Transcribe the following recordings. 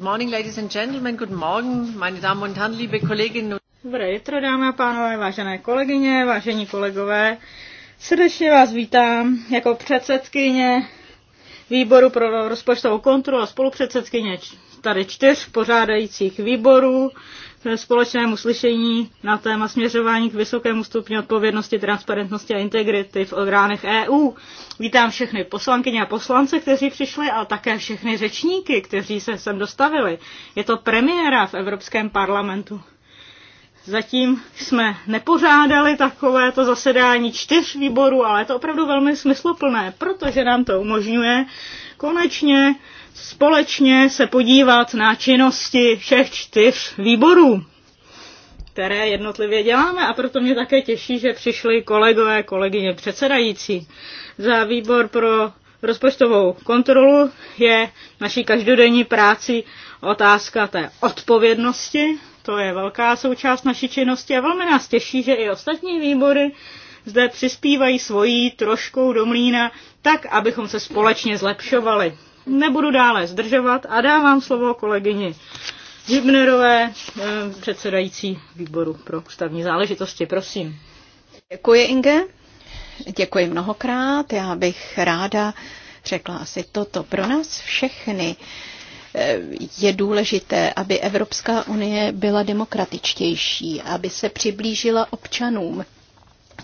Dobré jutro, dámy a pánové, vážené kolegyně, vážení kolegové. Srdečně vás vítám jako předsedkyně výboru pro rozpočtovou kontrolu a spolupředsedkyně tady čtyř pořádajících výborů společnému slyšení na téma směřování k vysokému stupni odpovědnosti, transparentnosti a integrity v orgánech EU. Vítám všechny poslankyně a poslance, kteří přišli, ale také všechny řečníky, kteří se sem dostavili. Je to premiéra v Evropském parlamentu. Zatím jsme nepořádali takovéto zasedání čtyř výborů, ale je to opravdu velmi smysluplné, protože nám to umožňuje konečně společně se podívat na činnosti všech čtyř výborů, které jednotlivě děláme a proto mě také těší, že přišli kolegové, kolegyně předsedající. Za výbor pro rozpočtovou kontrolu je naší každodenní práci otázka té odpovědnosti. To je velká součást naší činnosti a velmi nás těší, že i ostatní výbory zde přispívají svojí troškou do mlína, tak abychom se společně zlepšovali nebudu dále zdržovat a dávám slovo kolegyni Hübnerové, eh, předsedající výboru pro ústavní záležitosti. Prosím. Děkuji, Inge. Děkuji mnohokrát. Já bych ráda řekla asi toto. Pro nás všechny eh, je důležité, aby Evropská unie byla demokratičtější, aby se přiblížila občanům,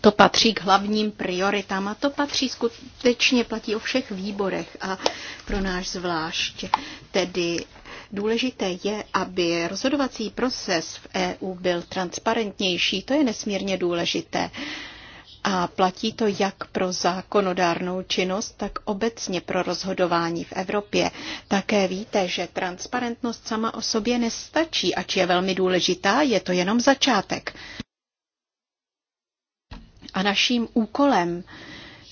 to patří k hlavním prioritám a to patří skutečně, platí o všech výborech a pro náš zvlášť. Tedy důležité je, aby rozhodovací proces v EU byl transparentnější, to je nesmírně důležité. A platí to jak pro zákonodárnou činnost, tak obecně pro rozhodování v Evropě. Také víte, že transparentnost sama o sobě nestačí, ač je velmi důležitá, je to jenom začátek. A naším úkolem,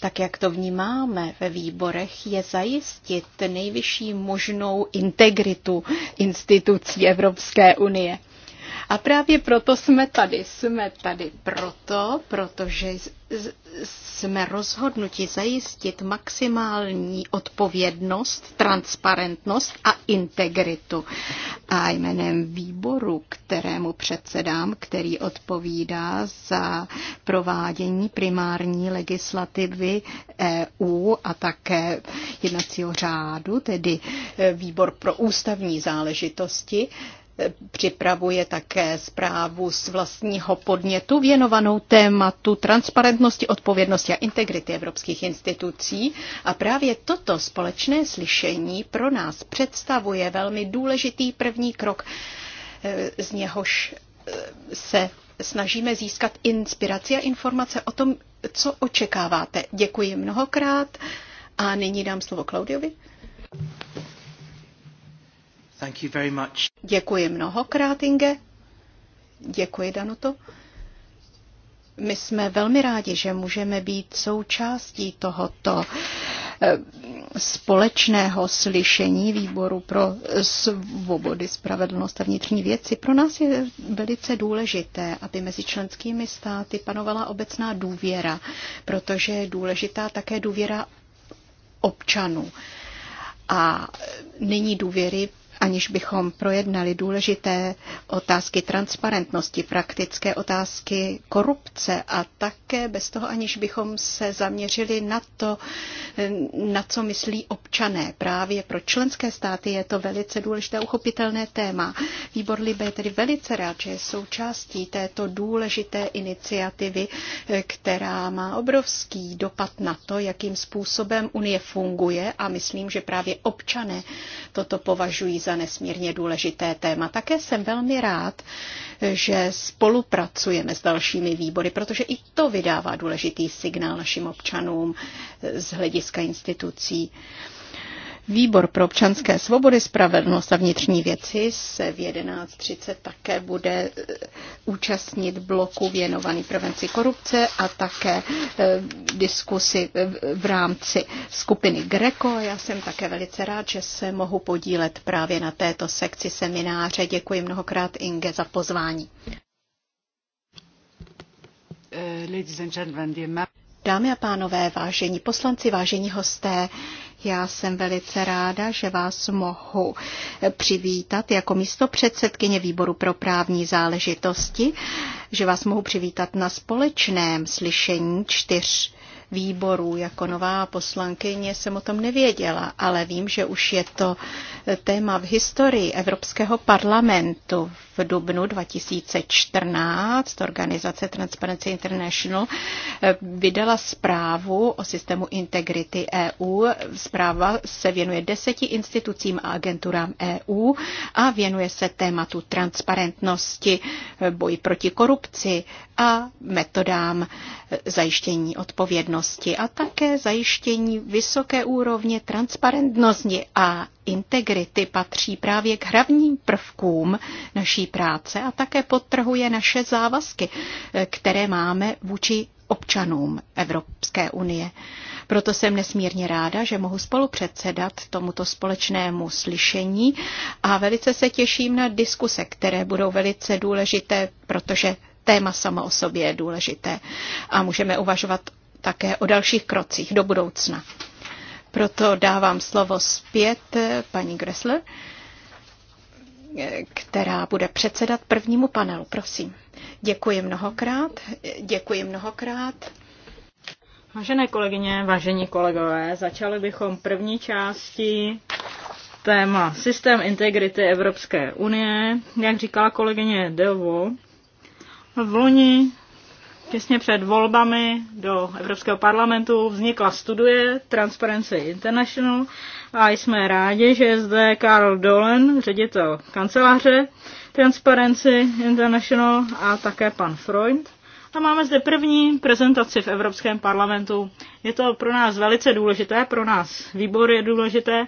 tak jak to vnímáme ve výborech, je zajistit nejvyšší možnou integritu institucí Evropské unie. A právě proto jsme tady. Jsme tady proto, protože jsme rozhodnuti zajistit maximální odpovědnost, transparentnost a integritu. A jménem výboru, kterému předsedám, který odpovídá za provádění primární legislativy EU a také jednacího řádu, tedy e, výbor pro ústavní záležitosti, Připravuje také zprávu z vlastního podnětu věnovanou tématu transparentnosti, odpovědnosti a integrity evropských institucí. A právě toto společné slyšení pro nás představuje velmi důležitý první krok, eh, z něhož eh, se snažíme získat inspiraci a informace o tom, co očekáváte. Děkuji mnohokrát a nyní dám slovo Klaudiovi. Děkuji mnohokrát, Inge. Děkuji, Danuto. My jsme velmi rádi, že můžeme být součástí tohoto eh, společného slyšení výboru pro svobody, spravedlnost a vnitřní věci. Pro nás je velice důležité, aby mezi členskými státy panovala obecná důvěra, protože je důležitá také důvěra občanů. A není důvěry aniž bychom projednali důležité otázky transparentnosti, praktické otázky korupce a také bez toho, aniž bychom se zaměřili na to, na co myslí občané. Právě pro členské státy je to velice důležité uchopitelné téma. Výbor Libe je tedy velice rád, že je součástí této důležité iniciativy, která má obrovský dopad na to, jakým způsobem Unie funguje a myslím, že právě občané toto považují za za nesmírně důležité téma. Také jsem velmi rád, že spolupracujeme s dalšími výbory, protože i to vydává důležitý signál našim občanům z hlediska institucí. Výbor pro občanské svobody, spravedlnost a vnitřní věci se v 11.30 také bude e, účastnit bloku věnovaný prevenci korupce a také e, diskusi v rámci skupiny Greco. Já jsem také velice rád, že se mohu podílet právě na této sekci semináře. Děkuji mnohokrát Inge za pozvání. E, Dámy a pánové, vážení poslanci, vážení hosté, já jsem velice ráda, že vás mohu přivítat jako místo předsedkyně výboru pro právní záležitosti, že vás mohu přivítat na společném slyšení čtyř výborů. Jako nová poslankyně jsem o tom nevěděla, ale vím, že už je to téma v historii Evropského parlamentu. V dubnu 2014 organizace Transparency International eh, vydala zprávu o systému integrity EU. Zpráva se věnuje deseti institucím a agenturám EU a věnuje se tématu transparentnosti, eh, boji proti korupci a metodám zajištění odpovědnosti a také zajištění vysoké úrovně transparentnosti a integrity patří právě k hlavním prvkům naší práce a také podtrhuje naše závazky, které máme vůči občanům Evropské unie. Proto jsem nesmírně ráda, že mohu spolupředsedat tomuto společnému slyšení a velice se těším na diskuse, které budou velice důležité, protože téma samo o sobě je důležité a můžeme uvažovat také o dalších krocích do budoucna. Proto dávám slovo zpět eh, paní Gressler, eh, která bude předsedat prvnímu panelu. Prosím. Děkuji mnohokrát. Děkuji mnohokrát. Vážené kolegyně, vážení kolegové, začali bychom první části téma Systém integrity Evropské unie. Jak říkala kolegyně Delvo, v loni těsně před volbami do Evropského parlamentu vznikla studie Transparency International a jsme rádi, že je zde Karl Dolan, ředitel kanceláře Transparency International a také pan Freund. A máme zde první prezentaci v Evropském parlamentu. Je to pro nás velice důležité, pro nás výbor je důležité,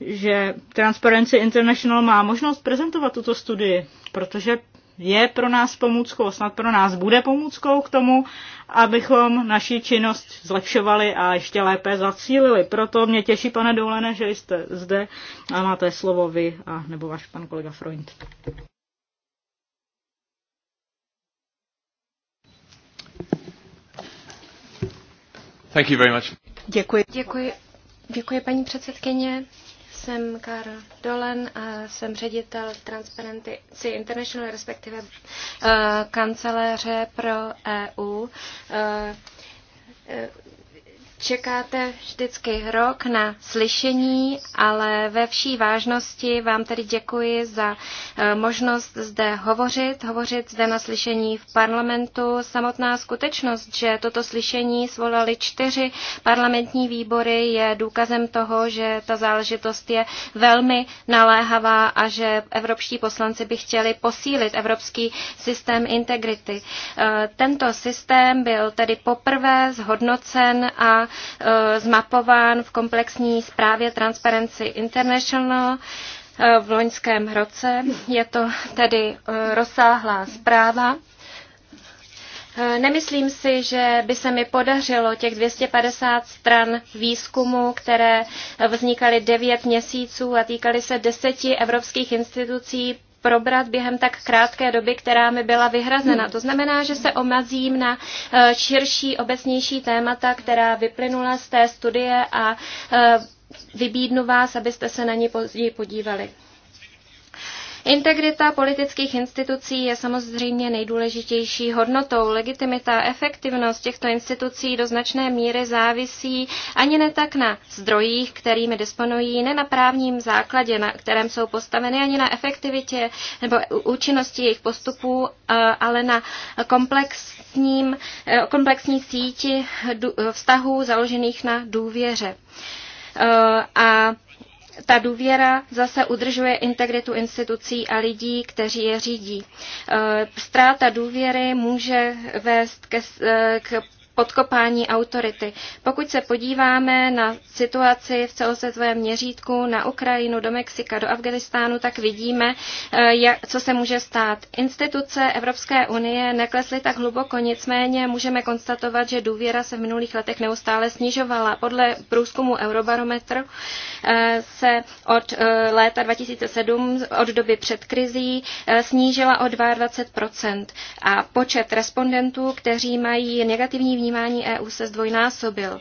že Transparency International má možnost prezentovat tuto studii, protože je pro nás pomůckou, snad pro nás bude pomůckou k tomu, abychom naši činnost zlepšovali a ještě lépe zacílili. Proto mě těší, pane Doulene, že jste zde a máte slovo vy a nebo váš pan kolega Freund. Thank you very much. Děkuji. Děkuji. Děkuji, paní předsedkyně jsem Karl Dolan a jsem ředitel Transparency International, respektive uh, kanceláře pro EU. Uh, eh, uh, eh, Čekáte vždycky rok na slyšení, ale ve vší vážnosti vám tedy děkuji za eh, možnost zde hovořit, hovořit zde na slyšení v parlamentu. Samotná skutečnost, že toto slyšení svolali čtyři parlamentní výbory, je důkazem toho, že ta záležitost je velmi naléhavá a že evropští poslanci by chtěli posílit evropský systém integrity. Eh, tento systém byl tedy poprvé zhodnocen a Eh, zmapován v komplexní zprávě Transparency International eh, v loňském roce. Je to tedy eh, rozsáhlá zpráva. Nemyslím si, že by se mi podařilo těch 250 stran výzkumu, které vznikaly 9 měsíců a týkaly se deseti evropských institucí, probrat během tak krátké doby, která mi byla vyhrazena. To znamená, že se omazím na eh, širší, obecnější témata, která vyplynula z té studie a eh, vybídnu vás, abyste se na ně později podívali. Integrita politických institucí je samozřejmě nejdůležitější hodnotou. Legitimita, efektivnost těchto institucí do značné míry závisí ani ne tak na zdrojích, kterými disponují, ne na právním základě, na kterém jsou postaveny, ani na efektivitě nebo účinnosti jejich postupů, eh, ale na komplexním, eh, komplexní síti vztahů založených na důvěře. Eh, a ta důvěra zase udržuje integritu institucí a lidí, kteří je řídí. Ztráta eh, důvěry může vést ke, eh, k podkopání autority. Pokud se podíváme na situaci v celosvětovém měřítku, na Ukrajinu, do Mexika, do Afganistánu, tak vidíme, eh, jak, co se může stát. Instituce Evropské unie neklesly tak hluboko, nicméně můžeme konstatovat, že důvěra se v minulých letech neustále snižovala. Podle průzkumu Eurobarometr eh, se od eh, léta 2007, od doby před krizí, snížila o 22 a počet respondentů, kteří mají negativní vnímání EU se zdvojnásobil.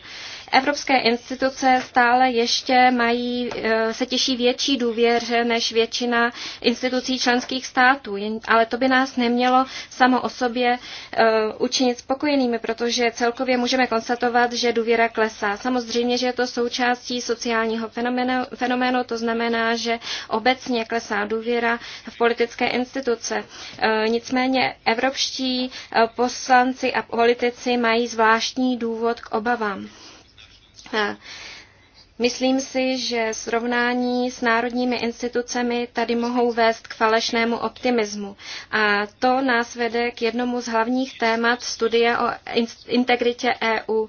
Evropské instituce stále ještě mají, eh, se těší větší důvěře než většina institucí členských států, ale to by nás nemělo samo o sobě eh, učinit spokojenými, protože celkově můžeme konstatovat, že důvěra klesá. Samozřejmě, že je to součástí sociálního fenoménu, fenoménu to znamená, že obecně klesá důvěra v politické instituce. Eh, nicméně evropští poslanci a politici mají zvláštní důvod k obavám. Myslím si, že srovnání s národními institucemi tady mohou vést k falešnému optimismu. A to nás vede k jednomu z hlavních témat studie o integritě EU.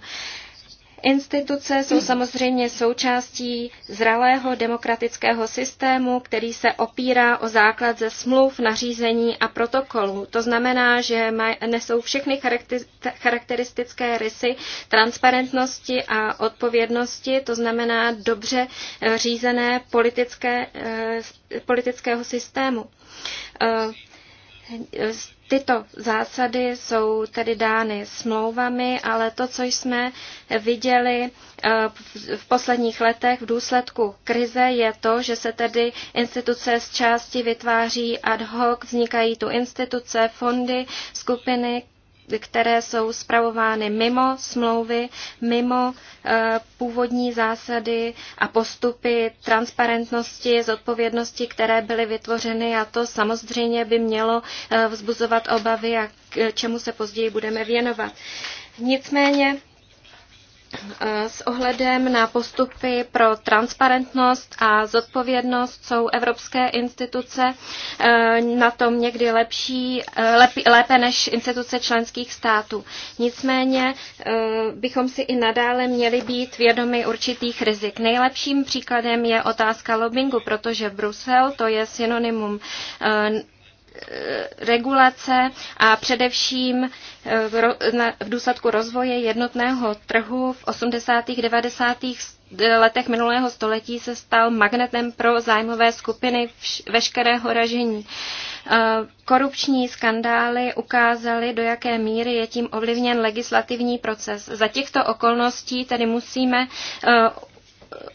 Instituce jsou samozřejmě součástí zralého demokratického systému, který se opírá o základ ze smluv, nařízení a protokolů. To znamená, že nesou všechny charakteristické rysy transparentnosti a odpovědnosti, to znamená dobře eh, řízené politické, eh, politického systému eh, Tyto zásady jsou tedy dány smlouvami, ale to, co jsme viděli eh, v posledních letech v důsledku krize, je to, že se tedy instituce z části vytváří ad hoc, vznikají tu instituce, fondy, skupiny, které jsou spravovány mimo smlouvy, mimo eh, původní zásady a postupy transparentnosti, zodpovědnosti, které byly vytvořeny a to samozřejmě by mělo eh, vzbuzovat obavy a k čemu se později budeme věnovat. Nicméně Eh, s ohledem na postupy pro transparentnost a zodpovědnost jsou evropské instituce eh, na tom někdy lepší, eh, lepi, lépe než instituce členských států. Nicméně bychom si i nadále měli být vědomi určitých rizik. Nejlepším příkladem je otázka lobbingu, protože Brusel to je synonymum Eh, regulace a především eh, v důsledku rozvoje jednotného trhu v 80. 90. letech minulého století se stal magnetem pro zájmové skupiny veškerého ražení. Eh, korupční skandály ukázaly, do jaké míry je tím ovlivněn legislativní proces. Za těchto okolností tedy musíme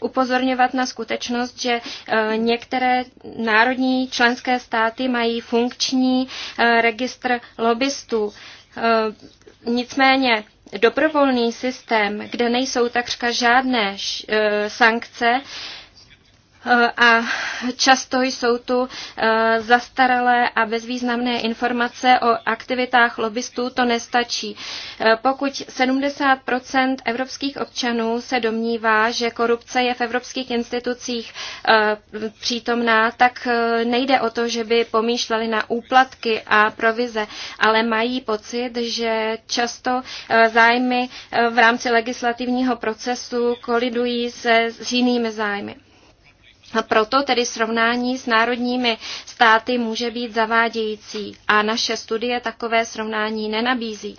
upozorňovat na skutečnost, že eh, některé národní členské státy mají funkční eh, registr lobbystů. Eh, nicméně dobrovolný systém, kde nejsou takřka žádné sankce, a často jsou tu eh, zastaralé a bezvýznamné informace o aktivitách lobbystů, to nestačí. Eh, pokud 70 evropských občanů se domnívá, že korupce je v evropských institucích eh, přítomná, tak nejde o to, že by pomýšleli na úplatky a provize, ale mají pocit, že často zájmy v rámci legislativního procesu kolidují se s jinými zájmy. A proto tedy srovnání s národními státy může být zavádějící a naše studie takové srovnání nenabízí.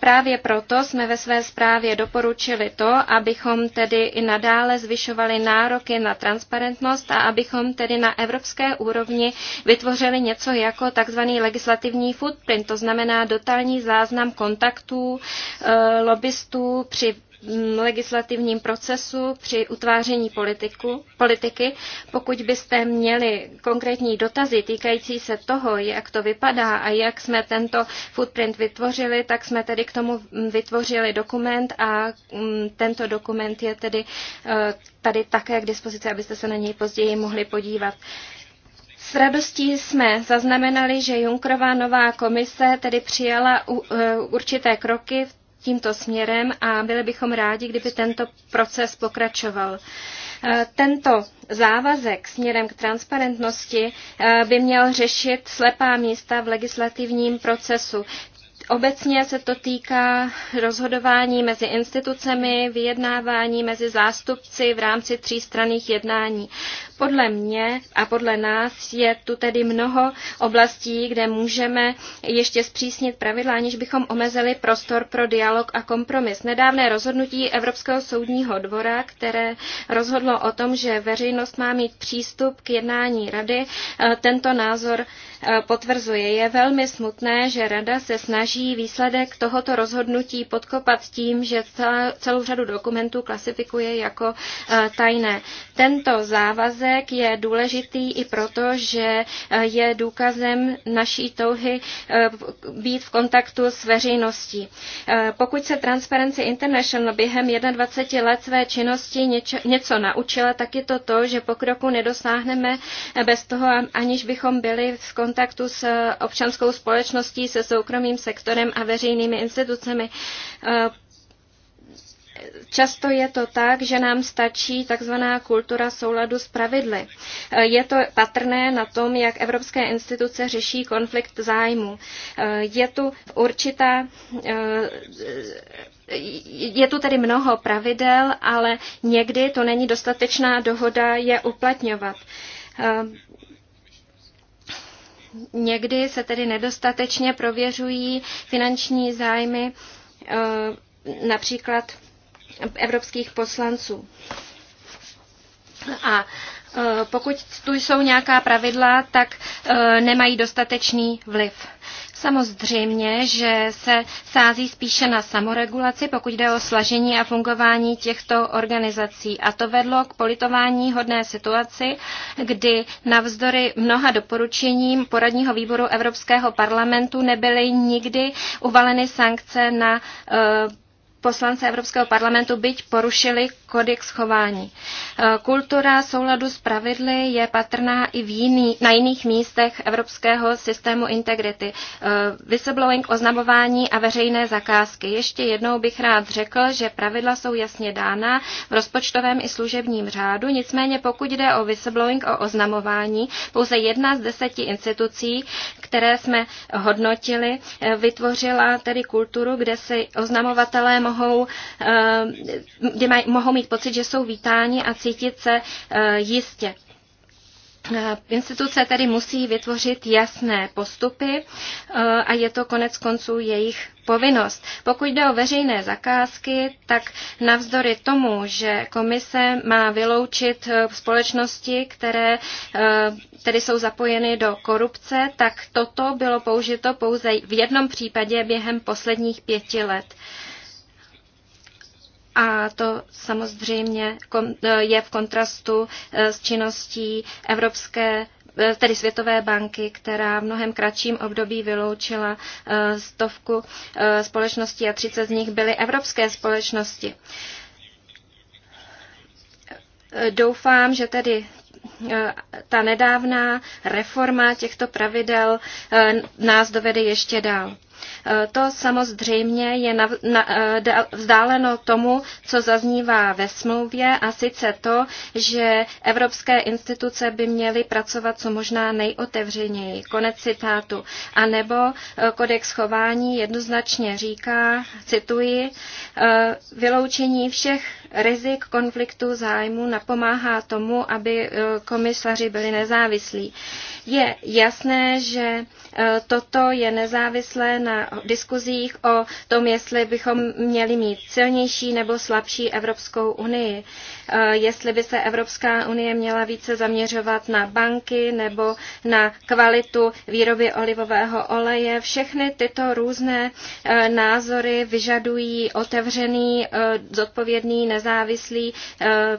Právě proto jsme ve své zprávě doporučili to, abychom tedy i nadále zvyšovali nároky na transparentnost a abychom tedy na evropské úrovni vytvořili něco jako tzv. legislativní footprint, to znamená dotální záznam kontaktů e, lobbystů při legislativním procesu při utváření politiku, politiky. Pokud byste měli konkrétní dotazy týkající se toho, jak to vypadá a jak jsme tento footprint vytvořili, tak jsme tedy k tomu vytvořili dokument a mm, tento dokument je tedy eh, tady také k dispozici, abyste se na něj později mohli podívat. S radostí jsme zaznamenali, že Junkrová nová komise tedy přijala eh, určité kroky v tímto směrem a byli bychom rádi, kdyby tento proces pokračoval. Eh, tento závazek směrem k transparentnosti eh, by měl řešit slepá místa v legislativním procesu. Obecně se to týká rozhodování mezi institucemi, vyjednávání mezi zástupci v rámci třístranných jednání. Podle mě a podle nás je tu tedy mnoho oblastí, kde můžeme ještě zpřísnit pravidla, aniž bychom omezili prostor pro dialog a kompromis. Nedávné rozhodnutí Evropského soudního dvora, které rozhodlo o tom, že veřejnost má mít přístup k jednání rady, e, tento názor E, potvrzuje. Je velmi smutné, že Rada se snaží výsledek tohoto rozhodnutí podkopat tím, že celou řadu dokumentů klasifikuje jako e, tajné. Tento závazek je důležitý i proto, že e, je důkazem naší touhy být v kontaktu s veřejností. Pokud se Transparency International během 21 let své činnosti něco naučila, tak je to to, že pokroku nedosáhneme bez toho, aniž bychom byli v kontaktu kontaktu s eh, občanskou společností, se soukromým sektorem a veřejnými institucemi. Eh, často je to tak, že nám stačí takzvaná kultura souladu s pravidly. Eh, je to patrné na tom, jak evropské instituce řeší konflikt zájmu. Je tu určitá je tu tedy mnoho pravidel, ale někdy to není dostatečná dohoda je uplatňovat. Někdy se tedy nedostatečně prověřují finanční zájmy eh, například evropských poslanců. A eh, pokud tu jsou nějaká pravidla, tak eh, nemají dostatečný vliv. Samozřejmě, že se sází spíše na samoregulaci, pokud jde o slažení a fungování těchto organizací. A to vedlo k politování hodné situaci, kdy navzdory mnoha doporučením poradního výboru Evropského parlamentu nebyly nikdy uvaleny sankce na eh, poslance Evropského parlamentu, byť porušili kodex chování. Eh, kultura souladu s pravidly je patrná i v jiný, na jiných místech evropského systému integrity. Eh, whistleblowing, oznamování a veřejné zakázky. Ještě jednou bych rád řekl, že pravidla jsou jasně dána v rozpočtovém i služebním řádu, nicméně pokud jde o whistleblowing, o oznamování, pouze jedna z deseti institucí, které jsme hodnotili, eh, vytvořila tedy kulturu, kde si oznamovatelé mohou, kde mají mohou mít mít pocit, že jsou vítáni a cítit se eh, jistě. Eh, instituce tedy musí vytvořit jasné postupy eh, a je to konec konců jejich povinnost. Pokud jde o veřejné zakázky, tak navzdory tomu, že komise má vyloučit společnosti, které tedy jsou zapojeny do korupce, tak toto bylo použito pouze v jednom případě během posledních pěti let a to samozřejmě je v kontrastu eh, s činností Evropské eh, tedy Světové banky, která v mnohem kratším období vyloučila eh, stovku společností a 30 z nich byly evropské společnosti. Doufám, že tedy ta nedávná reforma těchto pravidel nás dovede ještě dál. To samozřejmě je na, na, eh, vzdáleno tomu, co zaznívá ve smlouvě, a sice to, že evropské instituce by měly pracovat co možná nejotevřeněji. Konec citátu. A nebo eh, kodex chování jednoznačně říká, cituji, eh, vyloučení všech rizik konfliktu zájmu napomáhá tomu, aby komisaři byli nezávislí. Je jasné, že toto je nezávislé na diskuzích o tom, jestli bychom měli mít silnější nebo slabší Evropskou unii. Eh, jestli by se Evropská unie měla více zaměřovat na banky nebo na kvalitu výroby olivového oleje. Všechny tyto různé eh, názory vyžadují otevřený, eh, zodpovědný, nezávislý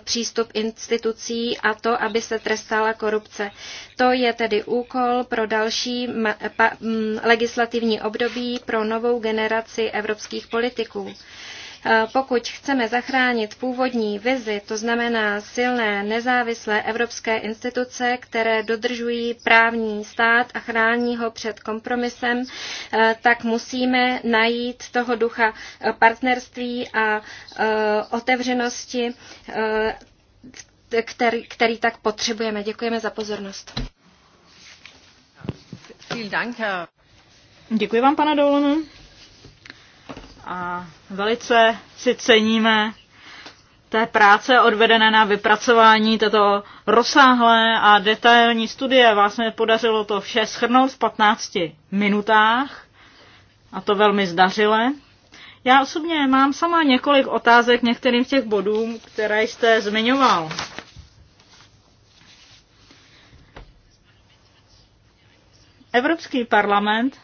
přístup institucí a to, aby se trestala korupce. To je tedy úkol pro další mm, legislativní období období pro novou generaci evropských politiků. E, pokud chceme zachránit původní vizi, to znamená silné nezávislé evropské instituce, které dodržují právní stát a chrání ho před kompromisem, e, tak musíme najít toho ducha e, partnerství a otevřenosti, který, který tak potřebujeme. Děkujeme za pozornost. Děkuji vám, pane Dolonu. A velice si ceníme té práce odvedené na vypracování této rozsáhlé a detailní studie. Vlastně podařilo to vše schrnout v 15 minutách a to velmi zdařile. Já osobně mám sama několik otázek některým těch bodů, které jste zmiňoval. Evropský parlament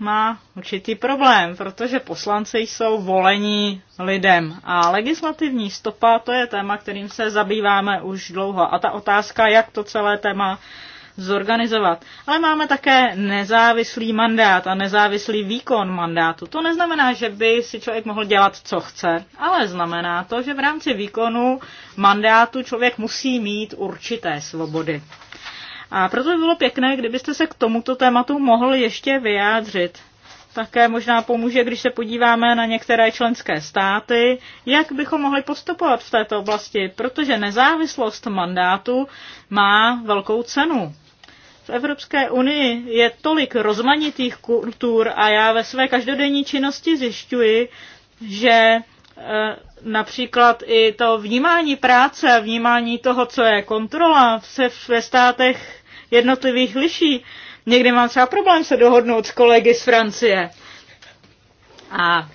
má určitý problém, protože poslanci jsou volení lidem. A legislativní stopa to je téma, kterým se zabýváme už dlouho. A ta otázka, jak to celé téma zorganizovat. Ale máme také nezávislý mandát a nezávislý výkon mandátu. To neznamená, že by si člověk mohl dělat, co chce, ale znamená to, že v rámci výkonu mandátu člověk musí mít určité svobody. A proto by bylo pěkné, kdybyste se k tomuto tématu mohl ještě vyjádřit. Také možná pomůže, když se podíváme na některé členské státy, jak bychom mohli postupovat v této oblasti, protože nezávislost mandátu má velkou cenu. V Evropské unii je tolik rozmanitých kultur a já ve své každodenní činnosti zjišťuji, že e, například i to vnímání práce, vnímání toho, co je kontrola, se ve státech jednotlivých liší. Někdy mám třeba problém se dohodnout s kolegy z Francie. A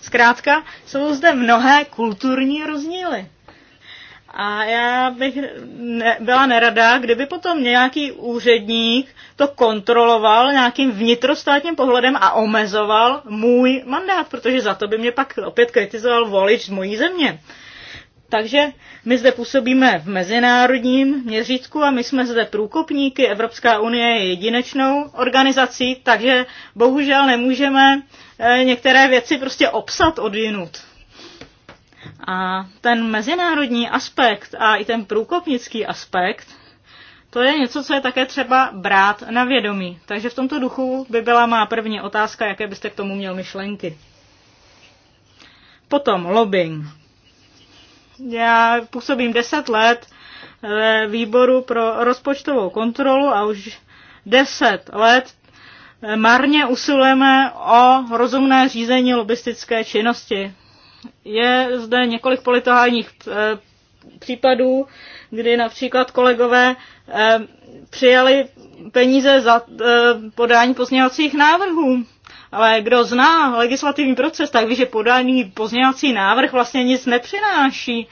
zkrátka jsou zde mnohé kulturní rozdíly. A já bych ne, byla nerada, kdyby potom nějaký úředník to kontroloval nějakým vnitrostátním pohledem a omezoval můj mandát, protože za to by mě pak opět kritizoval volič z mojí země. Takže my zde působíme v mezinárodním měřítku a my jsme zde průkopníky. Evropská unie je jedinečnou organizací, takže bohužel nemůžeme eh, některé věci prostě obsat odjinut. A ten mezinárodní aspekt a i ten průkopnický aspekt, to je něco, co je také třeba brát na vědomí. Takže v tomto duchu by byla má první otázka, jaké byste k tomu měl myšlenky. Potom lobbying. Já působím 10 let ve výboru pro rozpočtovou kontrolu a už 10 let marně usilujeme o rozumné řízení lobistické činnosti. Je zde několik politohálních eh, případů, kdy například kolegové eh, přijali peníze za eh, podání pozměňovacích návrhů. Ale kdo zná legislativní proces, tak ví, že podání pozměňovací návrh vlastně nic nepřináší.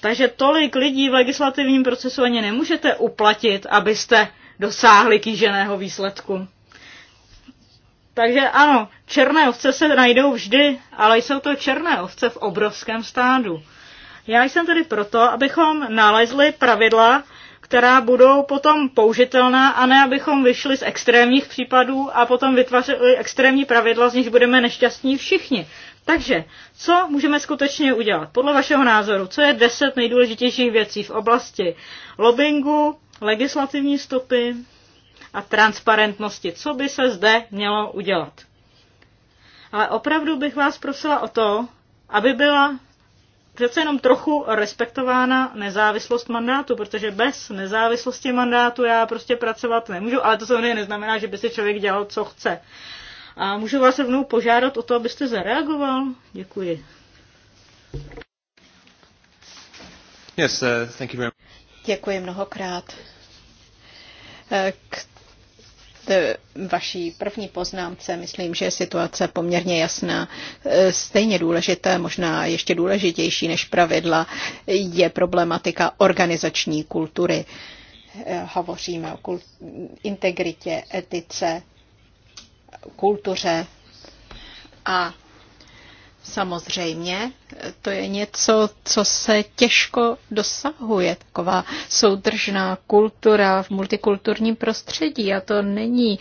Takže tolik lidí v legislativním procesu ani nemůžete uplatit, abyste dosáhli kýženého výsledku. Takže ano, černé ovce se najdou vždy, ale jsou to černé ovce v obrovském stádu. Já jsem tedy proto, abychom nalezli pravidla, která budou potom použitelná a ne abychom vyšli z extrémních případů a potom vytvořili extrémní pravidla, z nich budeme nešťastní všichni. Takže, co můžeme skutečně udělat? Podle vašeho názoru, co je deset nejdůležitějších věcí v oblasti lobbingu, legislativní stopy a transparentnosti? Co by se zde mělo udělat? Ale opravdu bych vás prosila o to, aby byla přece jenom trochu respektována nezávislost mandátu, protože bez nezávislosti mandátu já prostě pracovat nemůžu, ale to samozřejmě neznamená, že by si člověk dělal, co chce. A můžu vás rovnou požádat o to, abyste zareagoval? Děkuji. Yes, uh, thank you very much. Děkuji mnohokrát. Eh, k vaší první poznámce. Myslím, že je situace poměrně jasná. Stejně důležité, možná ještě důležitější než pravidla, je problematika organizační kultury. Hovoříme o kult- integritě, etice, kultuře a samozřejmě to je něco, co se těžko dosahuje, taková soudržná kultura v multikulturním prostředí a to není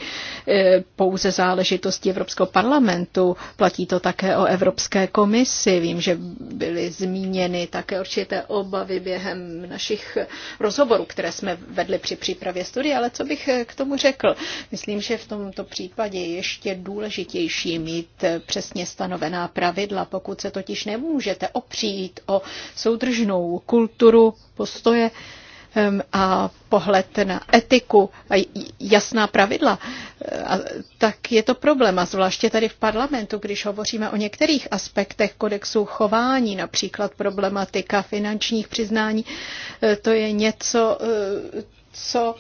e, pouze záležitost Evropského parlamentu, platí to také o Evropské komisi. Vím, že byly zmíněny také určité obavy během našich rozhovorů, které jsme vedli při přípravě studie, ale co bych e, k tomu řekl? Myslím, že v tomto případě je ještě důležitější mít e, přesně stanovená pravidla, pokud se totiž nemůže nemůžete opřít o soudržnou kulturu postoje a pohled na etiku a jasná pravidla, e, tak je to problém. A zvláště tady v parlamentu, když hovoříme o některých aspektech kodexu chování, například problematika finančních přiznání, e, to je něco, e, co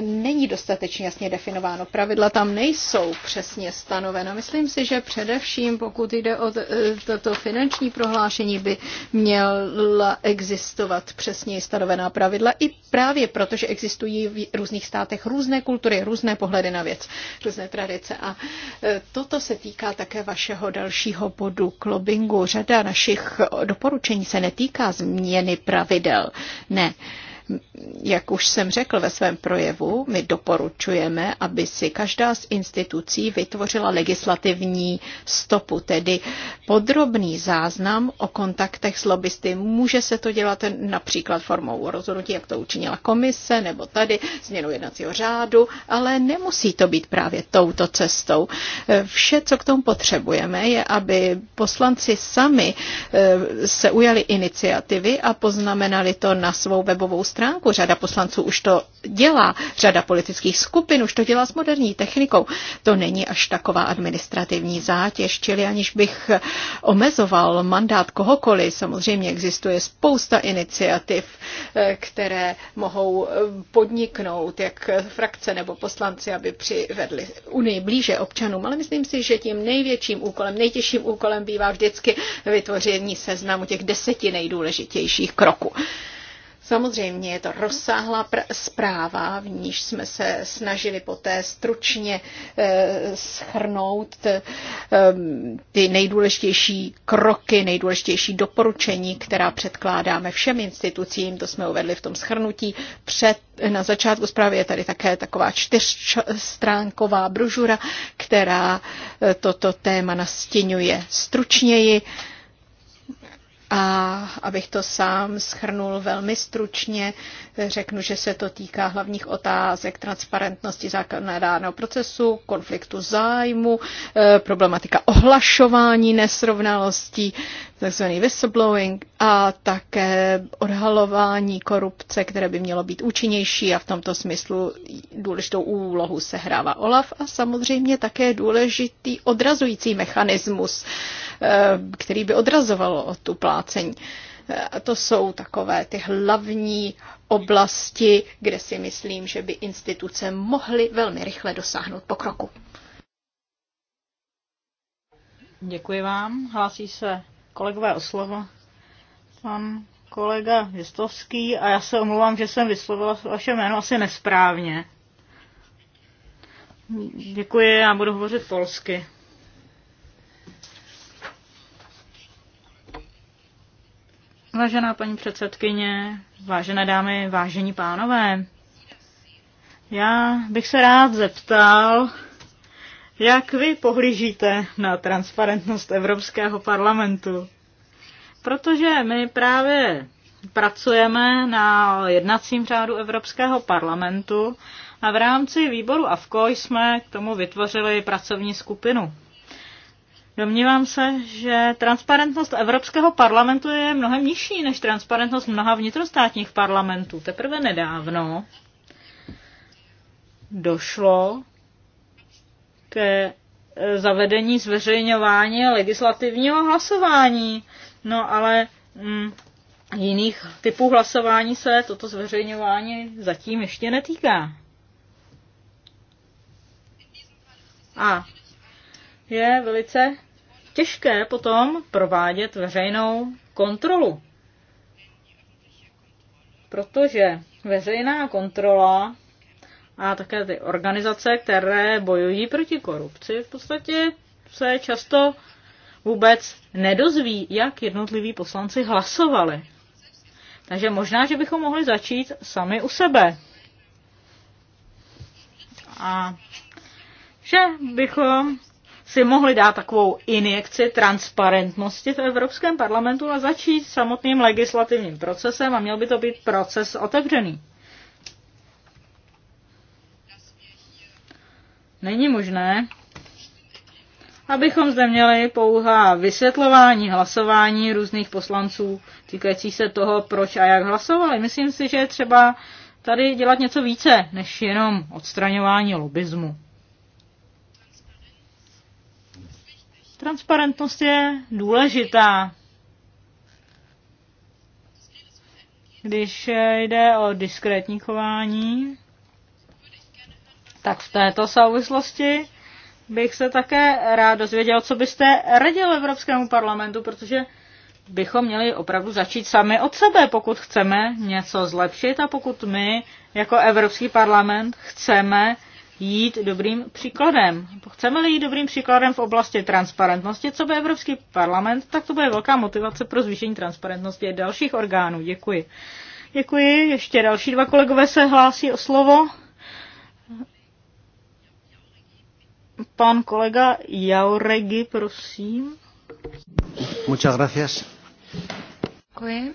není dostatečně jasně definováno. Pravidla tam nejsou přesně stanovena. Myslím si, že především, pokud jde o toto finanční prohlášení, by měla existovat přesně stanovená pravidla i právě proto, že existují v různých státech různé kultury, různé pohledy na věc, různé tradice. A e, toto se týká také vašeho dalšího bodu klobingu. Řada našich doporučení se netýká změny pravidel. Ne jak už jsem řekl ve svém projevu, my doporučujeme, aby si každá z institucí vytvořila legislativní stopu, tedy podrobný záznam o kontaktech s lobbysty. Může se to dělat například formou rozhodnutí, jak to učinila komise, nebo tady změnu jednacího řádu, ale nemusí to být právě touto cestou. Vše, co k tomu potřebujeme, je, aby poslanci sami eh, se ujali iniciativy a poznamenali to na svou webovou stránku. Řada poslanců už to dělá, řada politických skupin už to dělá s moderní technikou. To není až taková administrativní zátěž, čili aniž bych omezoval mandát kohokoliv. Samozřejmě existuje spousta iniciativ, eh, které mohou eh, podniknout, jak frakce nebo poslanci, aby přivedli Unii blíže občanům, ale myslím si, že tím největším úkolem, nejtěžším úkolem bývá vždycky vytvoření seznamu těch deseti nejdůležitějších kroků. Samozřejmě je to rozsáhlá pr- zpráva, v níž jsme se snažili poté stručně e, eh, schrnout e, ehm, ty nejdůležitější kroky, nejdůležitější doporučení, která předkládáme všem institucím. To jsme uvedli v tom schrnutí. Před, na začátku zprávy je tady také taková čtyřstránková brožura, která eh, toto téma nastěňuje stručněji. E, a abych to sám schrnul velmi stručně, Řeknu, že se to týká hlavních otázek transparentnosti zákonodárného procesu, konfliktu zájmu, eh, problematika ohlašování nesrovnalostí, takzvaný whistleblowing a také odhalování korupce, které by mělo být účinnější a v tomto smyslu důležitou úlohu sehrává OLAF a samozřejmě také důležitý odrazující mechanismus, eh, který by odrazovalo od uplácení. Eh, to jsou takové ty hlavní oblasti, kde si myslím, že by instituce mohly velmi rychle dosáhnout pokroku. Děkuji vám. Hlásí se kolegové o slovo. Pan kolega Vistovský a já se omlouvám, že jsem vyslovila vaše jméno asi nesprávně. Děkuji, já budu hovořit polsky. Vážená paní předsedkyně, vážené dámy, vážení pánové, já bych se rád zeptal, jak vy pohlížíte na transparentnost Evropského parlamentu? Protože my právě pracujeme na jednacím řádu Evropského parlamentu a v rámci výboru AFKO jsme k tomu vytvořili pracovní skupinu. Domnívám se, že transparentnost Evropského parlamentu je mnohem nižší než transparentnost mnoha vnitrostátních parlamentů. Teprve nedávno došlo ke zavedení zveřejňování legislativního hlasování. No ale mm, jiných typů hlasování se toto zveřejňování zatím ještě netýká. A je velice těžké potom provádět veřejnou kontrolu. Protože veřejná kontrola a také ty organizace, které bojují proti korupci, v podstatě se často vůbec nedozví, jak jednotliví poslanci hlasovali. Takže možná, že bychom mohli začít sami u sebe. A že bychom si mohli dát takovou injekci transparentnosti v Evropském parlamentu a začít samotným legislativním procesem a měl by to být proces otevřený. Není možné, abychom zde měli pouhá vysvětlování hlasování různých poslanců týkající se toho, proč a jak hlasovali. Myslím si, že je třeba tady dělat něco více, než jenom odstraňování lobismu. Transparentnost je důležitá. Když jde o diskrétní chování, tak v této souvislosti bych se také rád dozvěděl, co byste radil Evropskému parlamentu, protože bychom měli opravdu začít sami od sebe, pokud chceme něco zlepšit a pokud my jako Evropský parlament chceme jít dobrým příkladem. Chceme-li jít dobrým příkladem v oblasti transparentnosti, co by Evropský parlament, tak to bude velká motivace pro zvýšení transparentnosti dalších orgánů. Děkuji. Děkuji. Ještě další dva kolegové se hlásí o slovo. Pan kolega Jauregi, prosím. Muchas gracias. Děkuji.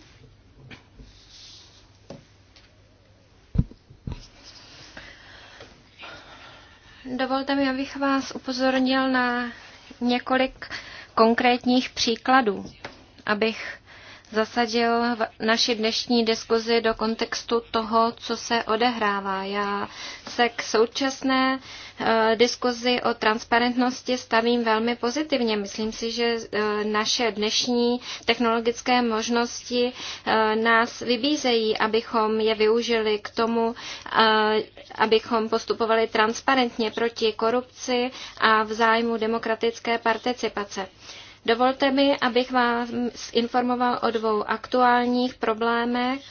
Dovolte mi, abych vás upozornil na několik konkrétních příkladů, abych zasadil naši dnešní diskuzi do kontextu toho, co se odehrává. Já se k současné Eh, diskuzi o transparentnosti stavím velmi pozitivně. Myslím si, že eh, naše dnešní technologické možnosti eh, nás vybízejí, abychom je využili k tomu, abychom postupovali transparentně proti korupci a v zájmu demokratické participace. Dovolte mi, abych vás informoval o dvou aktuálních problémech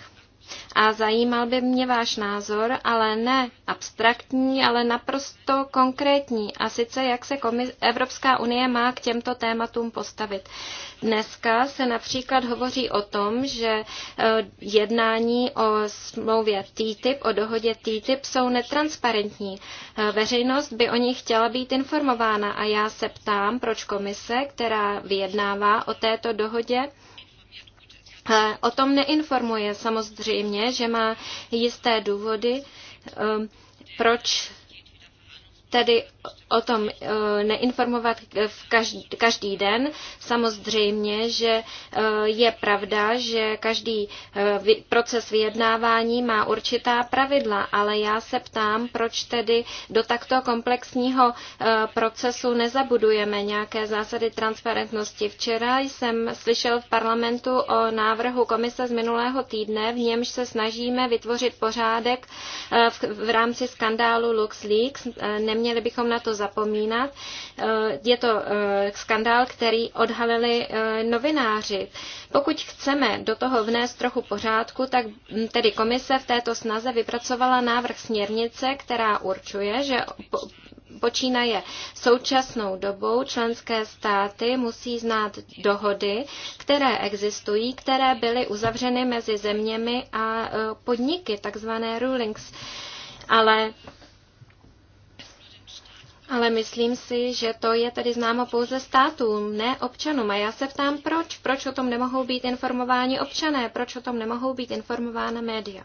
a zajímal by mě váš názor, ale ne abstraktní, ale naprosto konkrétní. A sice, jak se komis- Evropská unie má k těmto tématům postavit. Dneska se například hovoří o tom, že e, jednání o smlouvě TTIP, o dohodě TTIP jsou netransparentní. E, veřejnost by o nich chtěla být informována a já se ptám, proč komise, která vyjednává o této dohodě, o tom neinformuje. Samozřejmě, že má jisté důvody, um, proč tedy o tom eh, neinformovat každý, každý den. Samozřejmě, že eh, je pravda, že každý eh, proces vyjednávání má určitá pravidla, ale já se ptám, proč tedy do takto komplexního procesu nezabudujeme nějaké zásady transparentnosti. Včera jsem slyšel v parlamentu o návrhu komise z minulého týdne, v němž se snažíme vytvořit pořádek v rámci skandálu LuxLeaks. Nem neměli bychom na to zapomínat. Eh, je to eh, skandál, který odhalili eh, novináři. Pokud chceme do toho vnést trochu pořádku, tak hm, tedy komise v této snaze vypracovala návrh směrnice, která určuje, že počínaje současnou dobou členské státy musí znát dohody, které existují, které byly uzavřeny mezi zeměmi a podniky, takzvané rulings. Ale ale myslím si, že to je tedy známo pouze státům, ne občanům. A já se ptám, proč? Proč o tom nemohou být informováni občané? Proč o tom nemohou být informována média?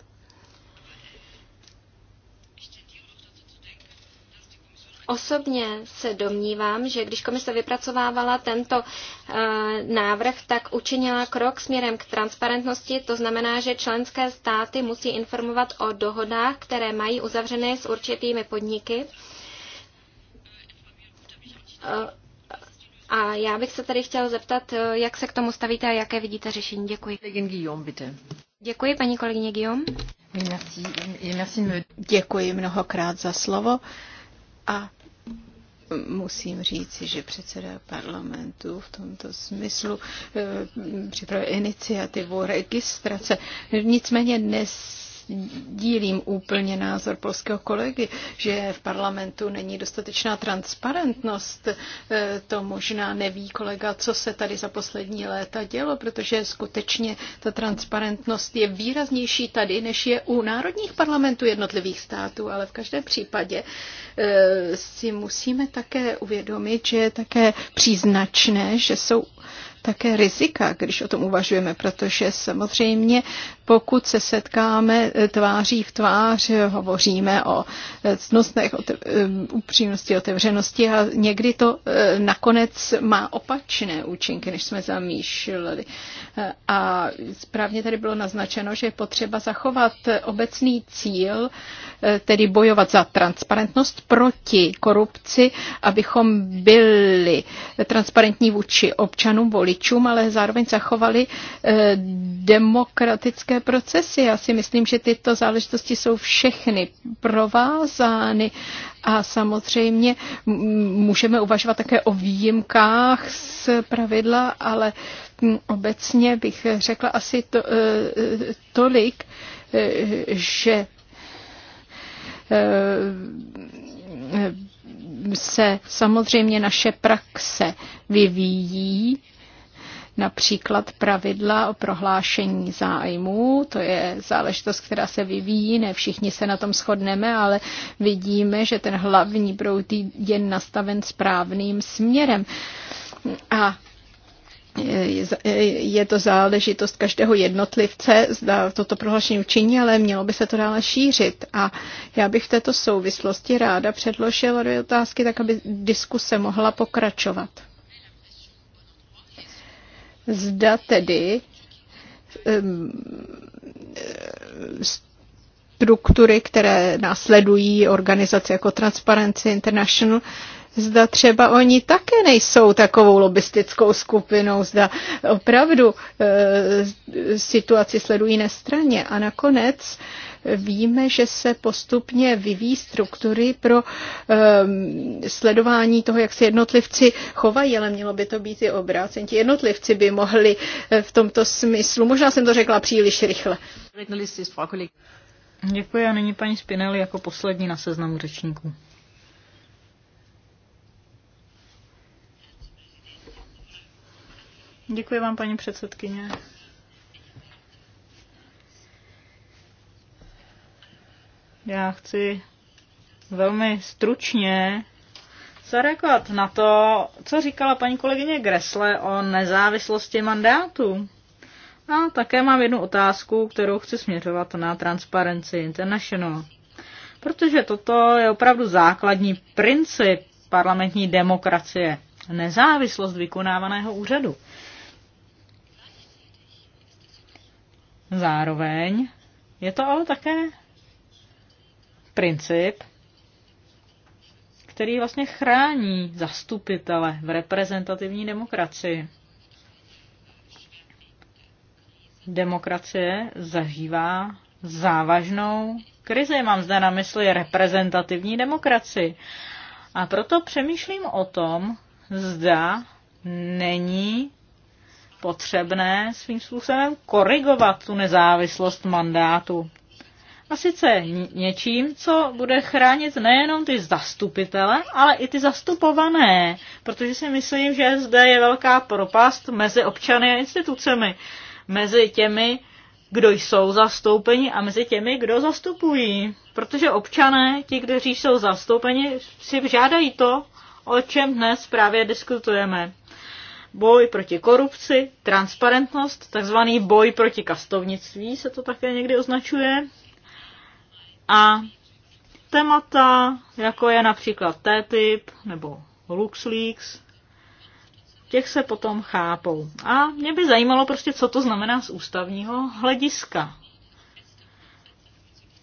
Osobně se domnívám, že když komise vypracovávala tento eh, návrh, tak učinila krok směrem k transparentnosti. To znamená, že členské státy musí informovat o dohodách, které mají uzavřené s určitými podniky. A já bych se tady chtěla zeptat, jak se k tomu stavíte a jaké vidíte řešení. Děkuji. Děkuji, paní kolegyně Guillaume. Děkuji mnohokrát za slovo a musím říci, že předseda parlamentu v tomto smyslu eh, připravil iniciativu registrace. Nicméně dnes dílím úplně názor polského kolegy, že v parlamentu není dostatečná transparentnost. E, to možná neví kolega, co se tady za poslední léta dělo, protože skutečně ta transparentnost je výraznější tady, než je u národních parlamentů jednotlivých států, ale v každém případě e, si musíme také uvědomit, že je také příznačné, že jsou také rizika, když o tom uvažujeme, protože samozřejmě pokud se setkáme eh, tváří v tvář, eh, hovoříme o eh, cnostech, o upřímnosti, otevřenosti a někdy to nakonec má opačné účinky, než jsme zamýšleli. A správně tady bylo naznačeno, že je potřeba zachovat obecný cíl, tedy bojovat za transparentnost proti korupci, abychom byli transparentní vůči občanům, voličům, ale zároveň zachovali demokratické politické procesy. Já si myslím, že tyto záležitosti jsou všechny provázány a samozřejmě můžeme uvažovat také o výjimkách z pravidla, ale obecně bych řekla asi to, e, tolik, e, že e, se samozřejmě naše praxe vyvíjí například pravidla o prohlášení zájmů. To je záležitost, která se vyvíjí, ne všichni se na tom shodneme, ale vidíme, že ten hlavní proud je nastaven správným směrem. A je to záležitost každého jednotlivce, zda toto prohlášení učiní, ale mělo by se to dále šířit. A já bych v této souvislosti ráda předložila dvě otázky, tak aby diskuse mohla pokračovat. Zda tedy eh, struktury, které následují organizace jako Transparency International, zda třeba oni také nejsou takovou lobistickou skupinou, zda opravdu e, situaci sledují nestraně. A nakonec e, Víme, že se postupně vyvíjí struktury pro um, sledování toho, jak se jednotlivci chovají, ale mělo by to být i obráceně. Ti jednotlivci by mohli eh, v tomto smyslu, možná jsem to řekla příliš rychle. Děkuji a nyní paní Spinelli jako poslední na seznamu řečníků. Děkuji vám, paní předsedkyně. Já chci velmi stručně zareagovat na to, co říkala paní kolegyně Gresle o nezávislosti mandátu. A také mám jednu otázku, kterou chci směřovat na Transparency International. Protože toto je opravdu základní princip parlamentní demokracie. Nezávislost vykonávaného úřadu. Zároveň je to ale také princip, který vlastně chrání zastupitele v reprezentativní demokracii. Demokracie zažívá závažnou krizi. Mám zde na mysli reprezentativní demokracii. A proto přemýšlím o tom, zda není potřebné svým způsobem korigovat tu nezávislost mandátu. A sice něčím, co bude chránit nejenom ty zastupitele, ale i ty zastupované, protože si myslím, že zde je velká propast mezi občany a institucemi, mezi těmi, kdo jsou zastoupeni a mezi těmi, kdo zastupují. Protože občané, ti, kteří jsou zastoupeni, si žádají to, o čem dnes právě diskutujeme. Boj proti korupci, transparentnost, takzvaný boj proti kastovnictví se to také někdy označuje, a témata, jako je například TTIP nebo LuxLeaks, těch se potom chápou. A mě by zajímalo prostě, co to znamená z ústavního hlediska.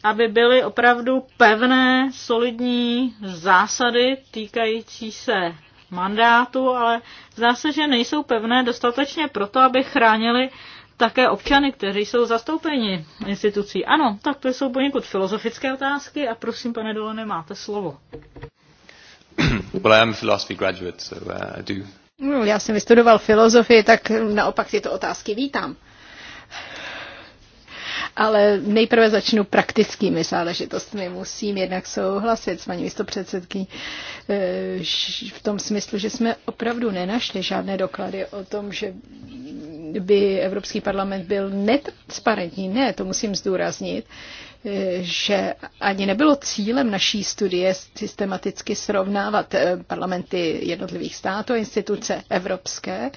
Aby byly opravdu pevné, solidní zásady týkající se mandátu, ale zdá se, že nejsou pevné dostatečně proto, aby chránili také občany, kteří jsou zastoupeni institucí. Ano, tak to jsou poněkud filozofické otázky a prosím, pane Dolone, máte slovo. Well, graduate, so uh, I do. No, já jsem vystudoval filozofii, tak naopak tyto otázky vítám ale nejprve začnu praktickými záležitostmi. Musím jednak souhlasit s paní místopředsedky eh, v tom smyslu, že jsme opravdu nenašli žádné doklady o tom, že by Evropský parlament byl netransparentní. Ne, to musím zdůraznit eh, že ani nebylo cílem naší studie systematicky srovnávat eh, parlamenty jednotlivých států a instituce evropské,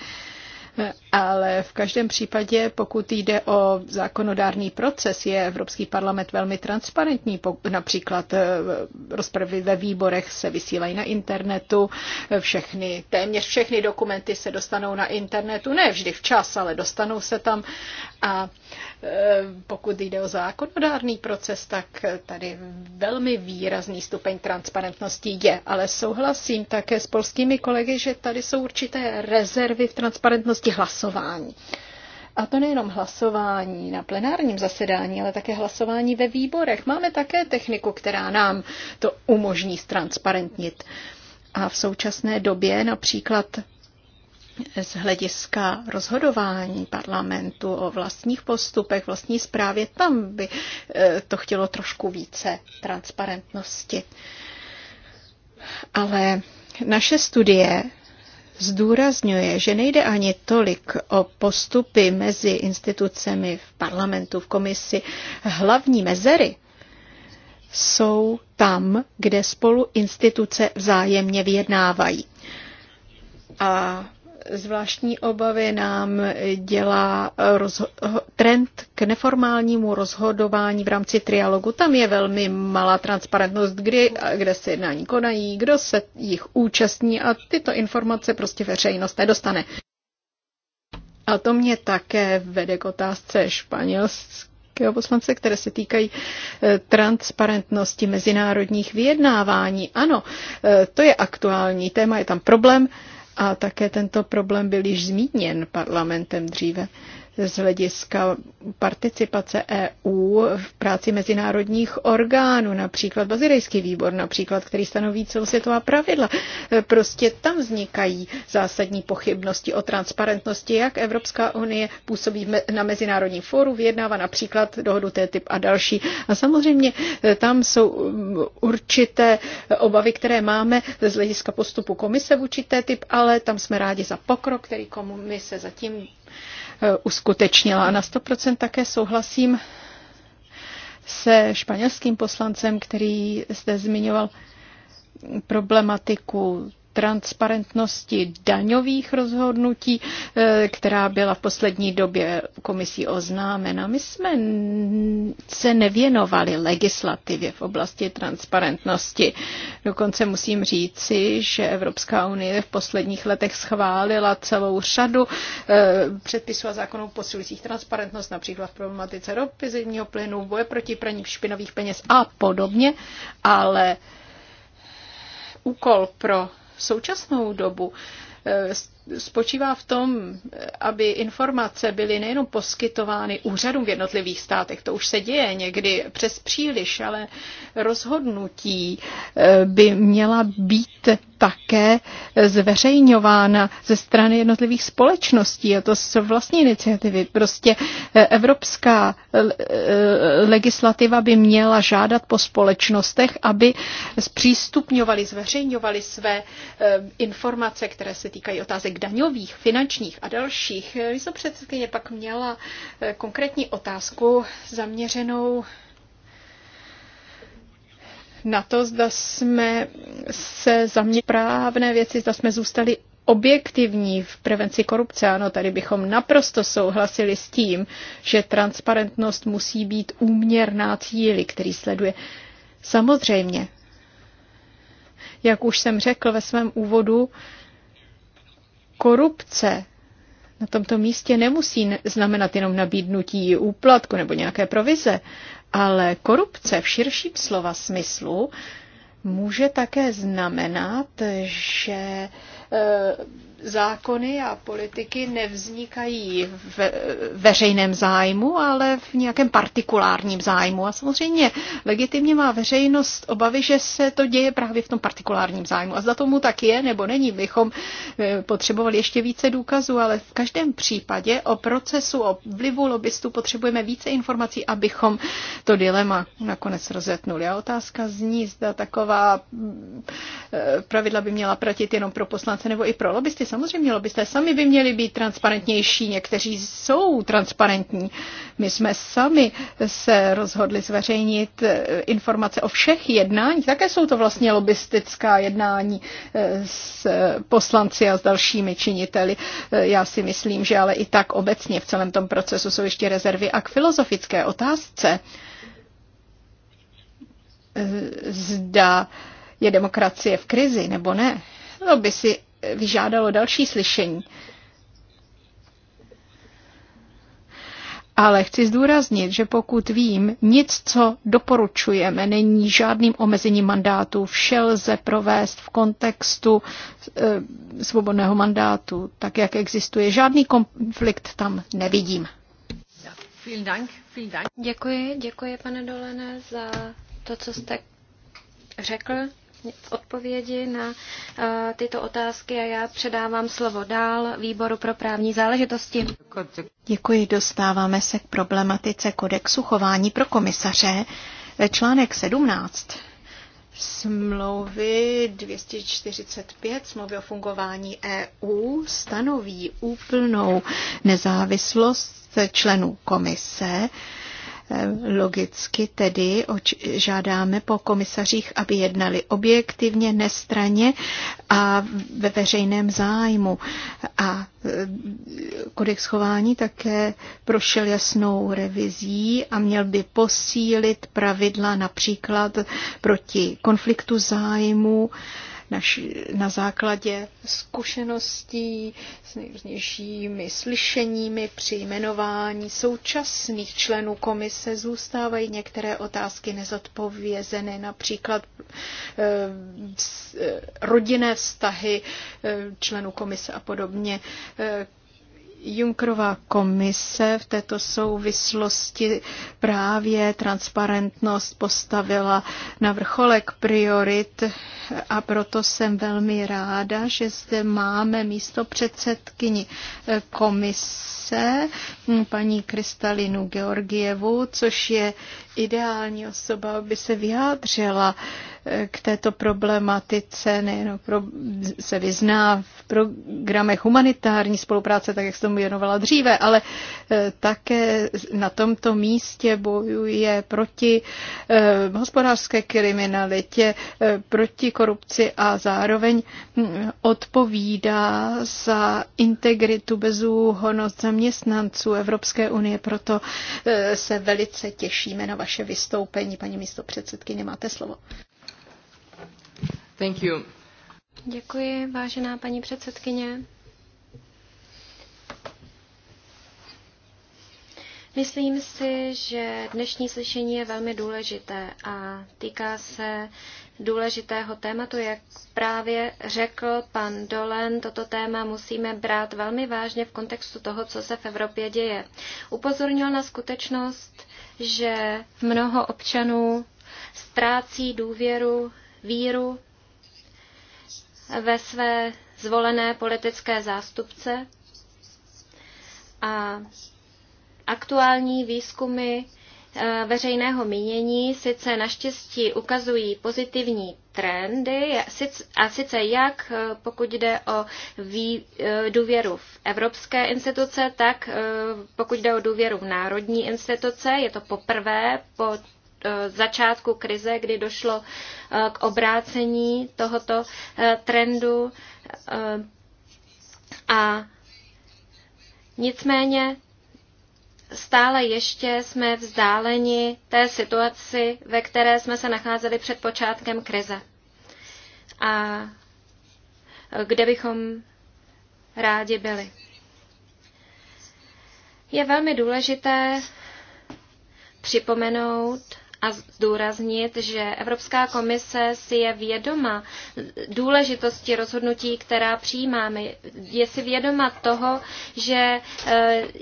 ale v každém případě, pokud jde o zákonodárný proces, je Evropský parlament velmi transparentní. Například eh, rozpravy ve výborech se vysílají na internetu, všechny, téměř všechny dokumenty se dostanou na internetu, ne vždy včas, ale dostanou se tam a Eh, pokud jde o zákonodárný proces, tak tady velmi výrazný stupeň transparentnosti je. Ale souhlasím také s polskými kolegy, že tady jsou určité rezervy v transparentnosti hlasování. A to nejenom hlasování na plenárním zasedání, ale také hlasování ve výborech. Máme také techniku, která nám to umožní ztransparentnit. A v současné době například z hlediska rozhodování parlamentu o vlastních postupech, vlastní zprávě, tam by eh, to chtělo trošku více transparentnosti. Ale naše studie zdůrazňuje, že nejde ani tolik o postupy mezi institucemi v parlamentu, v komisi. Hlavní mezery jsou tam, kde spolu instituce vzájemně vyjednávají. A Zvláštní obavy nám dělá trend k neformálnímu rozhodování v rámci trialogu. Tam je velmi malá transparentnost, kdy, kde se jednání konají, kdo se jich účastní a tyto informace prostě veřejnost nedostane. A to mě také vede k otázce španělského poslance, které se týkají e, transparentnosti mezinárodních vyjednávání. Ano, e, to je aktuální téma, je tam problém a také tento problém byl již zmíněn parlamentem dříve z hlediska participace EU v práci mezinárodních orgánů, například Bazirejský výbor, například, který stanoví celosvětová pravidla. Prostě tam vznikají zásadní pochybnosti o transparentnosti, jak Evropská unie působí na mezinárodní fóru, vyjednává například dohodu TTIP a další. A samozřejmě eh, tam jsou mm, určité obavy, které máme z hlediska postupu komise vůči TTIP, ale tam jsme rádi za pokrok, který komise zatím Eh, uskutečnila. A na 100% také souhlasím se španělským poslancem, který zde zmiňoval problematiku transparentnosti daňových rozhodnutí, eh, která byla v poslední době komisí oznámena. My jsme se nevěnovali legislativě v oblasti transparentnosti. Dokonce musím říci, že Evropská unie v posledních letech schválila celou řadu eh, předpisů a zákonů posilujících transparentnost, například v problematice ropy, zimního plynu, boje proti praní špinavých peněz a podobně, ale úkol pro současnou dobu eh, spočívá v tom, aby informace byly nejenom poskytovány úřadům v jednotlivých státech, to už se děje někdy přes příliš, ale rozhodnutí eh, by měla být také zveřejňována ze strany jednotlivých společností a to z vlastní iniciativy. Prostě eh, evropská eh, eh, legislativa by měla žádat po společnostech, aby zpřístupňovali, zveřejňovali své informace, které se týkají otázek daňových, finančních a dalších. Vysopředsedkyně pak měla konkrétní otázku zaměřenou na to, zda jsme se zaměřili právné věci, zda jsme zůstali objektivní v prevenci korupce. Ano, tady bychom naprosto souhlasili s tím, že transparentnost musí být úměrná cíli, který sleduje. Samozřejmě, jak už jsem řekl ve svém úvodu, korupce na tomto místě nemusí znamenat jenom nabídnutí úplatku nebo nějaké provize, ale korupce v širším slova smyslu může také znamenat, že eh, zákony a politiky nevznikají ve veřejném zájmu, ale v nějakém partikulárním zájmu. A samozřejmě legitimně má veřejnost obavy, že se to děje právě v tom partikulárním zájmu. A za tomu tak je nebo není, bychom eh, potřebovali ještě více důkazů, ale v každém případě o procesu, o vlivu lobbystů potřebujeme více informací, abychom to dilema nakonec rozetnuli. A otázka zní, zda taková mm, eh, pravidla by měla pratit jenom pro poslance nebo i pro lobbysty samozřejmě lobbysté sami by měli být transparentnější, někteří jsou transparentní. My jsme sami se rozhodli zveřejnit eh, informace o všech jednáních, také jsou to vlastně lobbystická jednání eh, s poslanci a s dalšími činiteli. Eh, já si myslím, že ale i tak obecně v celém tom procesu jsou ještě rezervy a k filozofické otázce zda je demokracie v krizi nebo ne. No by si vyžádalo další slyšení. Ale chci zdůraznit, že pokud vím, nic, co doporučujeme, není žádným omezením mandátu. Vše lze provést v kontextu e, svobodného mandátu, tak jak existuje. Žádný konflikt tam nevidím. Děkuji, děkuji pane Dolene za to, co jste řekl odpovědi na eh, tyto otázky a já předávám slovo dál výboru pro právní záležitosti. Děkuji, dostáváme se k problematice kodexu chování pro komisaře. Článek 17 Smlouvy 245 smlouvy o fungování EU stanoví úplnou nezávislost členů komise Logicky tedy žádáme po komisařích, aby jednali objektivně, nestraně a ve veřejném zájmu. A e, kodex chování také prošel jasnou revizí a měl by posílit pravidla například proti konfliktu zájmu, naši, na základě zkušeností s nejrůznějšími slyšeními při jmenování současných členů komise zůstávají některé otázky nezodpovězené, například eh, eh, rodinné vztahy eh, členů komise a podobně. Junkerová komise v této souvislosti právě transparentnost postavila na vrcholek priorit a proto jsem velmi ráda, že zde máme místo předsedkyni komise, paní Kristalinu Georgievu, což je ideální osoba, aby se vyjádřila k této problematice, nejen pro, se vyzná v programech humanitární spolupráce, tak jak se tomu věnovala dříve, ale eh, také na tomto místě bojuje proti eh, hospodářské kriminalitě, eh, proti korupci a zároveň hm, odpovídá za integritu bezúhonost zaměstnanců Evropské unie. Proto se velice těšíme na vaše vystoupení. Paní místo předsedkyně, máte slovo. Thank you. Děkuji, vážená paní předsedkyně. Myslím si, že dnešní slyšení je velmi důležité a týká se důležitého tématu. Jak právě řekl pan Dolen, toto téma musíme brát velmi vážně v kontextu toho, co se v Evropě děje. Upozornil na skutečnost, že mnoho občanů ztrácí důvěru, víru ve své zvolené politické zástupce a aktuální výzkumy eh, veřejného mínění sice naštěstí ukazují pozitivní trendy, a sice jak eh, pokud jde o vý, eh, důvěru v evropské instituce, tak pokud jde o důvěru v národní instituce, je to poprvé po Eh, začátku krize, kdy došlo eh, k obrácení tohoto eh, trendu a nicméně stále ještě jsme vzdáleni té situaci, ve které jsme se nacházeli před počátkem krize a kde bychom rádi byli. Je velmi důležité připomenout, a zdůraznit, že Evropská komise si je vědoma důležitosti rozhodnutí, která přijímáme. Je si vědoma toho, že e,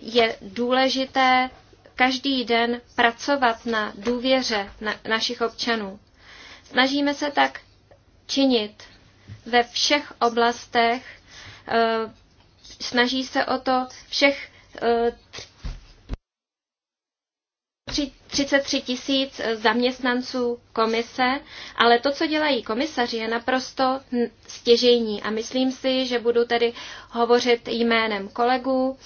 je důležité každý den pracovat na důvěře na našich občanů. Snažíme se tak činit ve všech oblastech, e, snaží se o to všech e, 33 tisíc eh, zaměstnanců komise, ale to, co dělají komisaři, je naprosto stěžejní a myslím si, že budu tedy hovořit jménem kolegů.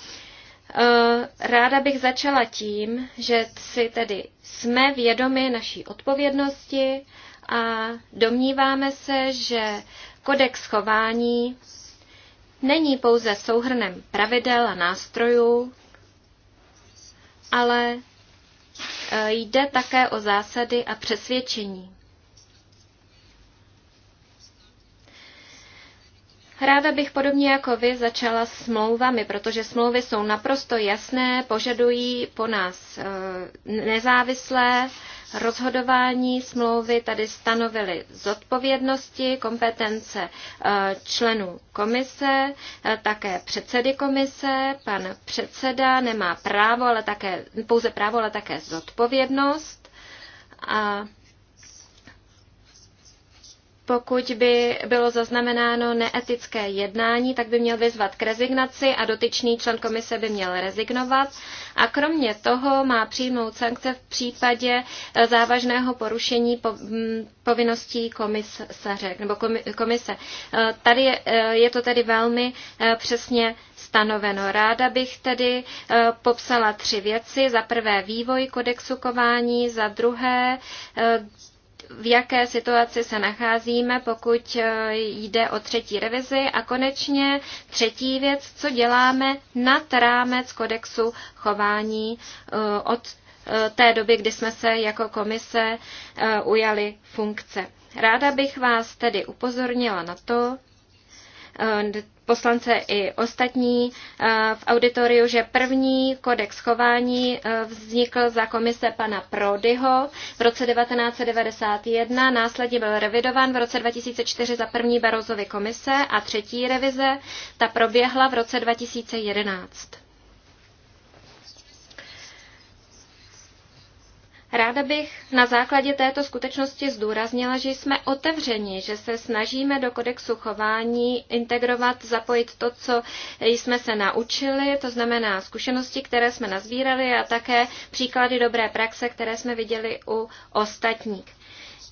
Eh, ráda bych začala tím, že si tedy jsme vědomi naší odpovědnosti a domníváme se, že kodex chování není pouze souhrnem pravidel a nástrojů, ale Eh, jde také o zásady a přesvědčení. Ráda bych podobně jako vy začala smlouvami, protože smlouvy jsou naprosto jasné, požadují po nás eh, nezávislé, rozhodování smlouvy tady stanovily zodpovědnosti, kompetence e, členů komise, e, také předsedy komise. Pan předseda nemá právo, ale také, pouze právo, ale také zodpovědnost. A pokud by bylo zaznamenáno neetické jednání, tak by měl vyzvat k rezignaci a dotyčný člen komise by měl rezignovat. A kromě toho má přijmout sankce v případě eh, závažného porušení mm, povinností komisaře. Nebo komise. Eh, tady je, eh, je to tedy velmi přesně stanoveno. Ráda bych tedy popsala tři věci. Za prvé vývoj kodexu kování, za druhé v jaké situaci se nacházíme, pokud eh, jde o třetí revizi. A konečně třetí věc, co děláme nad rámec kodexu chování eh, od eh, té doby, kdy jsme se jako komise ujali funkce. Ráda bych vás tedy upozornila na to, poslance i ostatní eh, v auditoriu, že první kodex chování eh, vznikl za komise pana Prodyho v roce 1991, následně byl revidován v roce 2004 za první Barozovy komise a třetí revize, ta proběhla v roce 2011. Ráda bych na základě této skutečnosti zdůraznila, že jsme otevřeni, že se snažíme do kodexu chování integrovat, zapojit to, co jsme se naučili, to znamená zkušenosti, které jsme nazbírali a také příklady dobré praxe, které jsme viděli u ostatních.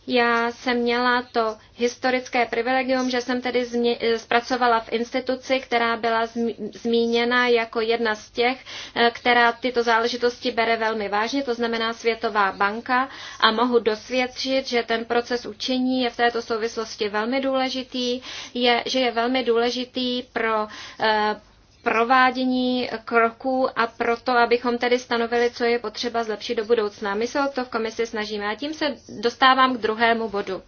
Já jsem měla to historické privilegium, že jsem tedy eh, zpracovala v instituci, která byla zmíněna jako jedna z těch, eh, která tyto záležitosti bere velmi vážně, to znamená Světová banka a mohu dosvědčit, že ten proces učení je v této souvislosti velmi důležitý, je, že je velmi důležitý pro eh, provádění kroků a proto, abychom tedy stanovili, co je potřeba zlepšit do budoucna. My se o to v komisi snažíme a tím se dostávám k druhému bodu.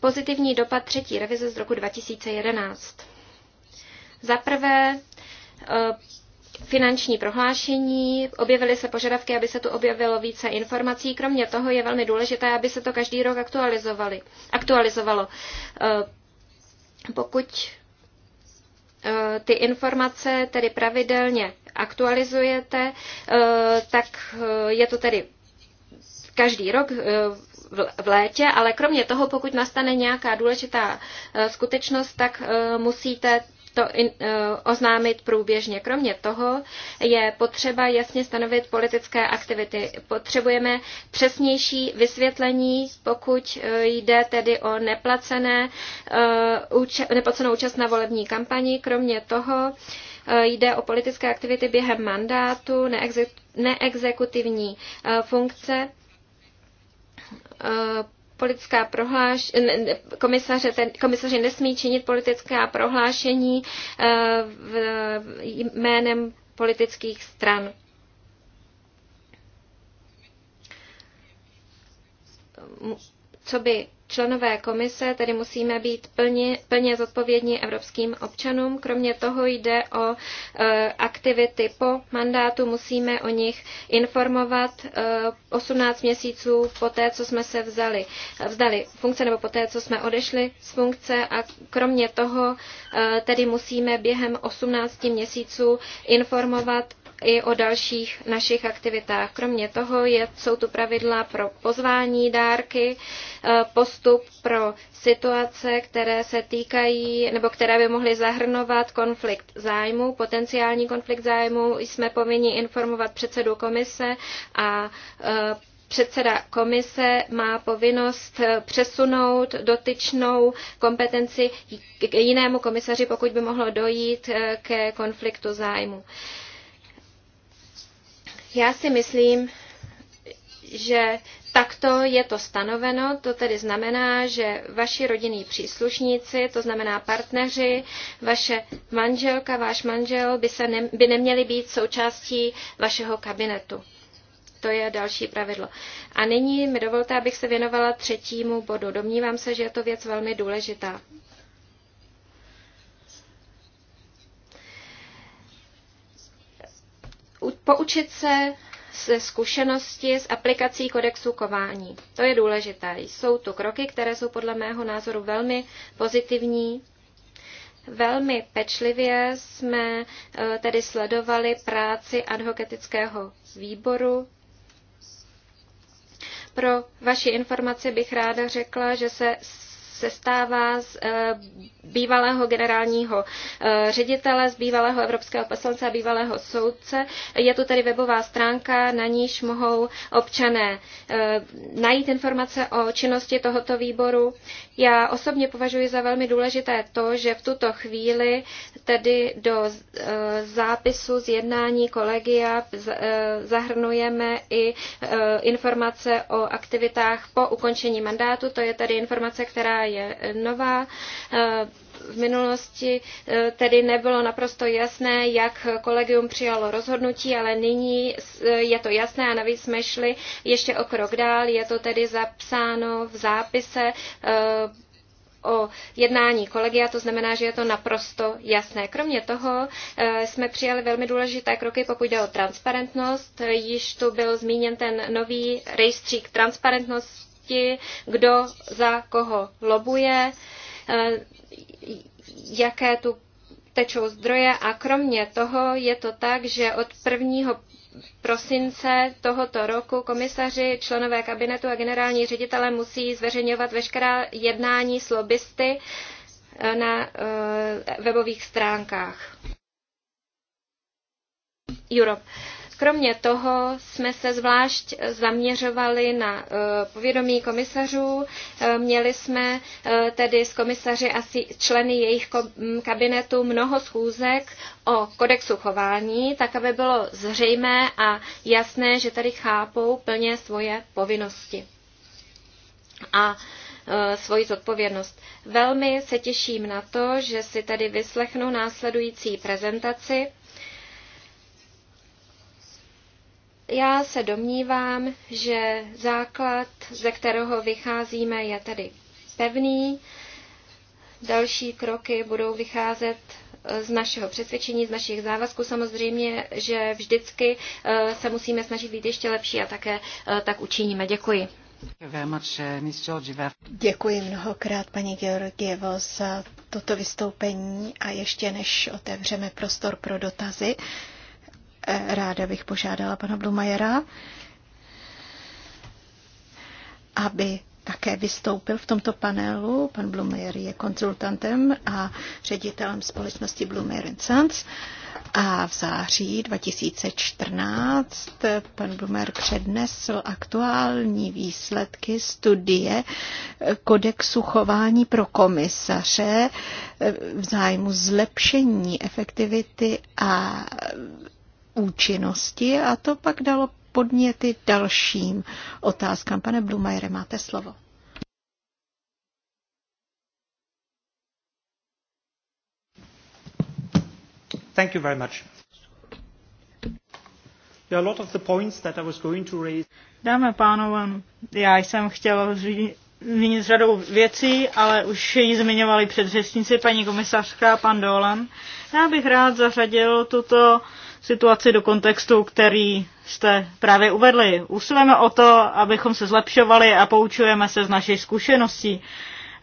Pozitivní dopad třetí revize z roku 2011. Za prvé, finanční prohlášení, objevily se požadavky, aby se tu objevilo více informací. Kromě toho je velmi důležité, aby se to každý rok aktualizovalo. Eh, pokud eh, ty informace tedy pravidelně aktualizujete, eh, tak je to tedy každý rok v létě, ale kromě toho, pokud nastane nějaká důležitá skutečnost, tak musíte to in, eh, oznámit průběžně. Kromě toho je potřeba jasně stanovit politické aktivity. Potřebujeme přesnější vysvětlení, pokud eh, jde tedy o neplacené, eh, neplacenou účast na volební kampani. Kromě toho jde o politické aktivity během mandátu, neexekutivní funkce politická prohláš, komisaře, ten, komisaři nesmí činit politická prohlášení eh, v, jménem politických stran. Co by členové komise tedy musíme být plně, plně zodpovědní evropským občanům. Kromě toho jde o e, aktivity po mandátu, musíme o nich informovat e, 18 měsíců po té, co jsme se vzali, e, vzdali funkce nebo po té, co jsme odešli z funkce a kromě toho e, tedy musíme během 18 měsíců informovat i o dalších našich aktivitách. Kromě toho je, jsou tu pravidla pro pozvání dárky, e, postup pro situace, které se týkají nebo které by mohly zahrnovat konflikt zájmu, potenciální konflikt zájmu. Jsme povinni informovat předsedu komise a e, Předseda komise má povinnost e, přesunout dotyčnou kompetenci k jinému komisaři, pokud by mohlo dojít ke konfliktu zájmu. Já si myslím, že takto je to stanoveno, to tedy znamená, že vaši rodinní příslušníci, to znamená partneři, vaše manželka, váš manžel by, se ne, by neměli být součástí vašeho kabinetu. To je další pravidlo. A nyní mi dovolte, abych se věnovala třetímu bodu. Domnívám se, že je to věc velmi důležitá. poučit se se zkušenosti s aplikací kodexu kování. To je důležité. Jsou tu kroky, které jsou podle mého názoru velmi pozitivní. Velmi pečlivě jsme eh, tedy sledovali práci advokatického výboru. Pro vaši informaci bych ráda řekla, že se sestává z eh, bývalého generálního eh, ředitele, z bývalého evropského poslance a bývalého soudce. Je tu tedy webová stránka, na níž mohou občané eh, najít informace o činnosti tohoto výboru. Já osobně považuji za velmi důležité to, že v tuto chvíli tedy do zápisu z jednání kolegia zahrnujeme i informace o aktivitách po ukončení mandátu. To je tedy informace, která je nová. Eh, v minulosti eh, tedy nebylo naprosto jasné, jak kolegium přijalo rozhodnutí, ale nyní eh, je to jasné a navíc jsme šli ještě o krok dál. Je to tedy zapsáno v zápise o jednání kolegia, to znamená, že je to naprosto jasné. Kromě toho jsme přijali velmi důležité kroky, pokud jde o transparentnost. Již tu byl zmíněn ten nový rejstřík transparentnost oblasti, kdo za koho lobuje, eh, jaké tu tečou zdroje a kromě toho je to tak, že od 1 prosince tohoto roku komisaři, členové kabinetu a generální ředitele musí zveřejňovat veškerá jednání s lobbysty eh, na eh, webových stránkách. Europe. Kromě toho jsme se zvlášť zaměřovali na eh, povědomí komisařů. Eh, měli jsme eh, tedy s komisaři a členy jejich mm, kabinetu mnoho schůzek o kodexu chování, tak aby bylo zřejmé a jasné, že tady chápou plně svoje povinnosti a svoji zodpovědnost. Velmi se těším na to, že si tady vyslechnu následující prezentaci Já se domnívám, že základ, ze kterého vycházíme, je tedy pevný. Další kroky budou vycházet eh, z našeho přesvědčení, z našich závazků. Samozřejmě, že vždycky eh, se musíme snažit být ještě lepší a také eh, tak učiníme. Děkuji. Děkuji mnohokrát, paní Georgievo, za toto vystoupení a ještě než otevřeme prostor pro dotazy, Ráda bych požádala pana Blumajera, aby také vystoupil v tomto panelu. Pan Blumajer je konzultantem a ředitelem společnosti Blumajer Sons. A v září 2014 pan Blumer přednesl aktuální výsledky studie kodexu chování pro komisaře v zájmu zlepšení efektivity a účinnosti a to pak dalo podněty dalším otázkám. Pane Blumajere, máte slovo. Thank you very much. There are a lot of the points that I was going to raise. Dámy a pánové, já jsem chtěl zmínit řadu věcí, ale už ji zmiňovali předřečníci, paní komisařka, pan Dolan. Já bych rád zařadil tuto situaci do kontextu, který jste právě uvedli. Usilujeme o to, abychom se zlepšovali a poučujeme se z našich zkušeností.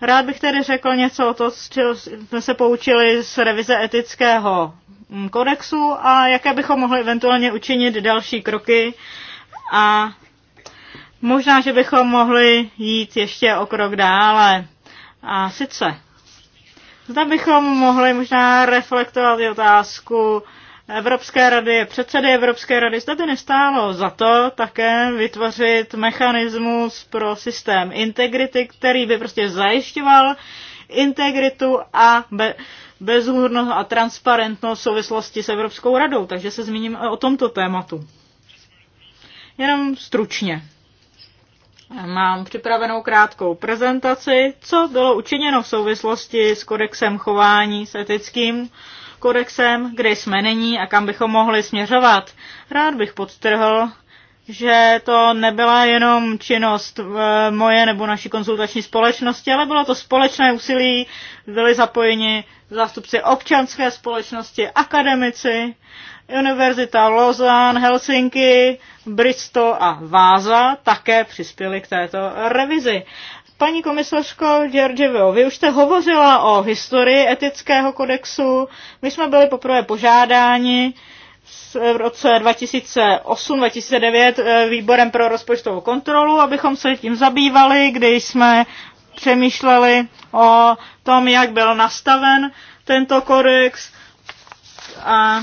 Rád bych tedy řekl něco o to, z čeho jsme se poučili z revize etického mm, kodexu a jaké bychom mohli eventuálně učinit další kroky a možná, že bychom mohli jít ještě o krok dále. A sice, zda bychom mohli možná reflektovat i otázku Evropské rady, předsedy Evropské rady, zda by nestálo za to také vytvořit mechanismus pro systém integrity, který by prostě zajišťoval integritu a be, bezúhodnost a transparentnost v souvislosti s Evropskou radou. Takže se zmíním o tomto tématu. Jenom stručně. Mám připravenou krátkou prezentaci, co bylo učiněno v souvislosti s kodexem chování s etickým kodexem, kde jsme nyní a kam bychom mohli směřovat. Rád bych podtrhl, že to nebyla jenom činnost eh, moje nebo naší konzultační společnosti, ale bylo to společné úsilí, byli zapojeni zástupci občanské společnosti, akademici, Univerzita Lausanne, Helsinki, Bristol a Váza také přispěli k této revizi. Paní komisařko Georgievo, vy už jste hovořila o historii etického kodexu. My jsme byli poprvé požádáni eh, v roce 2008-2009 eh, výborem pro rozpočtovou kontrolu, abychom se tím zabývali, kdy jsme přemýšleli o tom, jak byl nastaven tento kodex a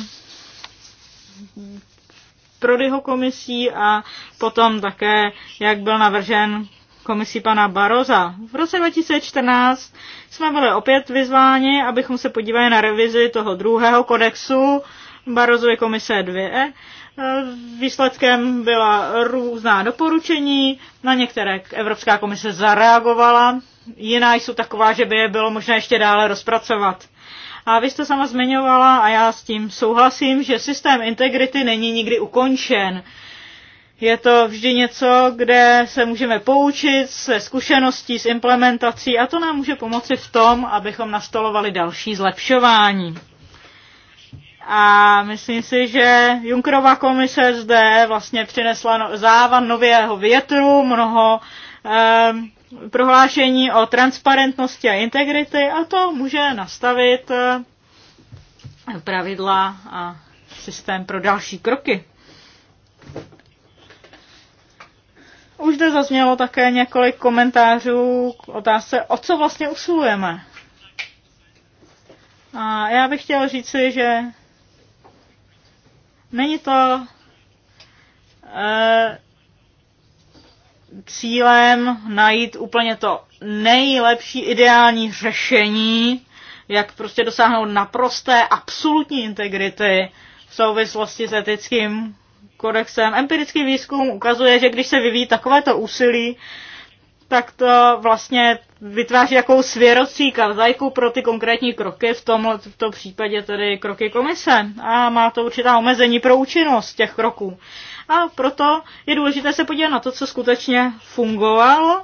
Prodyho komisí a potom také, jak byl navržen komisí pana Baroza. V roce 2014 jsme byli opět vyzváni, abychom se podívali na revizi toho druhého kodexu Barozovy komise 2. E. Výsledkem byla různá doporučení, na některé Evropská komise zareagovala, jiná jsou taková, že by je bylo možné ještě dále rozpracovat. A vy jste sama zmiňovala, a já s tím souhlasím, že systém integrity není nikdy ukončen. Je to vždy něco, kde se můžeme poučit se zkušeností, s implementací a to nám může pomoci v tom, abychom nastolovali další zlepšování. A myslím si, že Junkerova komise zde vlastně přinesla no, závan nového větru, mnoho eh, prohlášení o transparentnosti a integrity a to může nastavit eh, pravidla a systém pro další kroky. Už zde zaznělo také několik komentářů k otázce, o co vlastně usilujeme. A já bych chtěl říci, že není to e, cílem najít úplně to nejlepší ideální řešení, jak prostě dosáhnout naprosté absolutní integrity v souvislosti s etickým kodexem. Empirický výzkum ukazuje, že když se vyvíjí takovéto úsilí, tak to vlastně vytváří jakou svěrocí kavzajku pro ty konkrétní kroky, v tomto v tom případě tedy kroky komise. A má to určitá omezení pro účinnost těch kroků. A proto je důležité se podívat na to, co skutečně fungovalo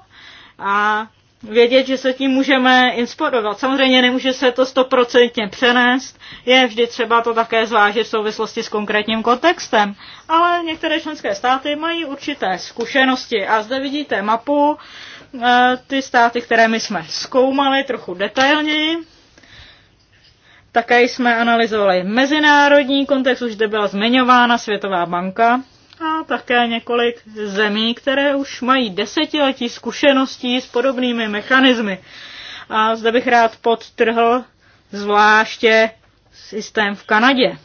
a vědět, že se tím můžeme inspirovat. Samozřejmě nemůže se to stoprocentně přenést, je vždy třeba to také zvážit v souvislosti s konkrétním kontextem, ale některé členské státy mají určité zkušenosti a zde vidíte mapu, eh, ty státy, které my jsme zkoumali trochu detailněji. Také jsme analyzovali mezinárodní kontext, už zde byla zmiňována Světová banka, a také několik zemí, které už mají desetiletí zkušeností s podobnými mechanismy. A zde bych rád podtrhl zvláště systém v Kanadě.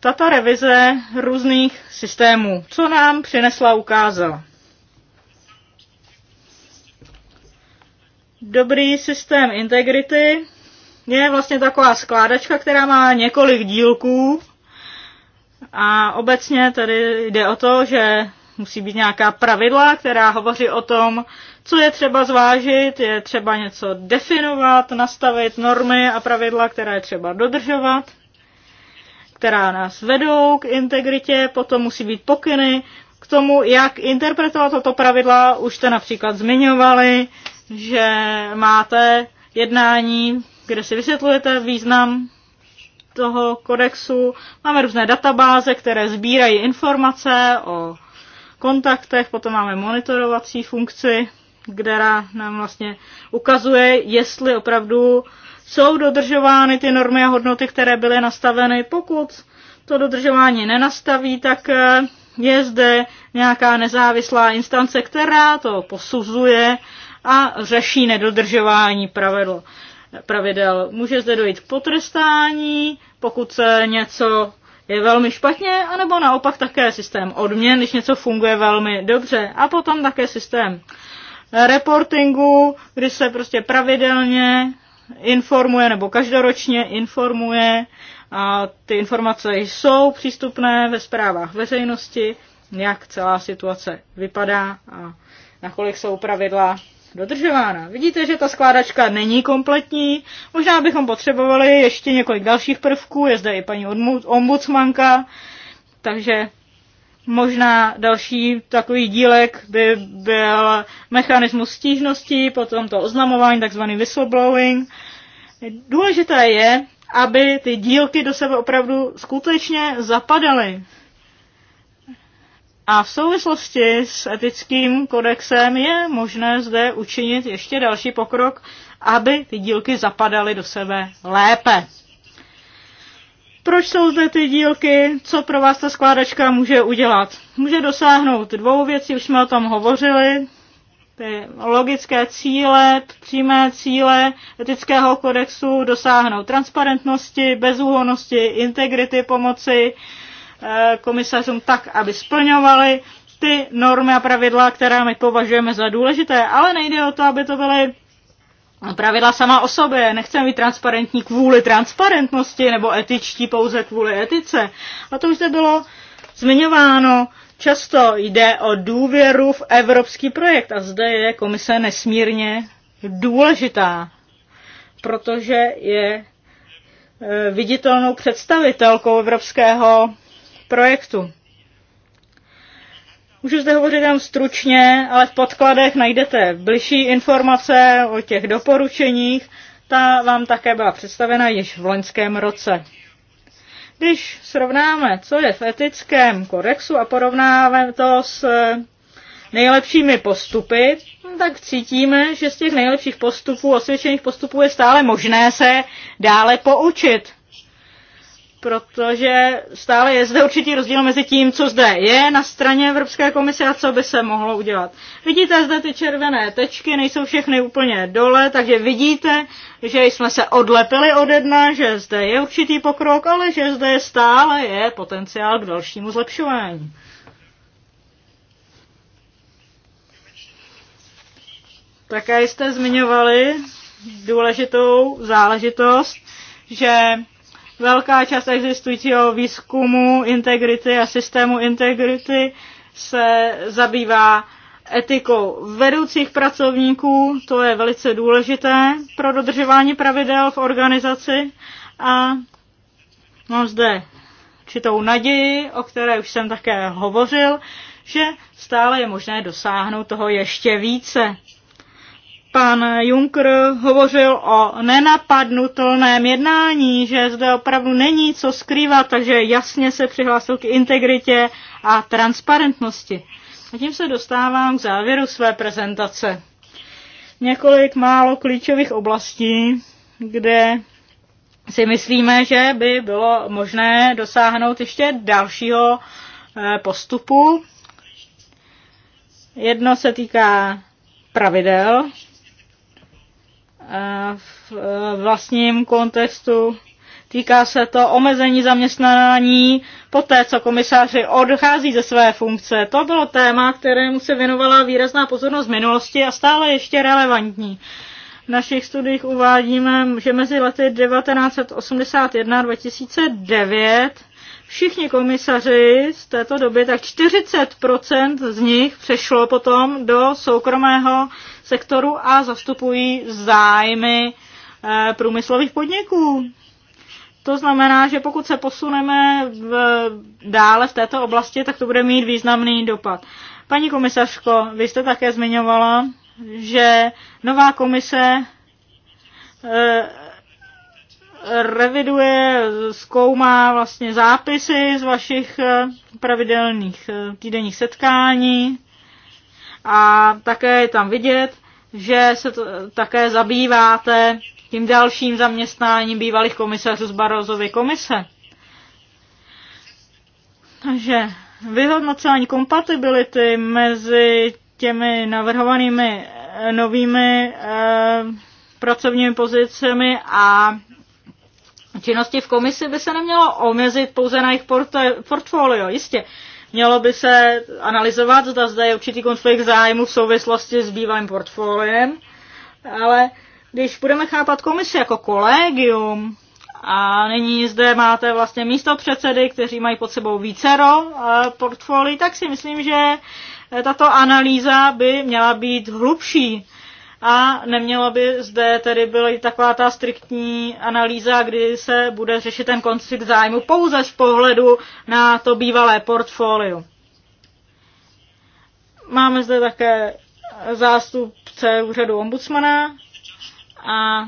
Tato revize různých systémů, co nám přinesla, ukázala. Dobrý systém integrity je vlastně taková skládačka, která má několik dílků a obecně tady jde o to, že musí být nějaká pravidla, která hovoří o tom, co je třeba zvážit, je třeba něco definovat, nastavit normy a pravidla, které je třeba dodržovat, která nás vedou k integritě, potom musí být pokyny k tomu, jak interpretovat toto pravidla. Už jste například zmiňovali, že máte jednání kde si vysvětlujete význam toho kodexu. Máme různé databáze, které sbírají informace o kontaktech, potom máme monitorovací funkci, která nám vlastně ukazuje, jestli opravdu jsou dodržovány ty normy a hodnoty, které byly nastaveny. Pokud to dodržování nenastaví, tak eh, je zde nějaká nezávislá instance, která to posuzuje a řeší nedodržování pravidel pravidel. Může zde dojít k potrestání, pokud se něco je velmi špatně, anebo naopak také systém odměn, když něco funguje velmi dobře. A potom také systém reportingu, kdy se prostě pravidelně informuje nebo každoročně informuje a ty informace jsou přístupné ve zprávách veřejnosti, jak celá situace vypadá a nakolik jsou pravidla dodržována. Vidíte, že ta skládačka není kompletní. Možná bychom potřebovali ještě několik dalších prvků. Je zde i paní ombudsmanka, takže možná další takový dílek by byl mechanismus stížnosti, potom to oznamování, takzvaný whistleblowing. Důležité je, aby ty dílky do sebe opravdu skutečně zapadaly. A v souvislosti s etickým kodexem je možné zde učinit ještě další pokrok, aby ty dílky zapadaly do sebe lépe. Proč jsou zde ty dílky? Co pro vás ta skládačka může udělat? Může dosáhnout dvou věcí, už jsme o tom hovořili. Ty logické cíle, přímé cíle etického kodexu dosáhnout transparentnosti, bezúhonnosti, integrity pomoci, Eh, komisařům tak, aby splňovali ty normy a pravidla, která my považujeme za důležité, ale nejde o to, aby to byly pravidla sama o sobě. Nechceme být transparentní kvůli transparentnosti nebo etičtí pouze kvůli etice. A to už zde bylo zmiňováno. Často jde o důvěru v evropský projekt a zde je komise nesmírně důležitá, protože je eh, viditelnou představitelkou evropského projektu. Můžu zde hovořit jenom stručně, ale v podkladech najdete bližší informace o těch doporučeních. Ta vám také byla představena již v loňském roce. Když srovnáme, co je v etickém kodexu a porovnáme to s nejlepšími postupy, tak cítíme, že z těch nejlepších postupů, osvědčených postupů je stále možné se dále poučit protože stále je zde určitý rozdíl mezi tím, co zde je na straně Evropské komise a co by se mohlo udělat. Vidíte zde ty červené tečky, nejsou všechny úplně dole, takže vidíte, že jsme se odlepili od jedna, že zde je určitý pokrok, ale že zde stále je potenciál k dalšímu zlepšování. Také jste zmiňovali důležitou záležitost, že Velká část existujícího výzkumu integrity a systému integrity se zabývá etikou vedoucích pracovníků, to je velice důležité pro dodržování pravidel v organizaci a mám zde určitou naději, o které už jsem také hovořil, že stále je možné dosáhnout toho ještě více pan Juncker hovořil o nenapadnutelném jednání, že zde opravdu není co skrývat, takže jasně se přihlásil k integritě a transparentnosti. A tím se dostávám k závěru své prezentace. Několik málo klíčových oblastí, kde si myslíme, že by bylo možné dosáhnout ještě dalšího eh, postupu. Jedno se týká pravidel v e, vlastním kontextu. Týká se to omezení zaměstnání po té, co komisáři odchází ze své funkce. To bylo téma, kterému se věnovala výrazná pozornost v minulosti a stále ještě relevantní. V našich studiích uvádíme, že mezi lety 1981 a 2009 všichni komisaři z této doby, tak 40% z nich přešlo potom do soukromého sektoru a zastupují zájmy eh, průmyslových podniků. To znamená, že pokud se posuneme v, dále v této oblasti, tak to bude mít významný dopad. Paní komisařko, vy jste také zmiňovala, že nová komise e, reviduje, zkoumá vlastně zápisy z vašich eh, pravidelných týdenních setkání a také je tam vidět, že se to, eh, také zabýváte tím dalším zaměstnáním bývalých komisařů z Barozovy komise. Takže vyhodnocování kompatibility mezi těmi navrhovanými eh, novými eh, pracovními pozicemi a činnosti v komisi by se nemělo omezit pouze na jejich portfolio. Jistě, Mělo by se analyzovat, zda zde je určitý konflikt zájmu v souvislosti s bývalým portfoliem, ale když budeme chápat komisi jako kolegium, a nyní zde máte vlastně místo předsedy, kteří mají pod sebou vícero eh, portfolií, tak si myslím, že tato analýza by měla být hlubší a neměla by zde tedy byla i taková ta striktní analýza, kdy se bude řešit ten konflikt zájmu pouze z pohledu na to bývalé portfolio. Máme zde také zástupce úřadu ombudsmana a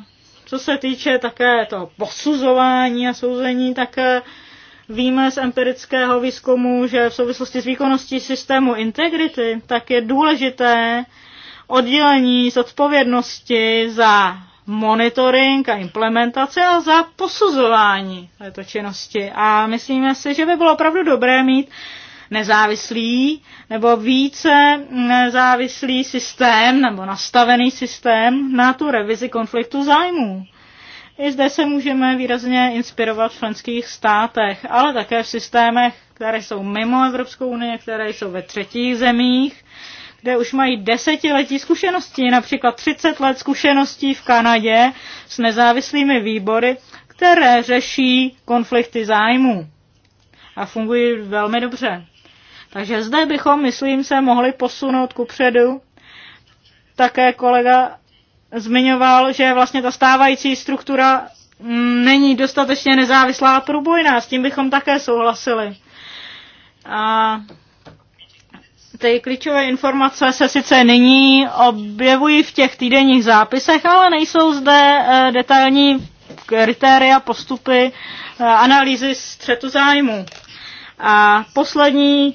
co se týče také toho posuzování a souzení, tak eh, víme z empirického výzkumu, že v souvislosti s výkonností systému integrity, tak je důležité oddělení z odpovědnosti za monitoring a implementaci a za posuzování této činnosti. A myslíme si, že by bylo opravdu dobré mít nezávislý nebo více nezávislý systém nebo nastavený systém na tu revizi konfliktu zájmů. I zde se můžeme výrazně inspirovat v členských státech, ale také v systémech, které jsou mimo Evropskou unii, které jsou ve třetích zemích, kde už mají desetiletí zkušenosti, například 30 let zkušeností v Kanadě s nezávislými výbory, které řeší konflikty zájmů a fungují velmi dobře. Takže zde bychom, myslím, se mohli posunout ku předu. Také kolega zmiňoval, že vlastně ta stávající struktura mm, není dostatečně nezávislá a průbojná. S tím bychom také souhlasili. A ty klíčové informace se sice nyní objevují v těch týdenních zápisech, ale nejsou zde eh, detailní kritéria, postupy, eh, analýzy střetu zájmu. A poslední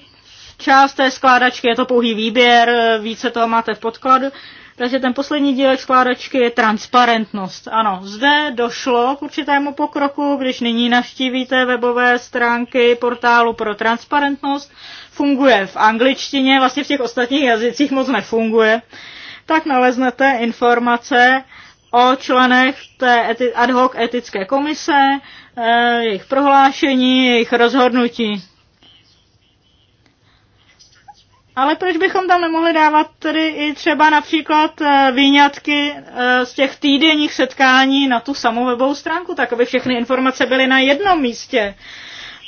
část té skládačky je to pouhý výběr, eh, více toho máte v podkladu. Takže ten poslední dílek skládačky je transparentnost. Ano, zde došlo k určitému pokroku, když nyní navštívíte webové stránky portálu pro transparentnost, funguje v angličtině, vlastně v těch ostatních jazycích moc nefunguje, tak naleznete informace o členech té ad hoc etické komise, eh, jejich prohlášení, jejich rozhodnutí. Ale proč bychom tam nemohli dávat tedy i třeba například eh, výňatky eh, z těch týdenních setkání na tu samou webovou stránku, tak aby všechny informace byly na jednom místě.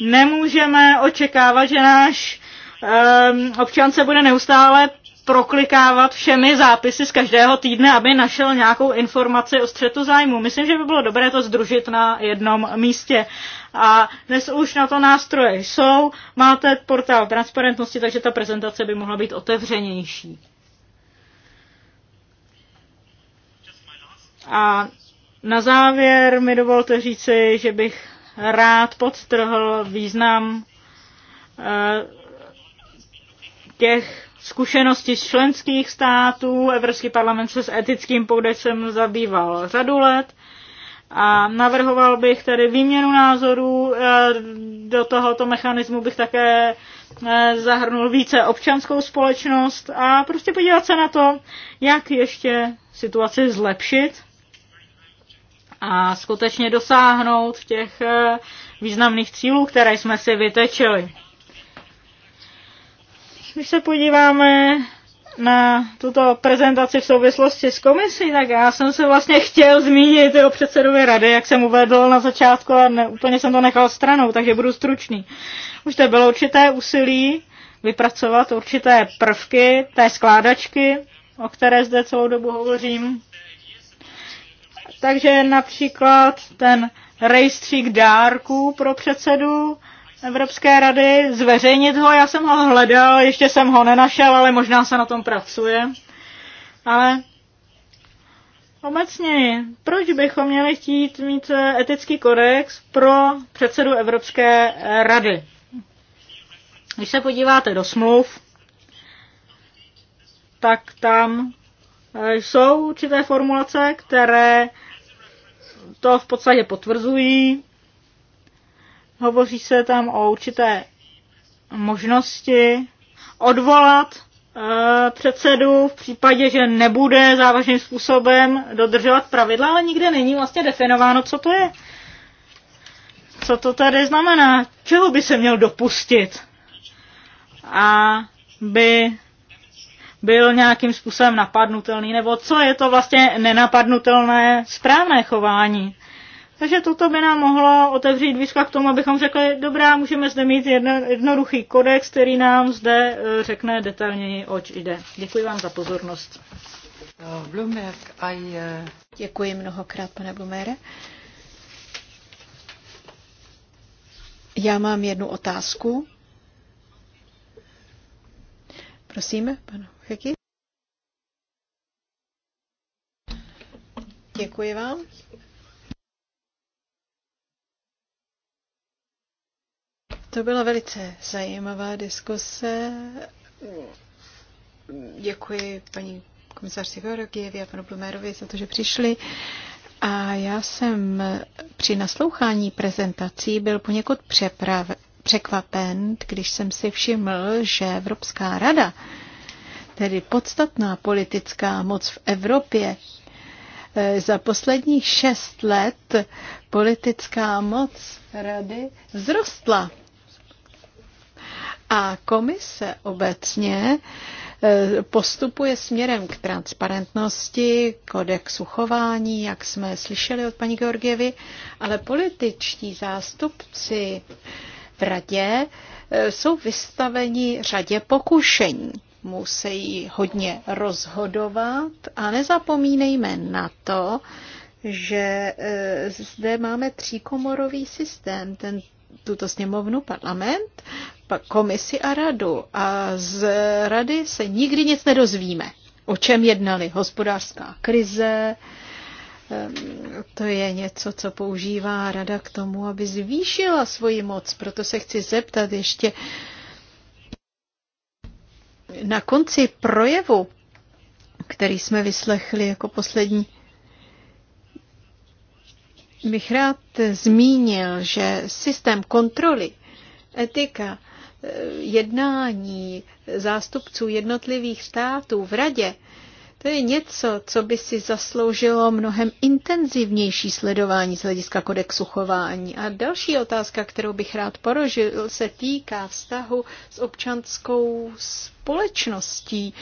Nemůžeme očekávat, že náš Ehm, občan se bude neustále proklikávat všemi zápisy z každého týdne, aby našel nějakou informaci o střetu zájmu. Myslím, že by bylo dobré to združit na jednom místě. A dnes už na to nástroje jsou. Máte portál transparentnosti, takže ta prezentace by mohla být otevřenější. A na závěr mi dovolte říci, že bych rád podtrhl význam eh, těch zkušeností z členských států. Evropský parlament se s etickým podexem zabýval řadu let a navrhoval bych tedy výměnu názorů. Eh, do tohoto mechanismu bych také eh, zahrnul více občanskou společnost a prostě podívat se na to, jak ještě situaci zlepšit a skutečně dosáhnout těch eh, významných cílů, které jsme si vytečili. Když se podíváme na tuto prezentaci v souvislosti s komisí, tak já jsem se vlastně chtěl zmínit o předsedovi rady, jak jsem uvedl na začátku a ne, úplně jsem to nechal stranou, takže budu stručný. Už to bylo určité úsilí vypracovat určité prvky té skládačky, o které zde celou dobu hovořím. Takže například ten rejstřík dárků pro předsedu, Evropské rady, zveřejnit ho, já jsem ho hledal, ještě jsem ho nenašel, ale možná se na tom pracuje. Ale obecně, proč bychom měli chtít mít eh, etický kodex pro předsedu Evropské eh, rady? Když se podíváte do smluv, tak tam eh, jsou určité formulace, které to v podstatě potvrzují. Hovoří se tam o určité možnosti odvolat eh, předsedu v případě, že nebude závažným způsobem dodržovat pravidla, ale nikde není vlastně definováno, co to je. Co to tady znamená? Čeho by se měl dopustit? A by byl nějakým způsobem napadnutelný, nebo co je to vlastně nenapadnutelné správné chování? Takže toto by nám mohlo otevřít výzka k tomu, abychom řekli, dobrá, můžeme zde mít jedno, jednoduchý kodex, který nám zde eh, řekne detailněji, oč jde. Děkuji vám za pozornost. Eh, Děkuji mnohokrát, pane Blumére. Já mám jednu otázku. Prosím, pane Heky. Děkuji vám. To byla velice zajímavá diskuse. Děkuji paní komisařce Georgievi a panu Blumerovi za to, že přišli. A já jsem při naslouchání prezentací byl poněkud přeprav, překvapen, když jsem si všiml, že Evropská rada, tedy podstatná politická moc v Evropě, eh, za posledních šest let politická moc rady vzrostla. A komise obecně eh, postupuje směrem k transparentnosti, kodexu chování, jak jsme slyšeli od paní Georgievy, ale političtí zástupci v radě eh, jsou vystaveni řadě pokušení. Musí hodně rozhodovat a nezapomínejme na to, že eh, zde máme tříkomorový systém. Ten, tuto sněmovnu, parlament, komisi a radu a z rady se nikdy nic nedozvíme. O čem jednali? Hospodářská krize, to je něco, co používá rada k tomu, aby zvýšila svoji moc. Proto se chci zeptat ještě na konci projevu, který jsme vyslechli jako poslední bych rád zmínil, že systém kontroly, etika jednání zástupců jednotlivých států v radě, to je něco, co by si zasloužilo mnohem intenzivnější sledování z hlediska kodexu chování. A další otázka, kterou bych rád porožil, se týká vztahu s občanskou společností.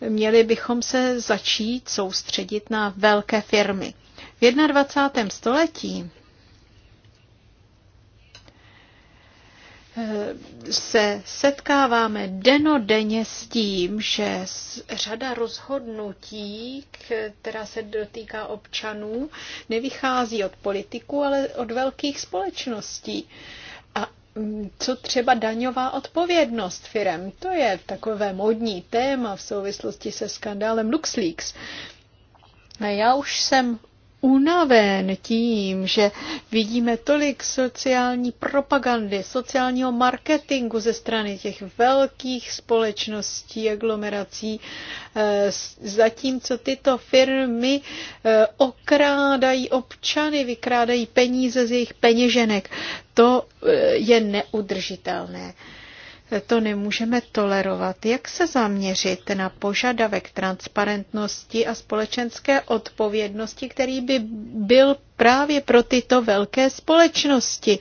Měli bychom se začít soustředit na velké firmy. V 21. století se setkáváme denodenně s tím, že řada rozhodnutí, která se dotýká občanů, nevychází od politiku, ale od velkých společností. A mm, co třeba daňová odpovědnost firem? To je takové modní téma v souvislosti se skandálem LuxLeaks. Já už jsem unaven tím, že vidíme tolik sociální propagandy, sociálního marketingu ze strany těch velkých společností, aglomerací, eh, zatímco tyto firmy eh, okrádají občany, vykrádají peníze z jejich peněženek. To eh, je neudržitelné. To nemůžeme tolerovat. Jak se zaměřit na požadavek transparentnosti a společenské odpovědnosti, který by byl právě pro tyto velké společnosti?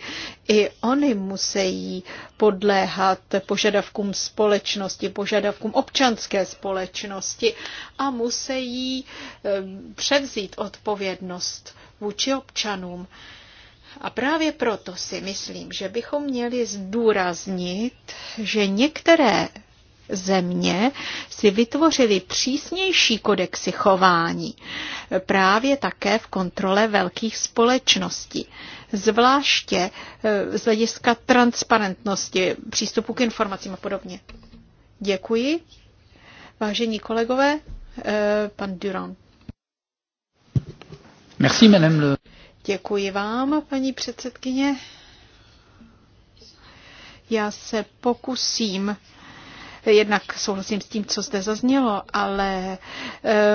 I oni musí podléhat požadavkům společnosti, požadavkům občanské společnosti a musí eh, převzít odpovědnost vůči občanům. A právě proto si myslím, že bychom měli zdůraznit, že některé země si vytvořily přísnější kodexy chování, právě také v kontrole velkých společností, zvláště eh, z hlediska transparentnosti, přístupu k informacím a podobně. Děkuji. Vážení kolegové, eh, pan Durand. Merci, madame Děkuji vám, paní předsedkyně. Já se pokusím Jednak souhlasím s tím, co zde zaznělo, ale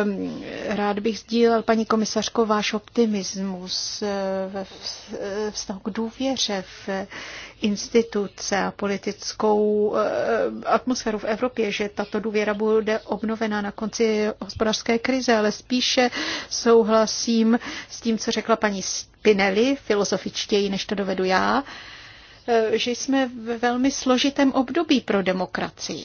um, rád bych sdílel, paní komisařko, váš optimismus eh, ve eh, vztahu k důvěře v instituce a politickou eh, atmosféru v Evropě, že tato důvěra bude obnovená na konci hospodářské krize, ale spíše souhlasím s tím, co řekla paní Spinelli, filozofičtěji, než to dovedu já, že jsme ve velmi složitém období pro demokracii.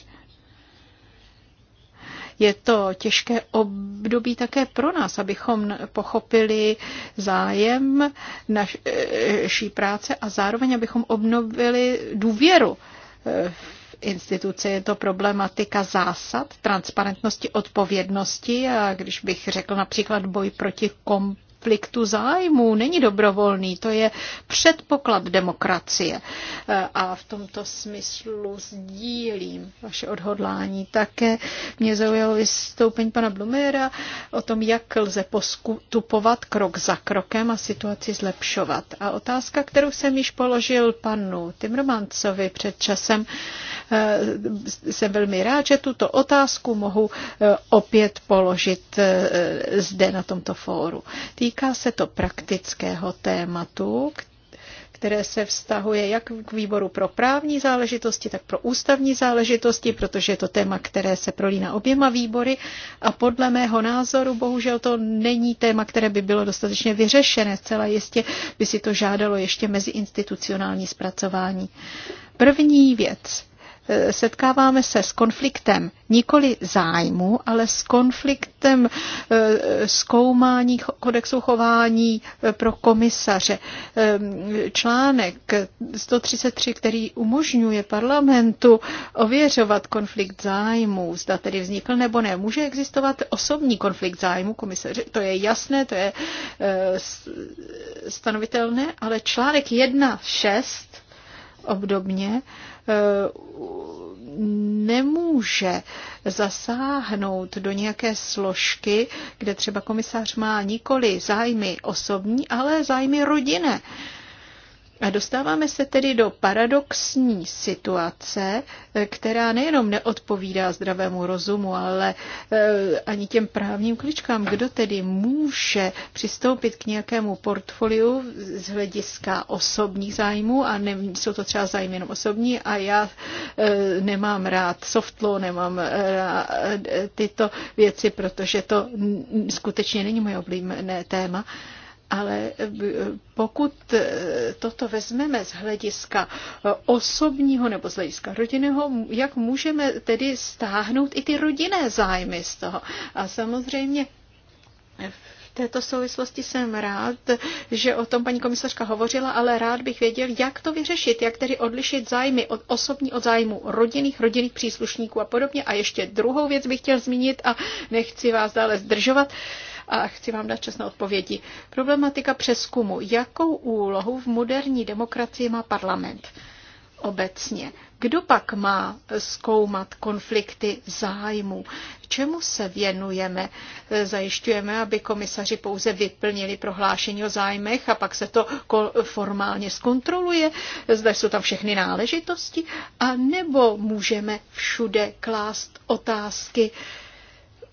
Je to těžké období také pro nás, abychom pochopili zájem naší práce a zároveň abychom obnovili důvěru eh, v instituce. Je to problematika zásad, transparentnosti, odpovědnosti a když bych řekl například boj proti kom konfliktu zájmů není dobrovolný, to je předpoklad demokracie. A v tomto smyslu sdílím vaše odhodlání. Také mě zaujalo vystoupení pana Blumera o tom, jak lze postupovat krok za krokem a situaci zlepšovat. A otázka, kterou jsem již položil panu Timromancovi před časem, Eh, jsem velmi rád, že tuto otázku mohu eh, opět položit eh, zde na tomto fóru. Týká se to praktického tématu, které se vztahuje jak k výboru pro právní záležitosti, tak pro ústavní záležitosti, protože je to téma, které se prolíná oběma výbory a podle mého názoru bohužel to není téma, které by bylo dostatečně vyřešené. Zcela jistě by si to žádalo ještě meziinstitucionální zpracování. První věc. Eh, setkáváme se s konfliktem nikoli zájmu, ale s konfliktem eh, zkoumání kodexu chování eh, pro komisaře. Článek 133, který umožňuje parlamentu ověřovat konflikt zájmu, zda tedy vznikl nebo ne. Může existovat osobní konflikt zájmu komisaře, to je jasné, to je stanovitelné, ale článek 1.6 obdobně nemůže zasáhnout do nějaké složky, kde třeba komisař má nikoli zájmy osobní, ale zájmy rodinné. A dostáváme se tedy do paradoxní situace, eh, která nejenom neodpovídá zdravému rozumu, ale eh, ani těm právním kličkám, kdo tedy může přistoupit k nějakému portfoliu z hlediska osobních zájmů a ne, jsou to třeba zájmy jenom osobní a já eh, nemám rád softlo, nemám rád tyto věci, protože to skutečně není moje oblíbené téma. Ale eh, eh, pokud eh, toto vezmeme z hlediska osobního nebo z hlediska rodinného, jak můžeme tedy stáhnout i ty rodinné zájmy z toho? A samozřejmě v této souvislosti jsem rád, že o tom paní komisařka hovořila, ale rád bych věděl, jak to vyřešit, jak tedy odlišit zájmy od osobní od zájmu rodinných, rodinných příslušníků a podobně. A ještě druhou věc bych chtěl zmínit a nechci vás dále zdržovat. Uh, a chci vám dát čas na odpovědi. Problematika přeskumu. Jakou úlohu v moderní demokracii má parlament obecně? Kdo pak má zkoumat konflikty zájmů? Čemu se věnujeme? Zajišťujeme, aby komisaři pouze vyplnili prohlášení o zájmech a pak se to formálně zkontroluje, zda jsou tam všechny náležitosti, a nebo můžeme všude klást otázky,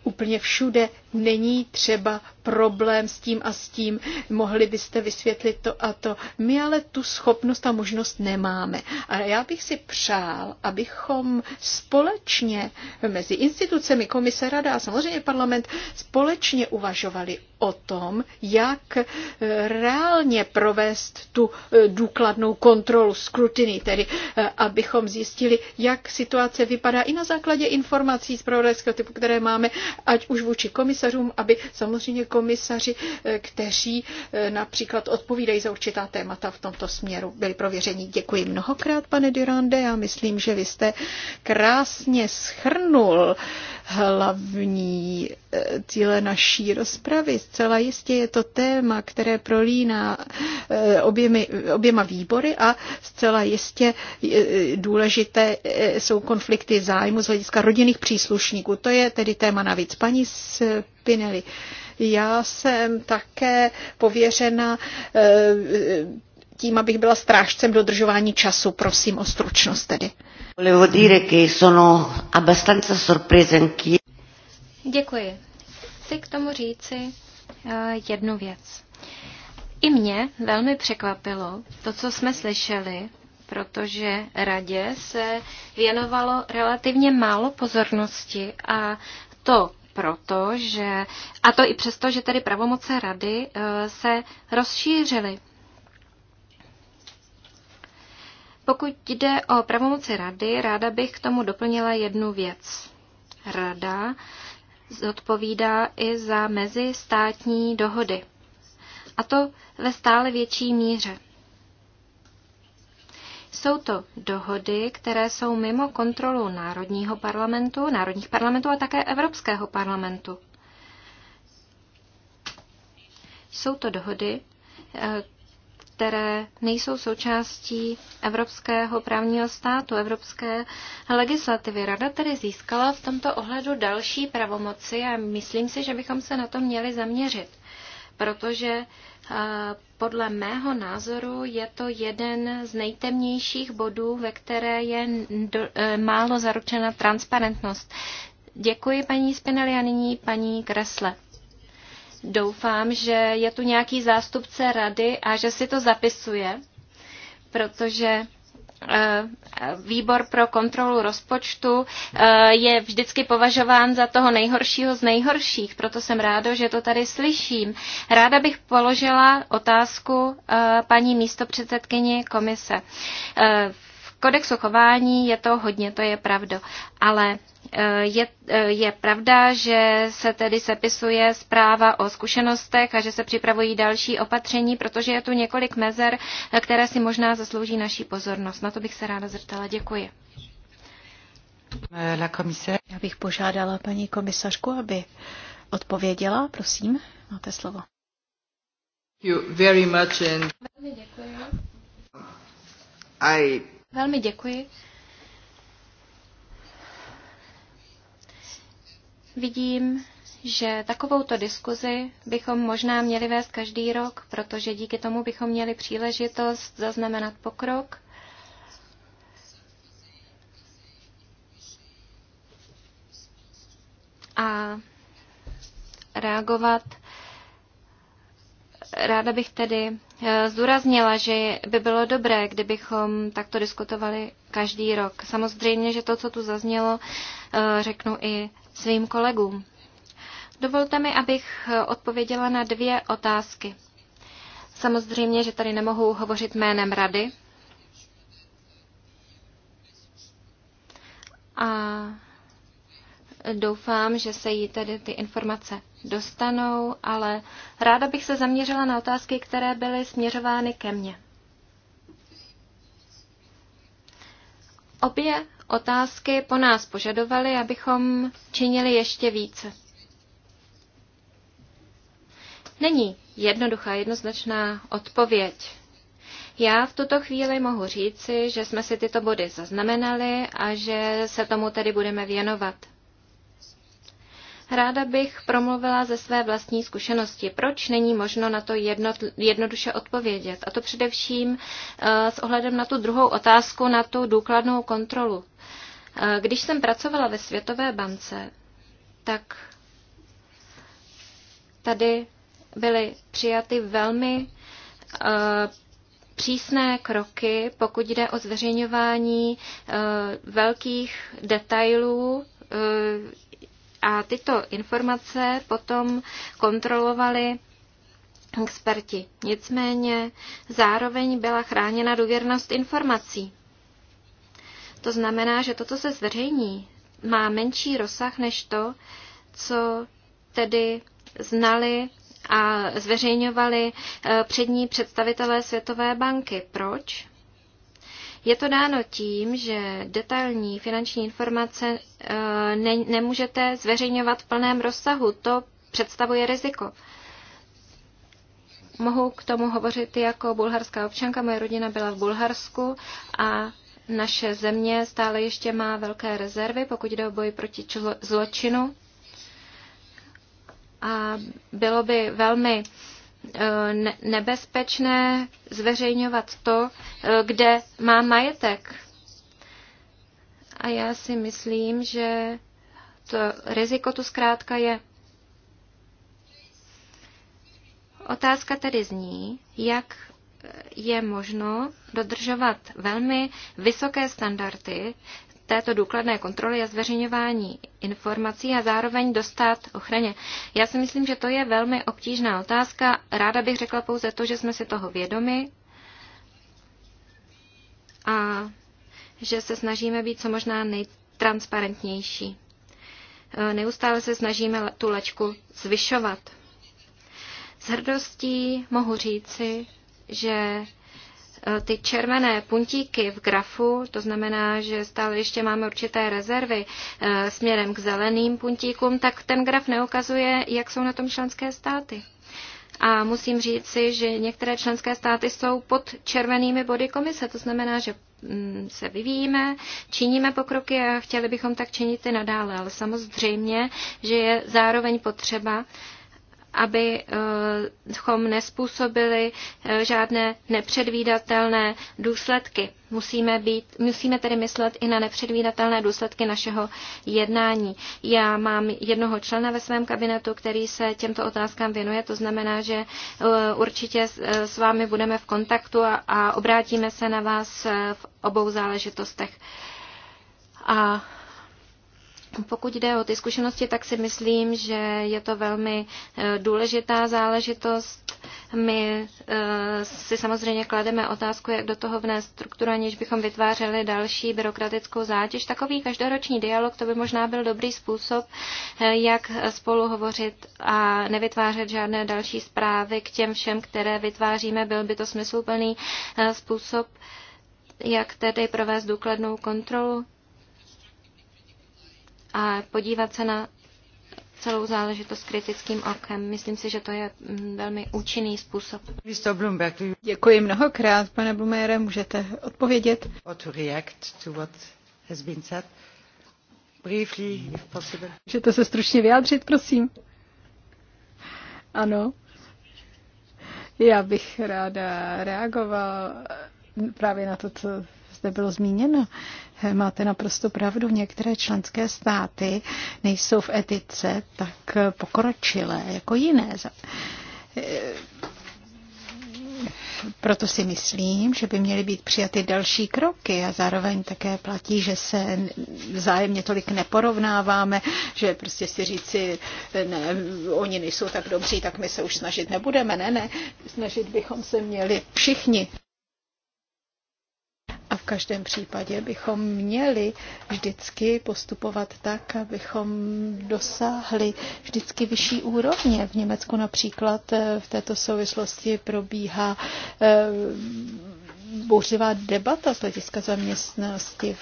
úplně všude není třeba problém s tím a s tím, mohli byste vysvětlit to a to. My ale tu schopnost a možnost nemáme. A já bych si přál, abychom společně mezi institucemi, komise, rada a samozřejmě parlament společně uvažovali o tom, jak eh, reálně provést tu eh, důkladnou kontrolu, skrutiny, tedy eh, abychom zjistili, jak situace vypadá i na základě informací z pravodajského typu, které máme, ať už vůči komisařům, aby samozřejmě komisaři, eh, kteří eh, například odpovídají za určitá témata v tomto směru, byli prověřeni. Děkuji mnohokrát, pane Durande. Já myslím, že vy jste krásně schrnul hlavní eh, cíle naší rozpravy. Zcela jistě je to téma, které prolíná oběmi, oběma výbory a zcela jistě důležité jsou konflikty zájmu z hlediska rodinných příslušníků. To je tedy téma navíc. Paní Spinelli, já jsem také pověřena eh, tím, abych byla strážcem dodržování času. Prosím o stručnost tedy. Děkuji. Chci k tomu říci eh, jednu věc. I mě velmi překvapilo to, co jsme slyšeli, protože radě se věnovalo relativně málo pozornosti a to proto, že, a to i přesto, že tedy pravomoce rady eh, se rozšířily. Pokud jde o pravomoci rady, ráda bych k tomu doplnila jednu věc. Rada zodpovídá i za mezistátní dohody. A to ve stále větší míře. Jsou to dohody, které jsou mimo kontrolu národního parlamentu, národních parlamentů a také Evropského parlamentu. Jsou to dohody, eh, které nejsou součástí evropského právního státu, evropské legislativy. Rada tedy získala v tomto ohledu další pravomoci a myslím si, že bychom se na to měli zaměřit, protože podle mého názoru je to jeden z nejtemnějších bodů, ve které je e, málo zaručena transparentnost. Děkuji paní Spinelli a nyní paní Kresle. Doufám, že je tu nějaký zástupce rady a že si to zapisuje, protože Eh, výbor pro kontrolu rozpočtu eh, je vždycky považován za toho nejhoršího z nejhorších, proto jsem ráda, že to tady slyším. Ráda bych položila otázku eh, paní místopředsedkyni komise. V kodexu chování je to hodně, to je pravda, ale je, je pravda, že se tedy sepisuje zpráva o zkušenostech a že se připravují další opatření, protože je tu několik mezer, které si možná zaslouží naší pozornost. Na to bych se ráda zrtala. Děkuji. La komise. Já bych požádala paní komisařku, aby odpověděla. Prosím, máte slovo. You very much and... Velmi děkuji. I... Velmi děkuji. Vidím, že takovouto diskuzi bychom možná měli vést každý rok, protože díky tomu bychom měli příležitost zaznamenat pokrok. A reagovat Ráda bych tedy eh, zdůraznila, že by bylo dobré, kdybychom takto diskutovali každý rok. Samozřejmě, že to, co tu zaznělo, eh, řeknu i svým kolegům. Dovolte mi, abych eh, odpověděla na dvě otázky. Samozřejmě, že tady nemohu hovořit jménem rady. A doufám, že se jí tedy ty informace dostanou, ale ráda bych se zaměřila na otázky, které byly směřovány ke mně. Obě otázky po nás požadovaly, abychom činili ještě více. Není jednoduchá, jednoznačná odpověď. Já v tuto chvíli mohu říci, že jsme si tyto body zaznamenali a že se tomu tedy budeme věnovat. Ráda bych promluvila ze své vlastní zkušenosti. Proč není možno na to jedno, jednoduše odpovědět? A to především eh, s ohledem na tu druhou otázku, na tu důkladnou kontrolu. Eh, když jsem pracovala ve Světové bance, tak tady byly přijaty velmi eh, přísné kroky, pokud jde o zveřejňování velkých detailů a tyto informace potom kontrolovali experti. Nicméně zároveň byla chráněna důvěrnost informací. To znamená, že to, co se zveřejní, má menší rozsah než to, co tedy znali a zveřejňovali eh, přední představitelé Světové banky. Proč? Je to dáno tím, že detailní finanční informace eh, ne, nemůžete zveřejňovat v plném rozsahu. To představuje riziko. Mohu k tomu hovořit jako bulharská občanka. Moje rodina byla v Bulharsku a naše země stále ještě má velké rezervy, pokud jde o boj proti zločinu. A bylo by velmi uh, Eh, nebezpečné zveřejňovat to, eh, kde má majetek. A já si myslím, že to riziko tu zkrátka je. Otázka tedy zní, jak je možno dodržovat velmi vysoké standardy této důkladné kontroly je zveřejňování informací a zároveň dostat ochraně. Já si myslím, že to je velmi obtížná otázka. Ráda bych řekla pouze to, že jsme si toho vědomi a že se snažíme být co možná nejtransparentnější. E, neustále se snažíme tu lečku zvyšovat. S hrdostí mohu říci, že Eh, ty červené puntíky v grafu, to znamená, že stále ještě máme určité rezervy eh, směrem k zeleným puntíkům, tak ten graf neukazuje, jak jsou na tom členské státy. A musím říct si, že některé členské státy jsou pod červenými body komise, to znamená, že mm, se vyvíjíme, činíme pokroky a chtěli bychom tak činit i nadále, ale samozřejmě, že je zároveň potřeba abychom nespůsobili eh, žádné nepředvídatelné důsledky. Musíme, být, musíme tedy myslet i na nepředvídatelné důsledky našeho jednání. Já mám jednoho člena ve svém kabinetu, který se těmto otázkám věnuje, to znamená, že eh, určitě eh, s vámi budeme v kontaktu a obrátíme se na vás v obou záležitostech. A pokud jde o ty zkušenosti, tak si myslím, že je to velmi eh, důležitá záležitost. My eh, si samozřejmě klademe otázku, jak do toho vnést strukturu, aniž bychom vytvářeli další byrokratickou zátěž. Takový každoroční dialog, to by možná byl dobrý způsob, eh, jak spolu hovořit a nevytvářet žádné další zprávy k těm všem, které vytváříme. Byl by to smysluplný způsob, jak tedy provést důkladnou kontrolu a podívat se na celou záležitost kritickým okem. Myslím si, že to je mm, velmi účinný způsob. Děkuji mnohokrát, pane Blumére, můžete odpovědět. Můžete se stručně vyjádřit, prosím. Ano. Já bych ráda reagoval právě na to, co zde bylo zmíněno. Eh, máte naprosto pravdu, některé členské státy nejsou v etice tak eh, pokročilé jako jiné. Eh, proto si myslím, že by měly být přijaty další kroky a zároveň také platí, že se vzájemně tolik neporovnáváme, že prostě si říci, ne, oni nejsou tak dobří, tak my se už snažit nebudeme. Ne, ne, snažit bychom se měli všichni každém případě bychom měli vždycky postupovat tak, abychom dosáhli vždycky vyšší úrovně. V Německu například eh, v této souvislosti probíhá eh, bouřivá debata z hlediska zaměstnanosti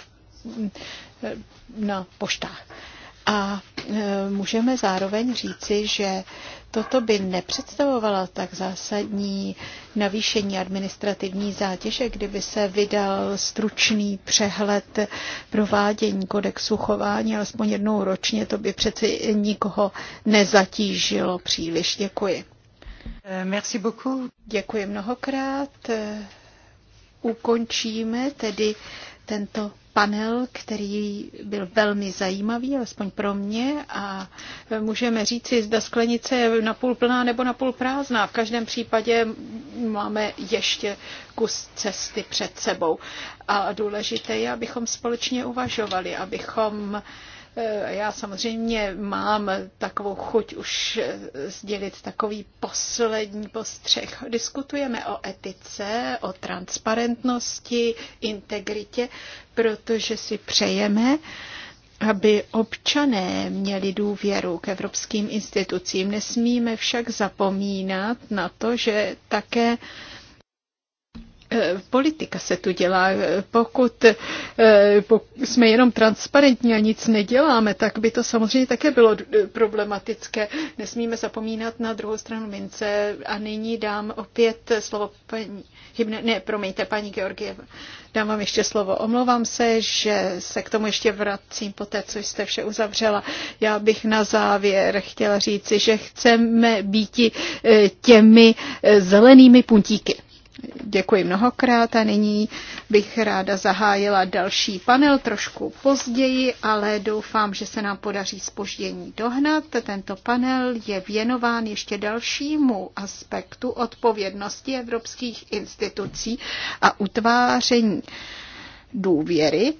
eh, na poštách. A e, můžeme zároveň říci, že toto by nepředstavovalo tak zásadní navýšení administrativní zátěže, kdyby se vydal stručný přehled provádění kodexu chování alespoň jednou ročně, to by přeci nikoho nezatížilo příliš. Děkuji. E, merci beaucoup. Děkuji mnohokrát. E, ukončíme tedy tento panel, který byl velmi zajímavý, alespoň pro mě, a můžeme říci, zda sklenice je napůl plná nebo napůl prázdná. V každém případě máme ještě kus cesty před sebou. A důležité je, abychom společně uvažovali, abychom uh, Eh, já samozřejmě mám takovou chuť už eh, sdělit takový poslední postřeh. Diskutujeme o etice, o transparentnosti, integritě, protože si přejeme, aby občané měli důvěru k evropským institucím. Nesmíme však zapomínat na to, že také politika se tu dělá. Pokud eh, jsme jenom transparentní a nic neděláme, tak by to samozřejmě také bylo problematické. Nesmíme zapomínat na druhou stranu mince. A nyní dám opět slovo paní Hybne, ne, promiňte, paní Georgieva. Dám vám ještě slovo. Omlouvám se, že se k tomu ještě vracím po té, co jste vše uzavřela. Já bych na závěr chtěla říci, že chceme být eh, těmi eh, zelenými puntíky. Děkuji mnohokrát a nyní bych ráda zahájila další panel trošku později, ale doufám, že se nám podaří spoždění dohnat. Tento panel je věnován ještě dalšímu aspektu odpovědnosti evropských institucí a utváření důvěry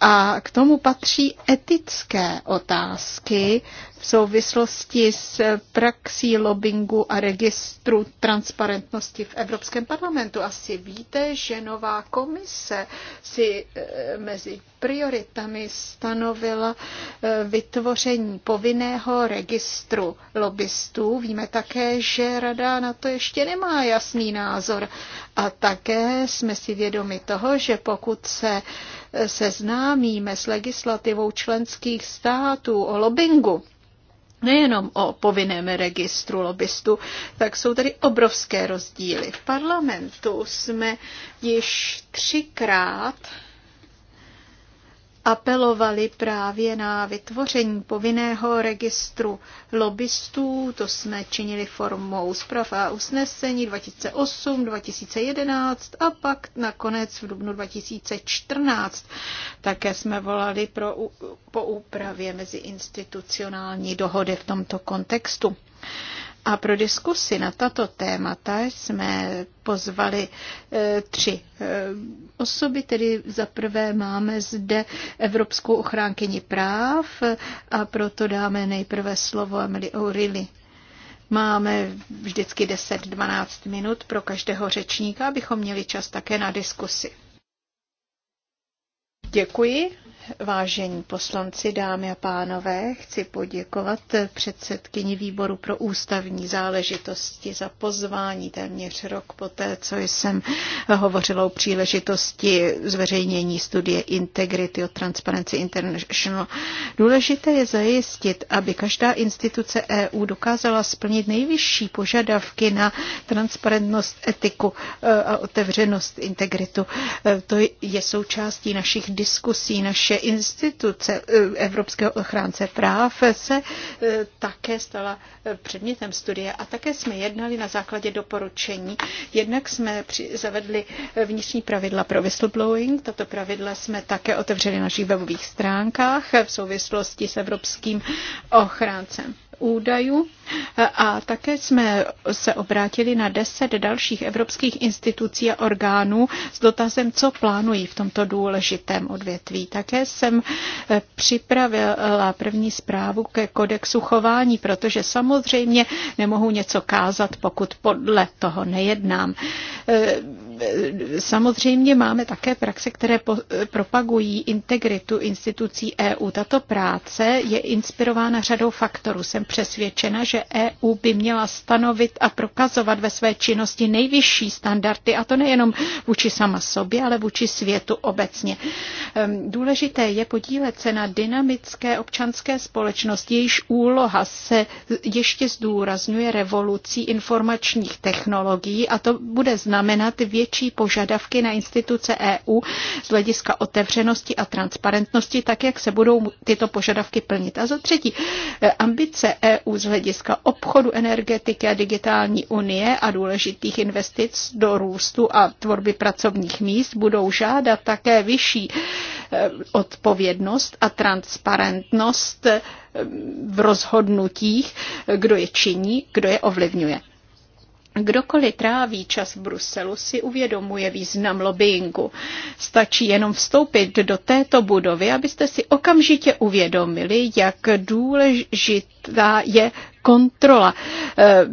a k tomu patří etické otázky v souvislosti s praxí lobbingu a registru transparentnosti v Evropském parlamentu. Asi víte, že nová komise si eh, mezi prioritami stanovila eh, vytvoření povinného registru lobbystů. Víme také, že rada na to ještě nemá jasný názor. A také jsme si vědomi toho, že pokud se seznámíme s legislativou členských států o lobbingu, nejenom o povinném registru lobbystů, tak jsou tady obrovské rozdíly. V parlamentu jsme již třikrát apelovali právě na vytvoření povinného registru lobbystů. To jsme činili formou zpráv a usnesení 2008, 2011 a pak nakonec v dubnu 2014. Také jsme volali pro, po úpravě mezi institucionální dohody v tomto kontextu. A pro diskusy na tato témata jsme pozvali eh, tři eh, osoby, tedy za prvé máme zde Evropskou ochránkyni práv a proto dáme nejprve slovo Emily O'Reilly. Máme vždycky 10-12 minut pro každého řečníka, abychom měli čas také na diskusi. Děkuji. Vážení poslanci, dámy a pánové, chci poděkovat předsedkyni výboru pro ústavní záležitosti za pozvání téměř rok poté, co jsem hovořila o příležitosti zveřejnění studie Integrity od Transparency International. Důležité je zajistit, aby každá instituce EU dokázala splnit nejvyšší požadavky na transparentnost, etiku eh, a otevřenost, integritu. Eh, to je součástí našich diskusí, naše instituce eh, Evropského ochránce práv se eh, také stala eh, předmětem studie a také jsme jednali na základě doporučení. Jednak jsme zavedli vnitřní pravidla pro whistleblowing. Tato pravidla jsme také otevřeli na našich webových stránkách v souvislosti s Evropským ochráncem údajů a také jsme se obrátili na deset dalších evropských institucí a orgánů s dotazem, co plánují v tomto důležitém odvětví. Také jsem eh, připravila první zprávu ke kodexu chování, protože samozřejmě nemohu něco kázat, pokud podle toho nejednám. Eh, samozřejmě máme také praxe, které po, propagují integritu institucí EU. Tato práce je inspirována řadou faktorů. Jsem přesvědčena, že EU by měla stanovit a prokazovat ve své činnosti nejvyšší standardy, a to nejenom vůči sama sobě, ale vůči světu obecně. Ehm, důležité je podílet se na dynamické občanské společnosti, jejíž úloha se ještě zdůrazňuje revolucí informačních technologií a to bude znamenat větší větší požadavky na instituce EU z hlediska otevřenosti a transparentnosti, tak jak se budou tyto požadavky plnit. A za třetí, ambice EU z hlediska obchodu, energetiky a digitální unie a důležitých investic do růstu a tvorby pracovních míst budou žádat také vyšší eh, odpovědnost a transparentnost eh, v rozhodnutích, kdo je činí, kdo je ovlivňuje. Kdokoliv tráví čas v Bruselu, si uvědomuje význam lobbyingu. Stačí jenom vstoupit do této budovy, abyste si okamžitě uvědomili, jak důležitá je kontrola. Eh,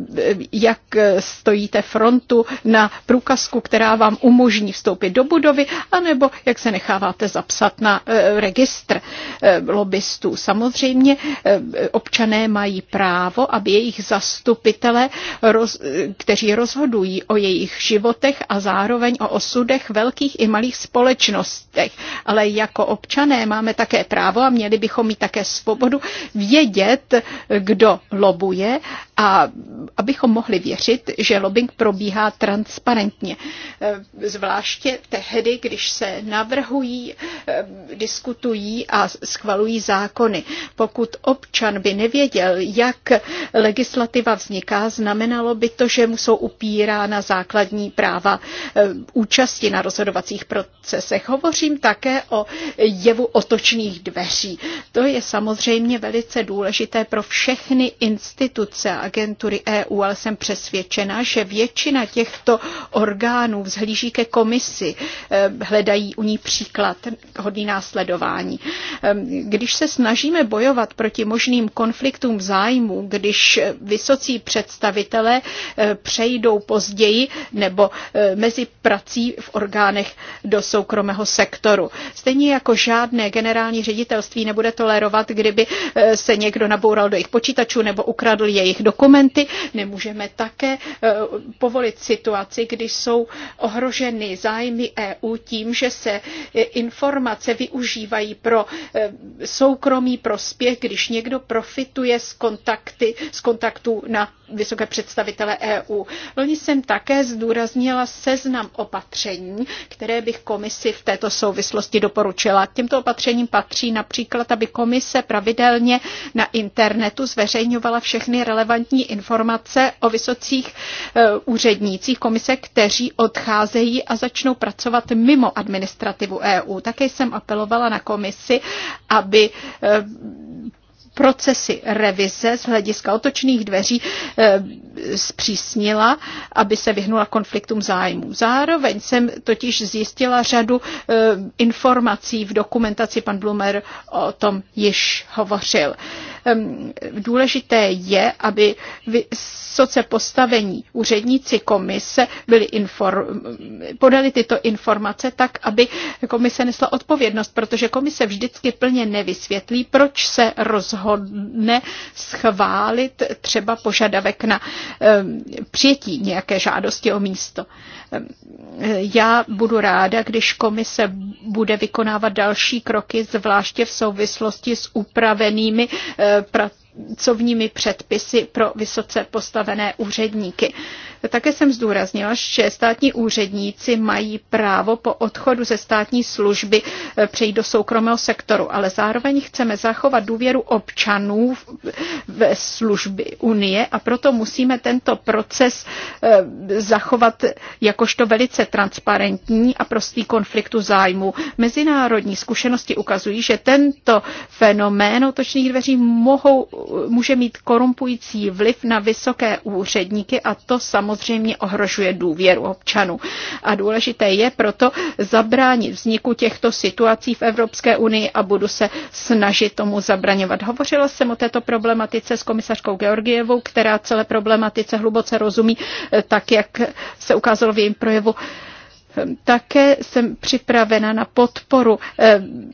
jak stojíte frontu na průkazku, která vám umožní vstoupit do budovy, anebo jak se necháváte zapsat na eh, registr eh, lobbystů. Samozřejmě občané mají právo, aby jejich zastupitelé, kteří rozhodují o jejich životech a zároveň o osudech velkých i malých společnostech. Ale jako občané máme také právo a měli bychom mít také svobodu vědět, kdo lobby způsobuje a abychom mohli věřit, že lobbying probíhá transparentně. E, zvláště tehdy, když se navrhují, e, diskutují a schvalují zákony. Pokud občan by nevěděl, jak legislativa vzniká, znamenalo by to, že mu jsou upírána základní práva e, účasti na rozhodovacích procesech. Hovořím také o jevu otočných dveří. To je samozřejmě velice důležité pro všechny instituce a agentury EU, ale jsem přesvědčena, že většina těchto orgánů vzhlíží ke komisi, eh, hledají u ní příklad hodný následování. Eh, když se snažíme bojovat proti možným konfliktům zájmu, když eh, vysocí představitelé přejdou později nebo mezi prací v orgánech do soukromého sektoru. Stejně jako žádné generální ředitelství nebude tolerovat, kdyby se někdo naboural do jejich počítačů nebo ukradl jejich dokumentů dokumenty. Nemůžeme také eh, povolit situaci, kdy jsou ohroženy zájmy EU tím, že se eh, informace využívají pro eh, soukromý prospěch, když někdo profituje z, kontakty, z kontaktů na vysoké představitele EU. Loni jsem také zdůraznila seznam opatření, které bych komisi v této souvislosti doporučila. Těmto opatřením patří například, aby komise pravidelně na internetu zveřejňovala všechny relevantní informace o vysocích e, úřednících komise, kteří odcházejí a začnou pracovat mimo administrativu EU. Také jsem apelovala na komisi, aby e, procesy revize z hlediska otočných dveří eh, zpřísnila, aby se vyhnula konfliktům zájmů. Zároveň jsem totiž zjistila řadu eh, informací v dokumentaci, pan Blumer o tom již hovořil. Ehm, důležité je, aby vysoce postavení úředníci komise byli inform, podali tyto informace tak, aby komise nesla odpovědnost, protože komise vždycky plně nevysvětlí, proč se rozhodla rozhodne schválit třeba požadavek na ehm, přijetí nějaké žádosti o místo. Ehm, já budu ráda, když komise bude vykonávat další kroky, zvláště v souvislosti s upravenými eh, pracovními předpisy pro vysoce postavené úředníky. Také jsem zdůraznila, že státní úředníci mají právo po odchodu ze státní služby eh, přejít do soukromého sektoru, ale zároveň chceme zachovat důvěru občanů ve služby Unie a proto musíme tento proces eh, zachovat jakožto velice transparentní a prostý konfliktu zájmu. Mezinárodní zkušenosti ukazují, že tento fenomén otočných dveří mohou, může mít korumpující vliv na vysoké úředníky a to samozřejmě samozřejmě ohrožuje důvěru občanů. A důležité je proto zabránit vzniku těchto situací v Evropské unii a budu se snažit tomu zabraňovat. Hovořila jsem o této problematice s komisařkou Georgievou, která celé problematice hluboce rozumí, eh, tak jak se ukázalo v jejím projevu. Ehm, také jsem připravena na podporu ehm,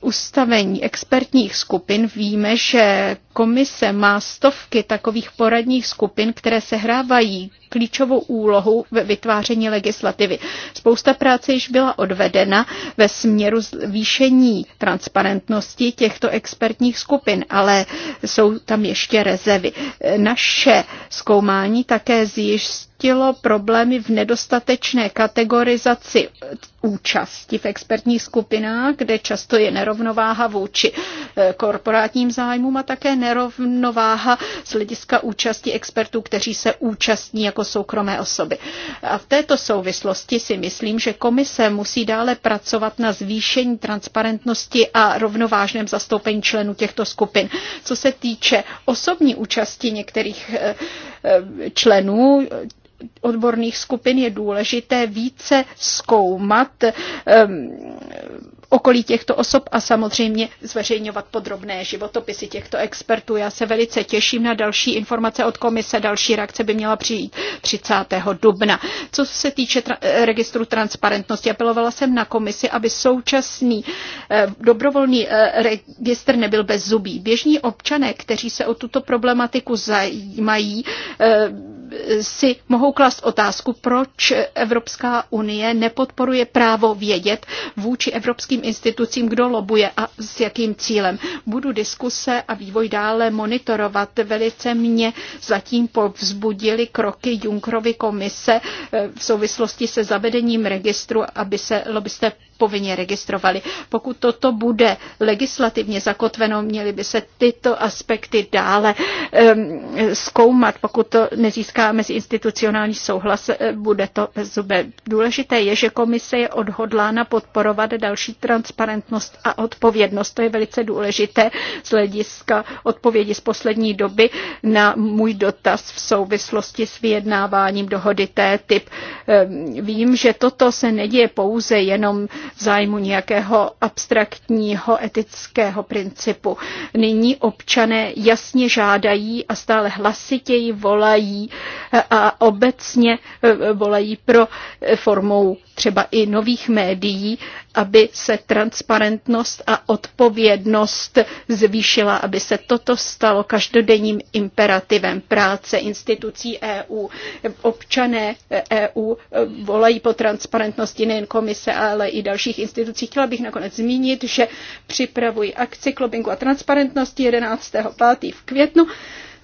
ustavení expertních skupin. Víme, že komise má stovky takových poradních skupin, které sehrávají klíčovou úlohu ve vytváření legislativy. Spousta práce již byla odvedena ve směru zvýšení transparentnosti těchto expertních skupin, ale jsou tam ještě rezervy. Naše zkoumání také zjišťuje, zjistilo problémy v nedostatečné kategorizaci účasti v expertních skupinách, kde často je nerovnováha vůči eh, korporátním zájmům a také nerovnováha z hlediska účasti expertů, kteří se účastní jako soukromé osoby. A v této souvislosti si myslím, že komise musí dále pracovat na zvýšení transparentnosti a rovnovážném zastoupení členů těchto skupin. Co se týče osobní účasti některých eh, eh, členů, odborných skupin je důležité více zkoumat ehm, okolí těchto osob a samozřejmě zveřejňovat podrobné životopisy těchto expertů. Já se velice těším na další informace od komise. Další reakce by měla přijít 30. dubna. Co se týče tra- registru transparentnosti, apelovala jsem na komisi, aby současný eh, dobrovolný eh, registr nebyl bez zubí. Běžní občané, kteří se o tuto problematiku zajímají, eh, si mohou klást otázku, proč Evropská unie nepodporuje právo vědět vůči evropským institucím kdo lobuje a s jakým cílem. Budu diskuse a vývoj dále monitorovat. Velice mě zatím povzbudili kroky Junkrovy komise eh, v souvislosti se zavedením registru, aby se lobbyste povinně registrovali. Pokud toto bude legislativně zakotveno, měly by se tyto aspekty dále um, zkoumat. Pokud to nezíská institucionální souhlas, eh, bude to zube. Důležité je, že komise je odhodlána podporovat další transparentnost a odpovědnost. To je velice důležité z hlediska odpovědi z poslední doby na můj dotaz v souvislosti s vyjednáváním dohody T-typ. Vím, že toto se neděje pouze jenom v zájmu nějakého abstraktního etického principu. Nyní občané jasně žádají a stále hlasitěji volají eh, a obecně eh, volají pro formou třeba i nových médií, aby se transparentnost a odpovědnost zvýšila, aby se toto stalo každodenním imperativem práce institucí EU. Občané EU volají po transparentnosti nejen komise, ale i dalších institucí. Chtěla bych nakonec zmínit, že připravuji akci klobingu a transparentnosti 11.5. v květnu,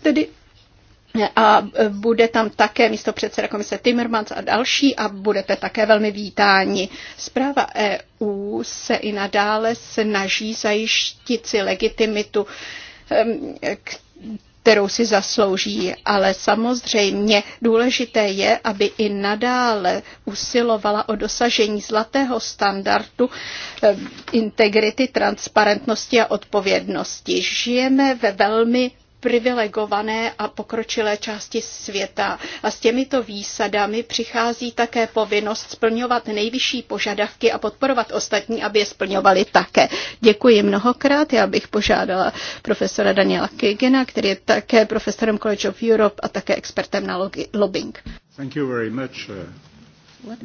tedy a bude tam také místo předseda komise Timmermans a další a budete také velmi vítáni. Zpráva EU se i nadále snaží zajištit si legitimitu, kterou si zaslouží, ale samozřejmě důležité je, aby i nadále usilovala o dosažení zlatého standardu integrity, transparentnosti a odpovědnosti. Žijeme ve velmi privilegované a pokročilé části světa. A s těmito výsadami přichází také povinnost splňovat nejvyšší požadavky a podporovat ostatní, aby je splňovali také. Děkuji mnohokrát. Já bych požádala profesora Daniela Kigena, který je také profesorem College of Europe a také expertem na lobbying. Thank you very much, uh,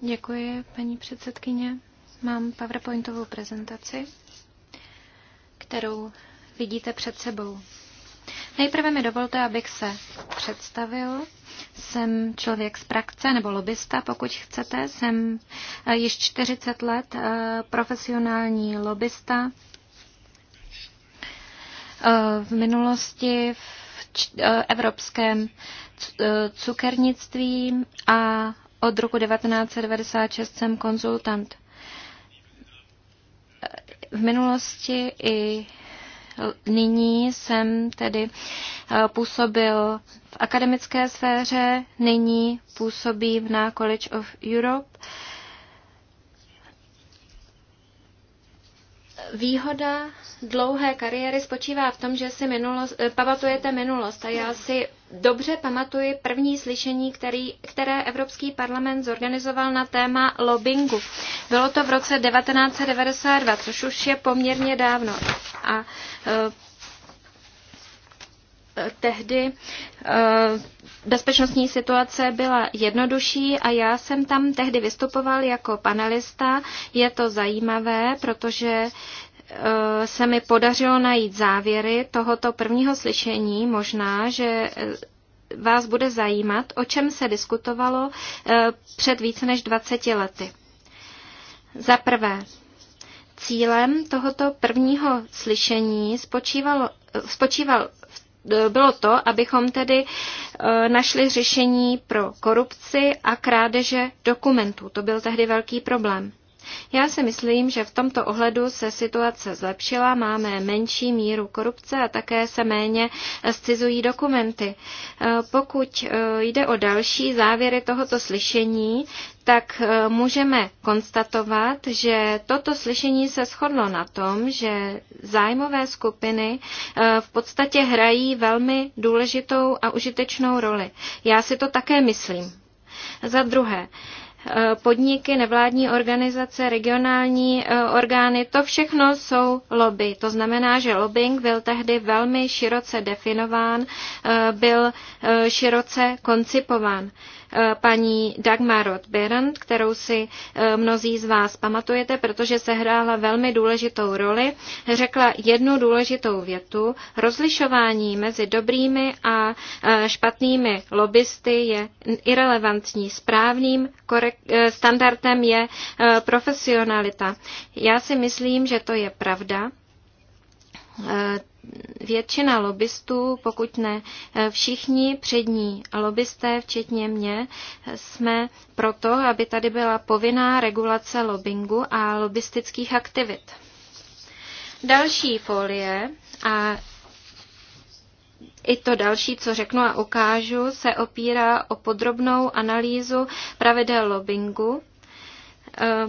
Děkuji, paní předsedkyně. Mám PowerPointovou prezentaci, kterou vidíte před sebou. Nejprve mi dovolte, abych se představil. Jsem člověk z praxe nebo lobista, pokud chcete. Jsem eh, již 40 let eh, profesionální lobista. Eh, v minulosti v evropském cukernictví a od roku 1996 jsem konzultant v minulosti i Nyní jsem tedy eh, působil v akademické sféře, nyní působím na College of Europe. výhoda dlouhé kariéry spočívá v tom, že si minulost, eh, pamatujete minulost a já si dobře pamatuji první slyšení, který, které Evropský parlament zorganizoval na téma lobbingu. Bylo to v roce 1992, což už je poměrně dávno. A e, tehdy e, bezpečnostní situace byla jednodušší a já jsem tam tehdy vystupoval jako panelista. Je to zajímavé, protože Eh, se mi podařilo najít závěry tohoto prvního slyšení. Možná, že eh, vás bude zajímat, o čem se diskutovalo eh, před více než 20 lety. Za prvé, cílem tohoto prvního slyšení spočívalo, spočíval bylo to, abychom tedy našli řešení pro korupci a krádeže dokumentů. To byl tehdy velký problém. Já si myslím, že v tomto ohledu se situace zlepšila, máme menší míru korupce a také se méně scizují dokumenty. Eh, pokud eh, jde o další závěry tohoto slyšení, tak eh, můžeme konstatovat, že toto slyšení se shodlo na tom, že zájmové skupiny v podstatě hrají velmi důležitou a užitečnou roli. Já si to také myslím. Za druhé, podniky, nevládní organizace, regionální eh, orgány, to všechno jsou lobby. To znamená, že lobbying byl tehdy velmi široce definován, eh, byl eh, široce koncipován. Eh, paní Dagmar Berend, kterou si eh, mnozí z vás pamatujete, protože se hrála velmi důležitou roli, řekla jednu důležitou větu. Rozlišování mezi dobrými a eh, špatnými lobbysty je irrelevantní. Správným standardem je profesionalita. Já si myslím, že to je pravda většina lobbystů, pokud ne eh, všichni přední lobbysté, včetně mě, jsme proto, aby tady byla povinná regulace lobbingu a lobbystických aktivit. Další folie a i to další, co řeknu a ukážu, se opírá o podrobnou analýzu pravidel lobbingu. Eh,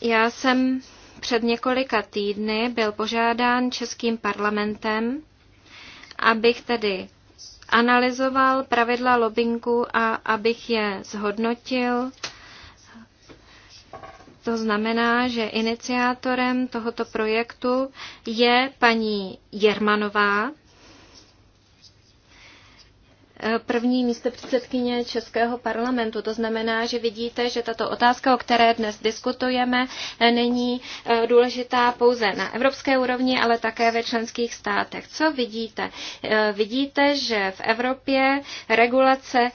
já jsem před několika týdny byl požádán českým parlamentem, abych tedy analyzoval pravidla lobbingu a abych je zhodnotil. To znamená, že iniciátorem tohoto projektu je paní Jermanová, Eh, první místo Českého parlamentu. To znamená, že vidíte, že tato otázka, o které dnes diskutujeme, eh, není eh, důležitá pouze na evropské úrovni, ale také ve členských státech. Co vidíte? Vidíte, že v Evropě regulace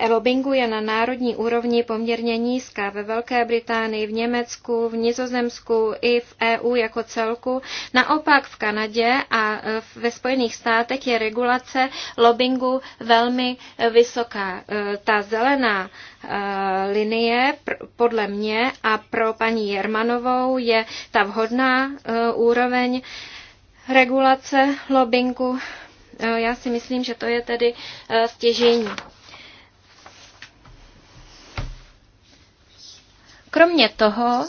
Lobbingu je na národní úrovni poměrně nízká ve Velké Británii, v Německu, v Nizozemsku i v EU jako celku. Naopak v Kanadě a e, ve Spojených státech je regulace lobbingu velmi e, vysoká. E, ta zelená linie podle mě a pro paní Jermanovou je ta vhodná úroveň regulace lobbingu. Já si myslím, že to je tedy stěžení. Kromě toho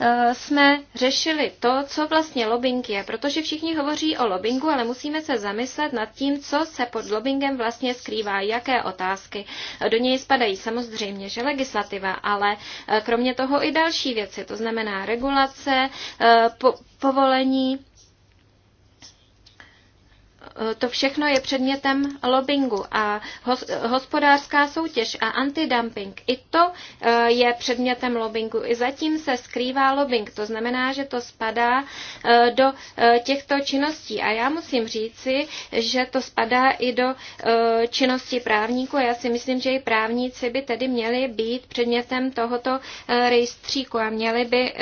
eh, jsme řešili to, co vlastně lobbying je, protože všichni hovoří o lobbingu, ale musíme se zamyslet nad tím, co se pod lobbingem vlastně skrývá, jaké otázky. Do něj spadají samozřejmě, že legislativa, ale eh, kromě toho i další věci, to znamená regulace, eh, po povolení, Eh, to všechno je předmětem lobbingu a hospodářská soutěž a antidumping. I to eh, je předmětem lobbingu. I zatím se skrývá lobbying. To znamená, že to spadá eh, do těchto činností. A já musím říci, že to spadá i do činnosti právníků. Já si myslím, že i právníci by tedy měli být předmětem tohoto rejstříku a měli by,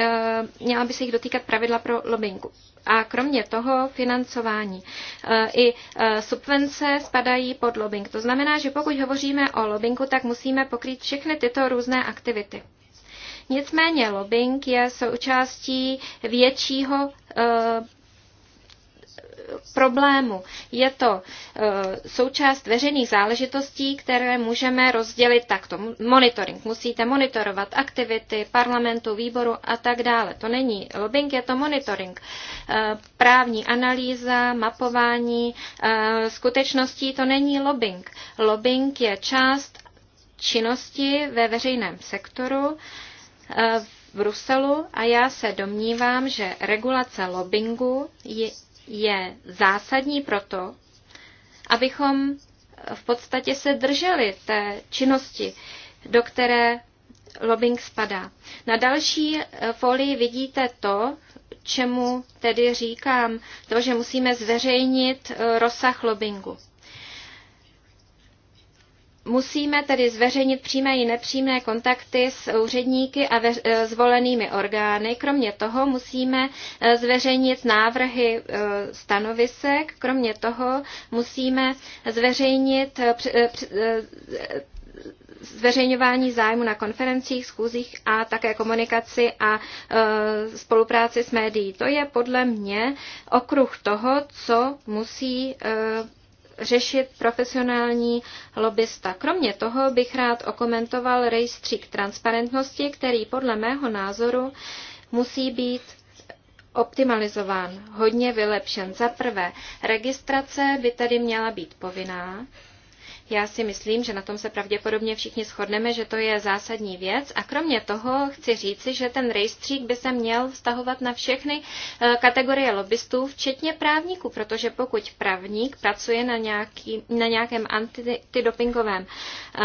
měla by se jich dotýkat pravidla pro lobbingu, a kromě toho financování. E, I e, subvence spadají pod lobbying. To znamená, že pokud hovoříme o lobbingu, tak musíme pokrýt všechny tyto různé aktivity. Nicméně lobbying je součástí většího e, problému. Je to eh, součást veřejných záležitostí, které můžeme rozdělit takto. Monitoring. Musíte monitorovat aktivity parlamentu, výboru a tak dále. To není lobbying, je to monitoring. Eh, právní analýza, mapování eh, skutečností, to není lobbying. Lobbying je část činnosti ve veřejném sektoru, v Bruselu a já se domnívám, že regulace lobbingu je zásadní proto, abychom v podstatě se drželi té činnosti, do které lobbying spadá. Na další eh, folii vidíte to, čemu tedy říkám, to, že musíme zveřejnit eh, rozsah lobbingu. Musíme tedy zveřejnit přímé i nepřímé kontakty s úředníky a veř- e, zvolenými orgány. Kromě toho musíme e, zveřejnit návrhy e, stanovisek. Kromě toho musíme zveřejnit zveřejňování zájmu na konferencích, schůzích a také komunikaci a e, spolupráci s médií. To je podle mě okruh toho, co musí e, řešit profesionální lobbysta. Kromě toho bych rád okomentoval rejstřík transparentnosti, který podle mého názoru musí být optimalizován, hodně vylepšen. Za prvé, registrace by tady měla být povinná, já si myslím, že na tom se pravděpodobně všichni shodneme, že to je zásadní věc. A kromě toho chci říci, že ten rejstřík by se měl vztahovat na všechny eh, kategorie lobbystů, včetně právníků, protože pokud právník pracuje na, nějaký, na nějakém antidopingovém eh,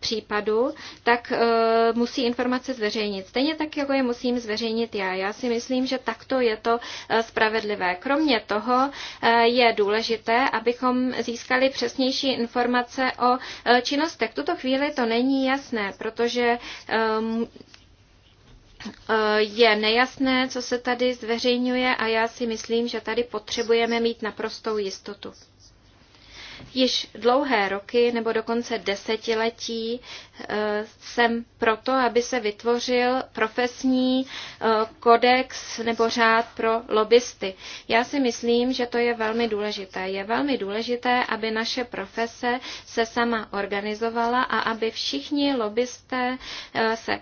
případu, tak eh, musí informace zveřejnit. Stejně tak, jako je musím zveřejnit já. Já si myslím, že takto je to eh, spravedlivé. Kromě toho eh, je důležité, abychom získali přesnější informace o činnostech. tuto chvíli to není jasné, protože ehm, je nejasné, co se tady zveřejňuje a já si myslím, že tady potřebujeme mít naprostou jistotu. Již dlouhé roky nebo dokonce desetiletí eh, jsem proto, aby se vytvořil profesní eh, kodex nebo řád pro lobbysty. Já si myslím, že to je velmi důležité. Je velmi důležité, aby naše profese se sama organizovala a aby všichni lobbysté eh, se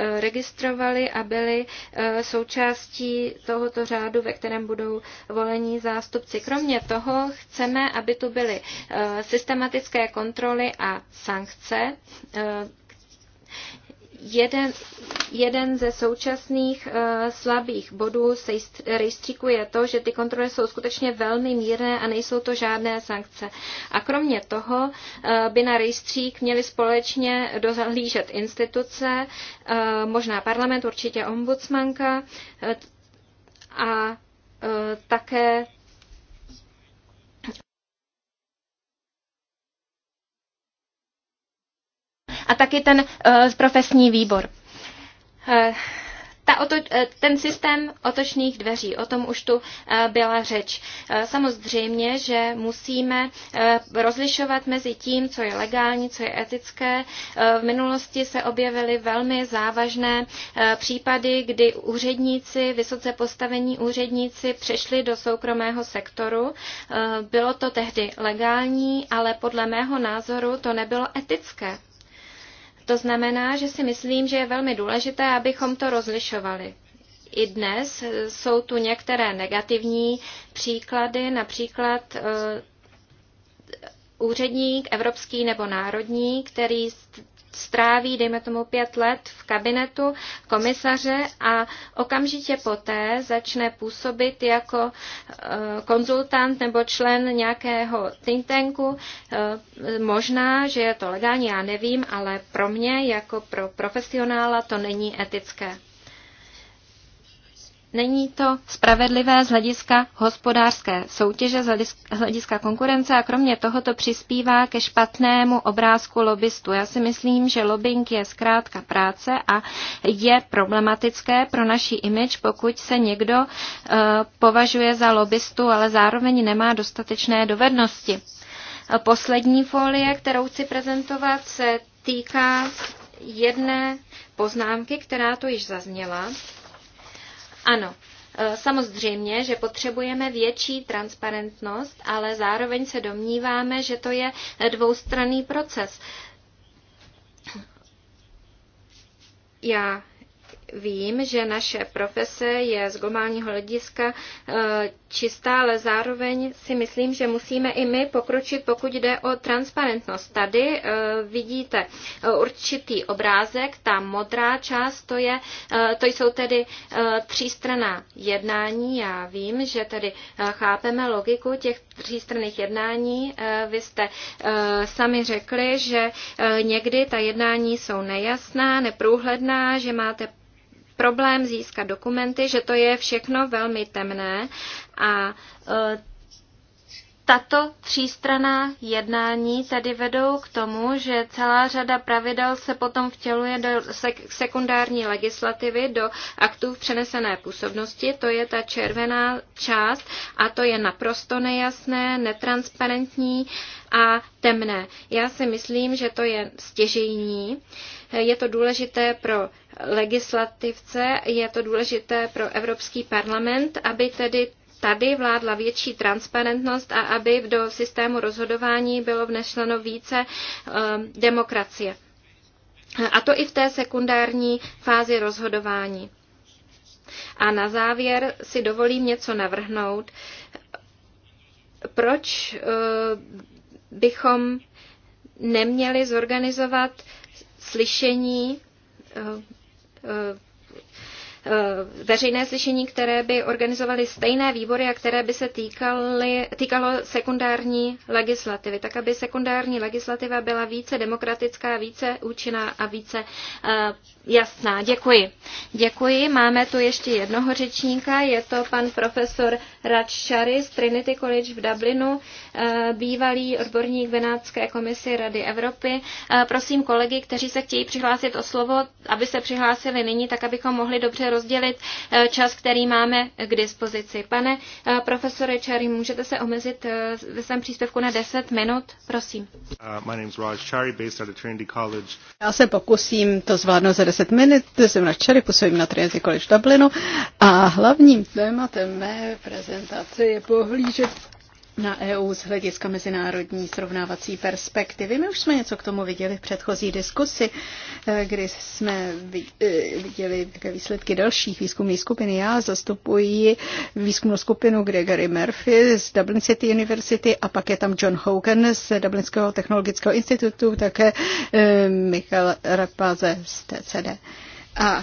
Eh, registrovali a byli eh, součástí tohoto řádu, ve kterém budou volení zástupci. Kromě toho chceme, aby tu byly eh, systematické kontroly a sankce jeden, jeden ze současných uh, slabých bodů se rejstříku je to, že ty kontroly jsou skutečně velmi mírné a nejsou to žádné sankce. A kromě toho uh, by na rejstřík měly společně dozahlížet instituce, uh, možná parlament, určitě ombudsmanka uh, a uh, také taky ten eh, profesní výbor. Eh, ta oto, eh, ten systém otočných dveří, o tom už tu byla řeč. Samozřejmě, že musíme rozlišovat mezi tím, co je legální, co je etické. V minulosti se objevily velmi závažné případy, kdy úředníci, vysoce postavení úředníci přešli do soukromého sektoru. Bylo to tehdy legální, ale podle mého názoru to nebylo etické. To znamená, že si myslím, že je velmi důležité, abychom to rozlišovali. I dnes eh, jsou tu některé negativní příklady, například eh, úředník evropský nebo národní, který stráví, dejme tomu, pět let v kabinetu komisaře a okamžitě poté začne působit jako eh, konzultant nebo člen nějakého think tanku. Eh, možná, že je to legální, já nevím, ale pro mě jako pro profesionála to není etické. Není to spravedlivé z hlediska hospodářské soutěže, z hlediska konkurence a kromě toho to přispívá ke špatnému obrázku lobbystu. Já si myslím, že lobbying je zkrátka práce a je problematické pro naši image, pokud se někdo uh, považuje za lobbystu, ale zároveň nemá dostatečné dovednosti. Eh, poslední folie, kterou chci prezentovat, se týká jedné poznámky, která tu již zazněla. Ano, e, Samozřejmě, že potřebujeme větší transparentnost, ale zároveň se domníváme, že to je dvoustranný proces. Já vím, že naše profese je z globálního hlediska eh, čistá, ale zároveň si myslím, že musíme i my pokročit, pokud jde o transparentnost. Tady eh, vidíte eh, určitý obrázek, ta modrá část, to, je, to jsou tedy třístraná jednání. Já vím, že tedy chápeme logiku těch třístranných jednání. Vy jste sami řekli, že někdy ta jednání jsou nejasná, neprůhledná, že máte problém získat dokumenty, že to je všechno velmi temné a e, tato třístraná jednání tady vedou k tomu, že celá řada pravidel se potom vtěluje do sekundární legislativy, do aktů v přenesené působnosti. To je ta červená část a to je naprosto nejasné, netransparentní a temné. Já si myslím, že to je stěžejní. Je to důležité pro legislativce, je to důležité pro Evropský parlament, aby tedy tady vládla větší transparentnost a aby do systému rozhodování bylo vnešleno více eh, demokracie. A to i v té sekundární fázi rozhodování. A na závěr si dovolím něco navrhnout. Proč eh, bychom neměli zorganizovat slyšení eh, Eh, veřejné slyšení, které by organizovaly stejné výbory a které by se týkaly, týkalo sekundární legislativy, tak aby sekundární legislativa byla více demokratická, více účinná a více eh, jasná. Děkuji. Děkuji. Máme tu ještě jednoho řečníka, je to pan profesor Radšary z Trinity College v Dublinu, eh, bývalý odborník venácké komisi Rady Evropy. Eh, prosím kolegy, kteří se chtějí přihlásit o slovo, aby se přihlásili nyní, tak abychom mohli dobře rozdělit eh, čas, který máme k dispozici. Pane profesore Čary, můžete se omezit ve svém příspěvku na 10 minut? Prosím. Uh, my name is Raj Chari, based at Trinity College. Já se pokusím to zvládnout za 10 minut. Jsem na Chari, působím na Trinity College v Dublinu a hlavním tématem mé prezentace Prezentace je pohlížet na EU z hlediska mezinárodní srovnávací perspektivy. My už jsme něco k tomu viděli v předchozí diskusi, eh, kdy jsme eh, viděli také výsledky dalších výzkumných skupin. Já zastupuji výzkumnou skupinu Gregory Murphy z Dublin City University a pak je tam John Hogan z Dublinského technologického institutu, také eh, Michal Rapáze z TCD. A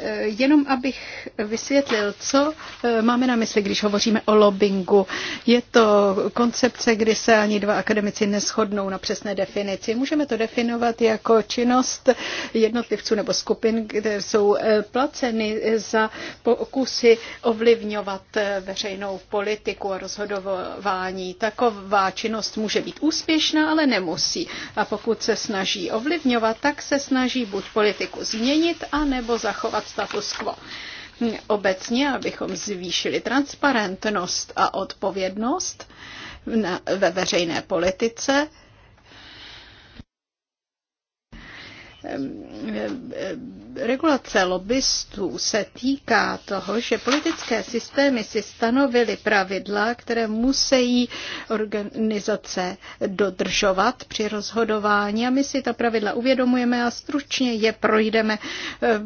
e, jenom abych vysvětlil, co e, máme na mysli, když hovoříme o lobbingu. Je to koncepce, kdy se ani dva akademici neschodnou na přesné definici. Můžeme to definovat jako činnost jednotlivců nebo skupin, kde jsou e, placeny za pokusy ovlivňovat veřejnou politiku a rozhodování. Taková činnost může být úspěšná, ale nemusí. A pokud se snaží ovlivňovat, tak se snaží buď politiku změnit, a nebo zachovat status quo. Obecně, abychom zvýšili transparentnost a odpovědnost ve veřejné politice, Eh, regulace lobbystů se týká toho, že politické systémy si stanovily pravidla, které musí organizace dodržovat při rozhodování a my si ta pravidla uvědomujeme a stručně je projdeme. Eh,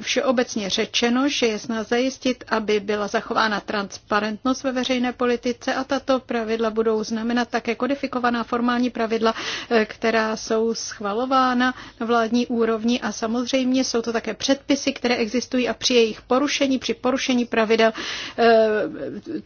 všeobecně řečeno, že je snad zajistit, aby byla zachována transparentnost ve veřejné politice a tato pravidla budou znamenat také kodifikovaná formální pravidla, eh, která jsou schvalována na vládní národní úrovni a samozřejmě jsou to také předpisy, které existují a při jejich porušení, při porušení pravidel eh,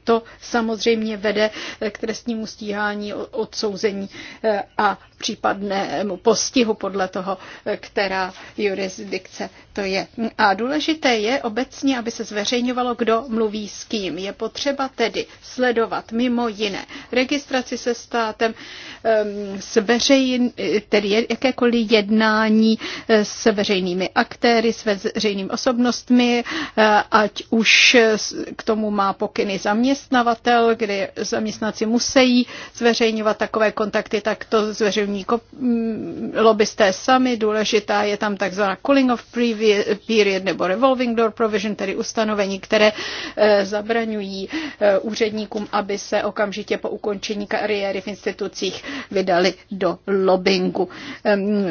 to samozřejmě vede k trestnímu stíhání, odsouzení eh, a případnému postihu podle toho, eh, která jurisdikce to je. A důležité je obecně, aby se zveřejňovalo, kdo mluví s kým. Je potřeba tedy sledovat mimo jiné registraci se státem, ehm, zveřejn, tedy jakékoliv jednání Eh, s veřejnými aktéry, s veřejnými osobnostmi, eh, ať už k tomu má pokyny zaměstnavatel, kdy zaměstnanci musí zveřejňovat takové kontakty, tak to zveřejní mm, lobbysté sami. Důležitá je tam takzvaná cooling of period nebo revolving door provision, tedy ustanovení, které eh, zabraňují úředníkům, aby se okamžitě po ukončení kariéry v institucích vydali do lobbingu.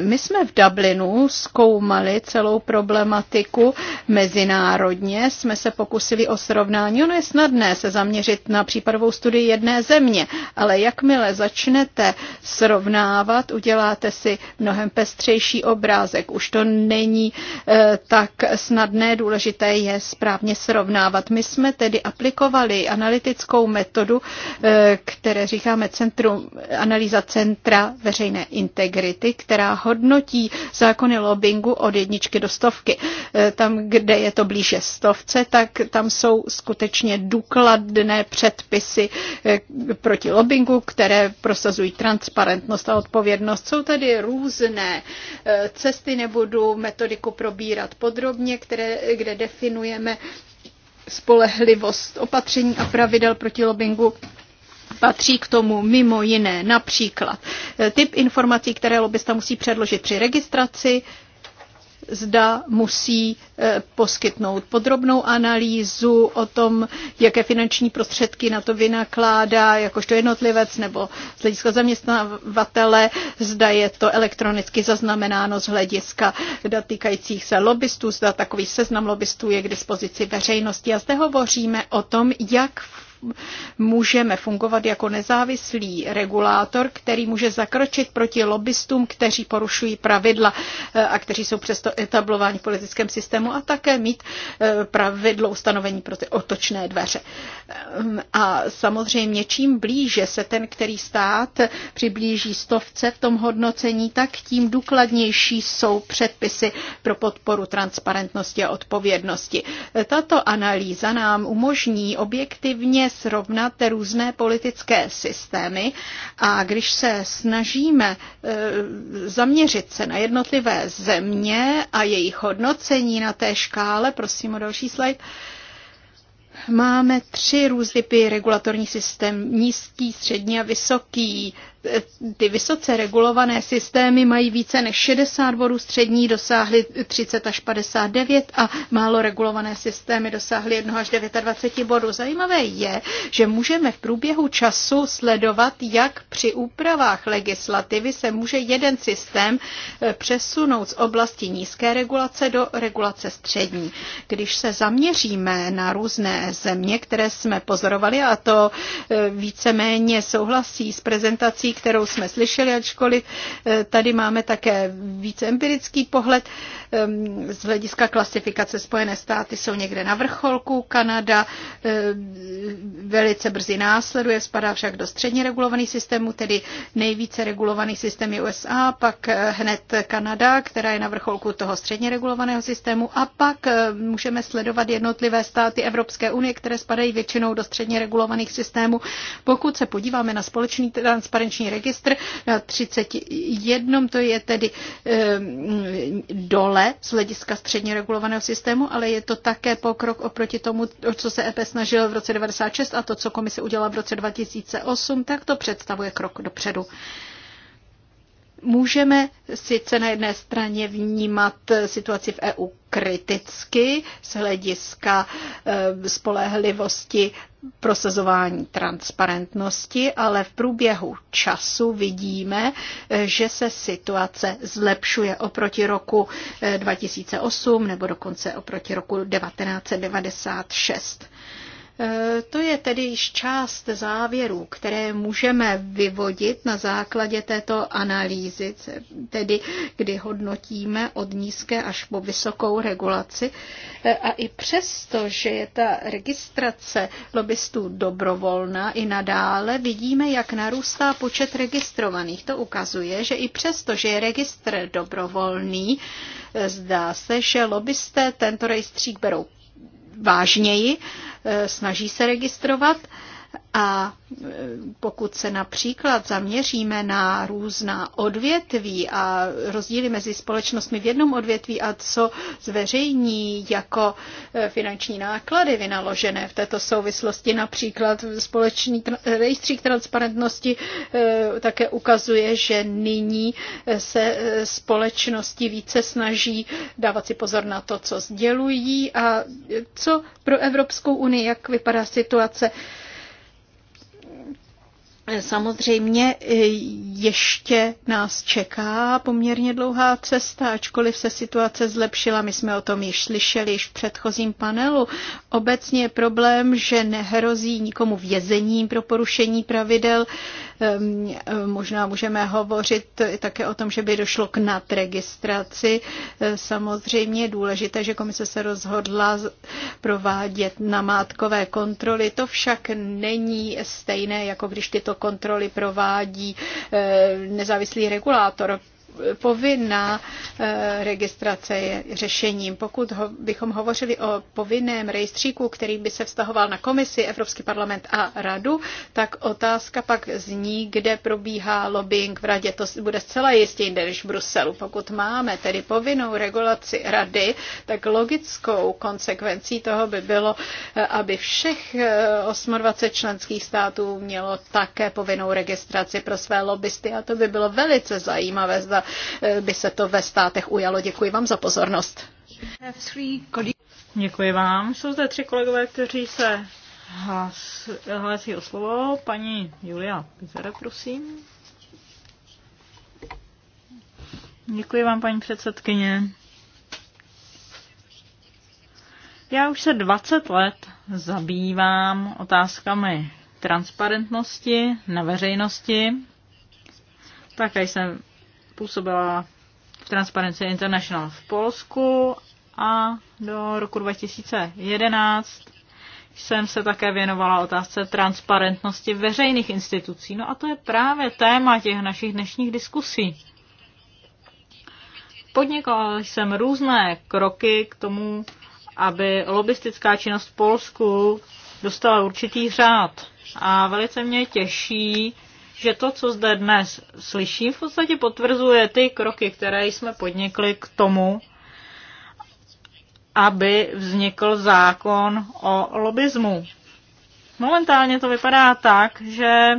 My jsme v Dublinu plynu zkoumali celou problematiku mezinárodně. Jsme se pokusili o srovnání. Ono je snadné se zaměřit na případovou studii jedné země, ale jakmile začnete srovnávat, uděláte si mnohem pestřejší obrázek. Už to není e, tak snadné, důležité je správně srovnávat. My jsme tedy aplikovali analytickou metodu, e, které říkáme centrum, analýza centra veřejné integrity, která hodnotí zákony lobbingu od jedničky do stovky. E, tam, kde je to blíže stovce, tak tam jsou skutečně důkladné předpisy e, proti lobbingu, které prosazují transparentnost a odpovědnost. Jsou tady různé e, cesty, nebudu metodiku probírat podrobně, které, kde definujeme spolehlivost opatření a pravidel proti lobbingu Patří k tomu mimo jiné například eh, typ informací, které lobbysta musí předložit při registraci, zda musí eh, poskytnout podrobnou analýzu o tom, jaké finanční prostředky na to vynakládá, jakožto jednotlivec nebo z hlediska zaměstnavatele, zda je to elektronicky zaznamenáno z hlediska dat týkajících se lobbystů, zda takový seznam lobbystů je k dispozici veřejnosti. A zde hovoříme o tom, jak můžeme fungovat jako nezávislý regulátor, který může zakročit proti lobbystům, kteří porušují pravidla eh, a kteří jsou přesto etablováni v politickém systému a také mít eh, pravidlo ustanovení pro ty otočné dveře. Ehm, a samozřejmě čím blíže se ten, který stát přiblíží stovce v tom hodnocení, tak tím důkladnější jsou předpisy pro podporu transparentnosti a odpovědnosti. Tato analýza nám umožní objektivně srovnat různé politické systémy a když se snažíme e, zaměřit se na jednotlivé země a jejich hodnocení na té škále, prosím o další slide, Máme tři různé typy regulatorních systém, nízký, střední a vysoký ty vysoce regulované systémy mají více než 60 bodů, střední dosáhly 30 až 59 a málo regulované systémy dosáhly 1 až 29 bodů. Zajímavé je, že můžeme v průběhu času sledovat, jak při úpravách legislativy se může jeden systém eh, přesunout z oblasti nízké regulace do regulace střední. Když se zaměříme na různé země, které jsme pozorovali, a to eh, víceméně souhlasí s prezentací informací, kterou jsme slyšeli, ačkoliv eh, tady máme také více empirický pohled. Ehm, z hlediska klasifikace Spojené státy jsou někde na vrcholku, Kanada eh, velice brzy následuje, spadá však do středně regulovaných systémů, tedy nejvíce regulovaný systém je USA, pak eh, hned Kanada, která je na vrcholku toho středně regulovaného systému a pak můžeme sledovat jednotlivé státy Evropské unie, které spadají většinou do středně regulovaných systémů. Pokud se podíváme na společný transparenční finanční registr na 31, to je tedy ehm, dole z hlediska středně regulovaného systému, ale je to také pokrok oproti tomu, co se EP e snažil v roce 96 a to, co komise udělala v roce 2008, tak to představuje krok dopředu můžeme sice na jedné straně vnímat situaci v EU kriticky z hlediska eh, spolehlivosti prosazování transparentnosti, ale v průběhu času vidíme, eh, že se situace zlepšuje oproti roku 2008 eh, nebo dokonce oproti roku 1996. To je tedy již část závěrů, které můžeme vyvodit na základě této analýzy, tedy kdy hodnotíme od nízké až po vysokou regulaci. A i přesto, že je ta registrace lobbystů dobrovolná i nadále, vidíme, jak narůstá počet registrovaných. To ukazuje, že i přesto, že je registr dobrovolný, zdá se, že lobbysté tento rejstřík berou vážněji, eh, snaží se registrovat a e, pokud se například zaměříme na různá odvětví a rozdíly mezi společnostmi v jednom odvětví a co zveřejní jako e, finanční náklady vynaložené v této souvislosti, například společný rejstřík transparentnosti e, také ukazuje, že nyní se společnosti více snaží dávat si pozor na to, co sdělují a co pro Evropskou unii, jak vypadá situace Samozřejmě e, ještě nás čeká poměrně dlouhá cesta, ačkoliv se situace zlepšila, my jsme o tom již slyšeli již v předchozím panelu. Obecně je problém, že nehrozí nikomu vězením pro porušení pravidel, Ehm, možná můžeme hovořit také o tom, že by došlo k nadregistraci. Ehm, samozřejmě je důležité, že komise se rozhodla provádět namátkové kontroly. To však není stejné, jako když tyto kontroly provádí ehm, nezávislý regulátor povinná eh, registrace je řešením. Pokud ho, bychom hovořili o povinném rejstříku, který by se vztahoval na komisi, Evropský parlament a radu, tak otázka pak zní, kde probíhá lobbying v radě. To bude zcela jistě jinde než v Bruselu. Pokud máme tedy povinnou regulaci rady, tak logickou konsekvencí toho by bylo, eh, aby všech 28 eh, členských států mělo také povinnou registraci pro své lobbysty a to by bylo velice zajímavé, zda Eh, by se to ve státech ujalo. Děkuji vám za pozornost. Děkuji vám. Jsou zde tři kolegové, kteří se hlásí hlasí o slovo. Paní Julia Pizera, prosím. Děkuji vám, paní předsedkyně. Já už se 20 let zabývám otázkami transparentnosti na veřejnosti. Také jsem působila v Transparency International v Polsku a do roku 2011 jsem se také věnovala otázce transparentnosti veřejných institucí. No a to je právě téma těch našich dnešních diskusí. Podnikala jsem různé kroky k tomu, aby lobistická činnost v Polsku dostala určitý řád. A velice mě těší, že to, co zde dnes slyším, v podstatě potvrzuje ty kroky, které jsme podnikli k tomu, aby vznikl zákon o lobismu. Momentálně to vypadá tak, že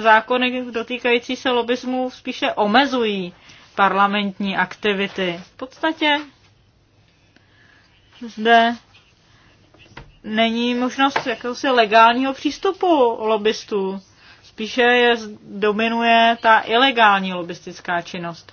zákony dotýkající se lobismu spíše omezují parlamentní aktivity. V podstatě zde není možnost jakéhosi legálního přístupu lobbystů. Spíše je dominuje ta ilegální lobistická činnost.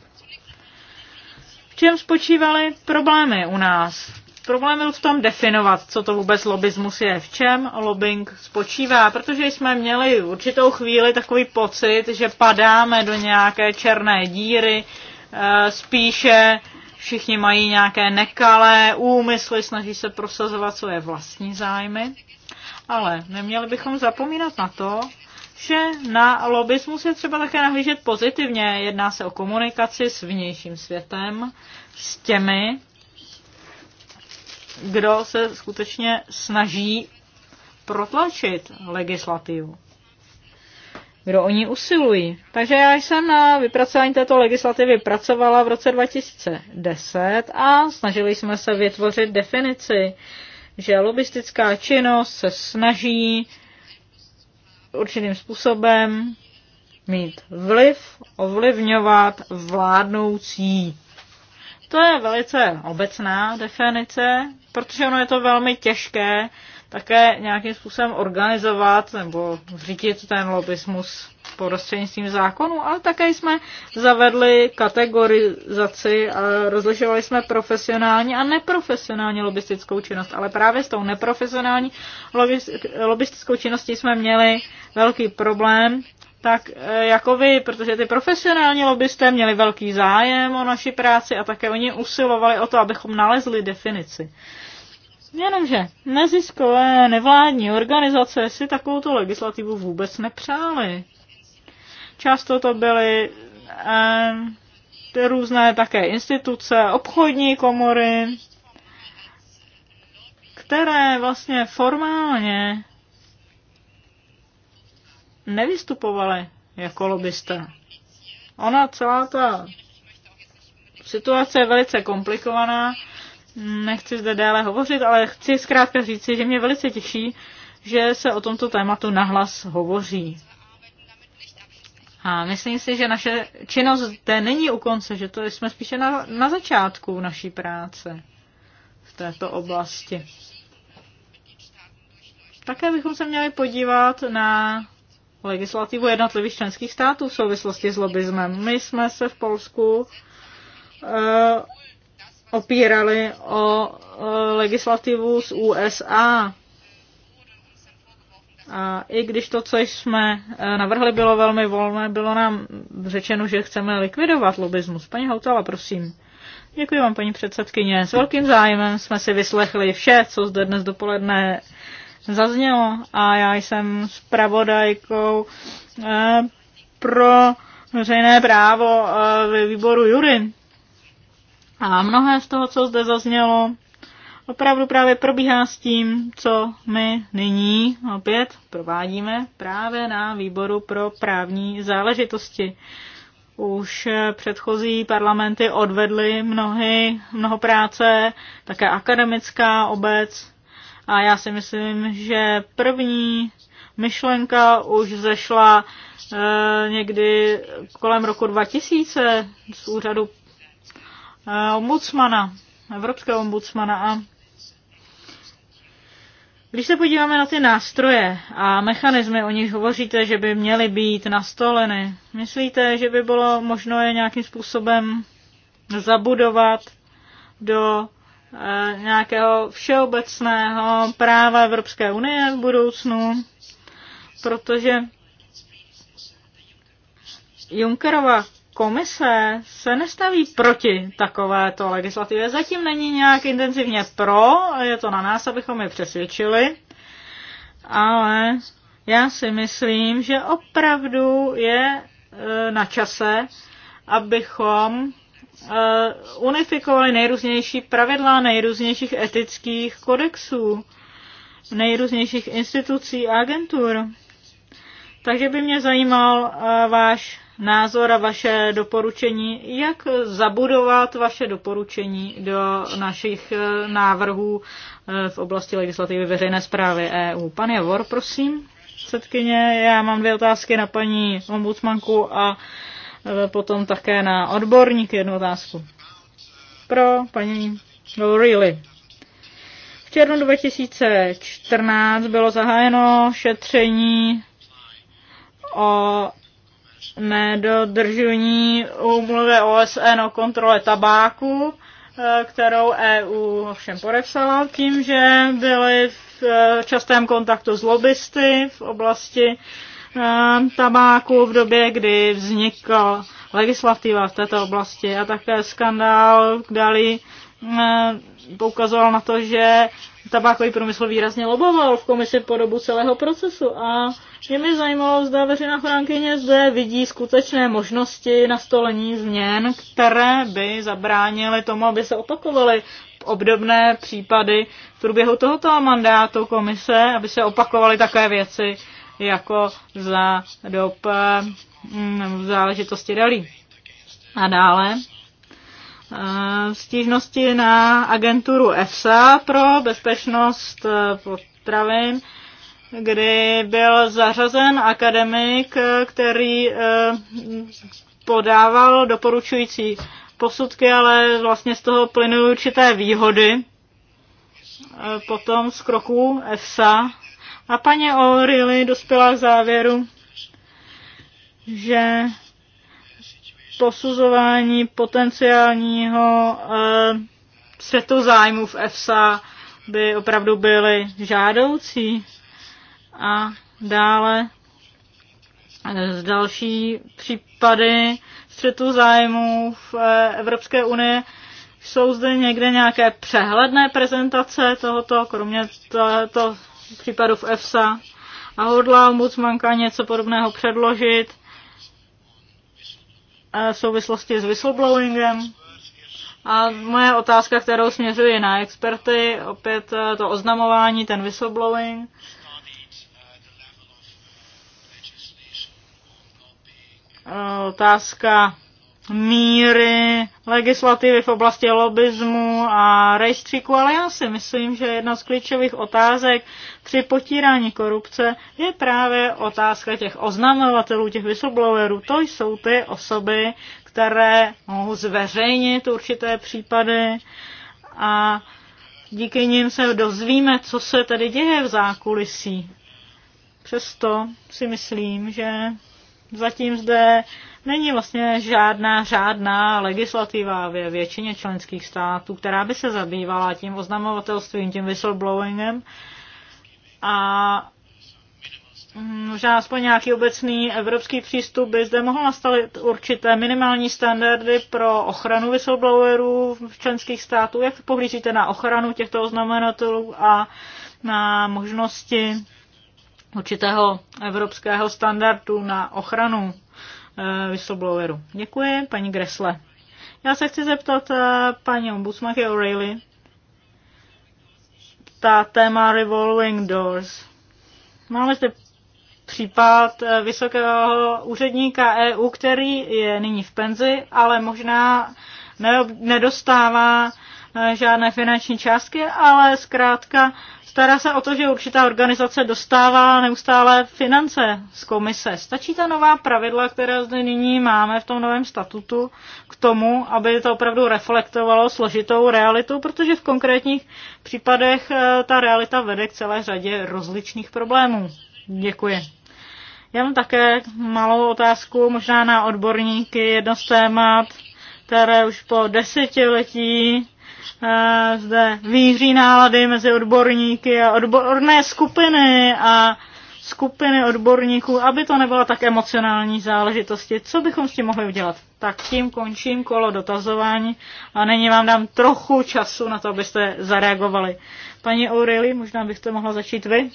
V čem spočívaly problémy u nás? Problém byl v tom definovat, co to vůbec lobismus je, v čem lobbying spočívá, protože jsme měli v určitou chvíli takový pocit, že padáme do nějaké černé díry, eh, spíše všichni mají nějaké nekalé úmysly, snaží se prosazovat svoje vlastní zájmy. Ale neměli bychom zapomínat na to, že na lobismus je třeba také nahlížet pozitivně. Jedná se o komunikaci s vnějším světem, s těmi, kdo se skutečně snaží protlačit legislativu, kdo o ní usilují. Takže já jsem na vypracování této legislativy pracovala v roce 2010 a snažili jsme se vytvořit definici, že lobistická činnost se snaží určitým způsobem mít vliv, ovlivňovat vládnoucí. To je velice obecná definice, protože ono je to velmi těžké také nějakým způsobem organizovat nebo řídit ten lobismus prostřednictvím zákonu, ale také jsme zavedli kategorizaci a rozlišovali jsme profesionální a neprofesionální lobistickou činnost. Ale právě s tou neprofesionální lobistickou činností jsme měli velký problém, tak eh, jako vy, protože ty profesionální lobbysté měli velký zájem o naši práci a také oni usilovali o to, abychom nalezli definici. Jenomže neziskové nevládní organizace si takovouto legislativu vůbec nepřáli. Často to byly eh, různé také instituce, obchodní komory, které vlastně formálně nevystupovaly jako lobbysté. Ona celá ta situace je velice komplikovaná nechci zde déle hovořit, ale chci zkrátka říci, že mě velice těší, že se o tomto tématu nahlas hovoří. A myslím si, že naše činnost zde není u konce, že to jsme spíše na, na začátku naší práce v této oblasti. Také bychom se měli podívat na legislativu jednotlivých členských států v souvislosti s lobbyzmem. My jsme se v Polsku eh, opírali o legislativu z USA. A i když to, co jsme e, navrhli, bylo velmi volné, bylo nám řečeno, že chceme likvidovat lobismus. Paní Houtala, prosím. Děkuji vám, paní předsedkyně. S velkým zájmem jsme si vyslechli vše, co zde dnes dopoledne zaznělo a já jsem zpravodajkou e, pro veřejné právo e, ve výboru Jury. A mnohé z toho, co zde zaznělo, opravdu právě probíhá s tím, co my nyní opět provádíme právě na výboru pro právní záležitosti. Už předchozí parlamenty odvedly mnohy, mnoho práce, také akademická obec. A já si myslím, že první myšlenka už zešla e, někdy kolem roku 2000 z úřadu Eh, ombudsmana, evropského ombudsmana a když se podíváme na ty nástroje a mechanismy, o nich hovoříte, že by měly být nastoleny, myslíte, že by bylo možno je nějakým způsobem zabudovat do e, nějakého všeobecného práva Evropské unie v budoucnu? Protože Junckerova komise se nestaví proti takovéto legislativě. Zatím není nějak intenzivně pro, je to na nás, abychom je přesvědčili, ale já si myslím, že opravdu je eh, na čase, abychom eh, unifikovali nejrůznější pravidla nejrůznějších etických kodexů, nejrůznějších institucí a agentur. Takže by mě zajímal eh, váš názor a vaše doporučení, jak zabudovat vaše doporučení do našich eh, návrhů eh, v oblasti legislativy veřejné zprávy EU. Pan Javor, prosím, předkyně, já mám dvě otázky na paní ombudsmanku a eh, potom také na odborník jednu otázku. Pro paní Lorily. V červnu 2014 bylo zahájeno šetření o nedodržení úmluvy OSN o kontrole tabáku, eh, kterou EU ovšem podepsala tím, že byly v eh, častém kontaktu s lobbysty v oblasti eh, tabáku v době, kdy vznikla legislativa v této oblasti a také skandál dali poukazoval na to, že tabákový průmysl výrazně loboval v komisi po dobu celého procesu a mě by zajímalo, zda veřejná chránkyně zde vidí skutečné možnosti nastolení změn, které by zabránily tomu, aby se opakovaly obdobné případy v průběhu tohoto mandátu komise, aby se opakovaly také věci jako za dob mm, v záležitosti rally. A dále eh, stížnosti na agenturu EFSA pro bezpečnost eh, potravin kdy byl zařazen akademik, který eh, podával doporučující posudky, ale vlastně z toho plynují určité výhody. Eh, potom z kroků EFSA. A paní O'Reilly dospěla k závěru, že posuzování potenciálního eh, střetu zájmu v EFSA by opravdu byly žádoucí a dále z eh, další případy střetu zájmů v eh, Evropské unii. Jsou zde někde nějaké přehledné prezentace tohoto, kromě tohoto případu v EFSA? A hodlá ombudsmanka něco podobného předložit eh, v souvislosti s whistleblowingem? A moje otázka, kterou směřuji na experty, opět to oznamování, ten whistleblowing. Eh, otázka míry legislativy v oblasti lobismu a rejstříku, ale já si myslím, že jedna z klíčových otázek při potírání korupce je právě otázka těch oznamovatelů, těch whistleblowerů. To jsou ty osoby, které mohou zveřejnit určité případy a díky nim se dozvíme, co se tady děje v zákulisí. Přesto si myslím, že zatím zde není vlastně žádná řádná legislativa ve většině členských států, která by se zabývala tím oznamovatelstvím, tím whistleblowingem. A mm, možná aspoň nějaký obecný evropský přístup by zde mohl nastavit určité minimální standardy pro ochranu whistleblowerů v členských států. Jak pohlížíte na ochranu těchto oznamenatelů a na možnosti určitého evropského standardu na ochranu eh, whistlebloweru. Děkuji, paní Gresle. Já se chci zeptat eh, paní ombudsmanky O'Reilly. Ta téma Revolving Doors. Máme zde případ eh, vysokého úředníka EU, který je nyní v penzi, ale možná nedostává žádné finanční částky, ale zkrátka stará se o to, že určitá organizace dostává neustále finance z komise. Stačí ta nová pravidla, která zde nyní máme v tom novém statutu, k tomu, aby to opravdu reflektovalo složitou realitu, protože v konkrétních případech eh, ta realita vede k celé řadě rozličných problémů. Děkuji. Já mám také malou otázku, možná na odborníky. Jedno z témat, které už po desetiletí Eh, zde výhří nálady mezi odborníky a odborné skupiny a skupiny odborníků, aby to nebyla tak emocionální záležitosti. Co bychom s tím mohli udělat? Tak tím končím kolo dotazování a nyní vám dám trochu času na to, abyste zareagovali. Paní Aureli, možná byste mohla začít vy?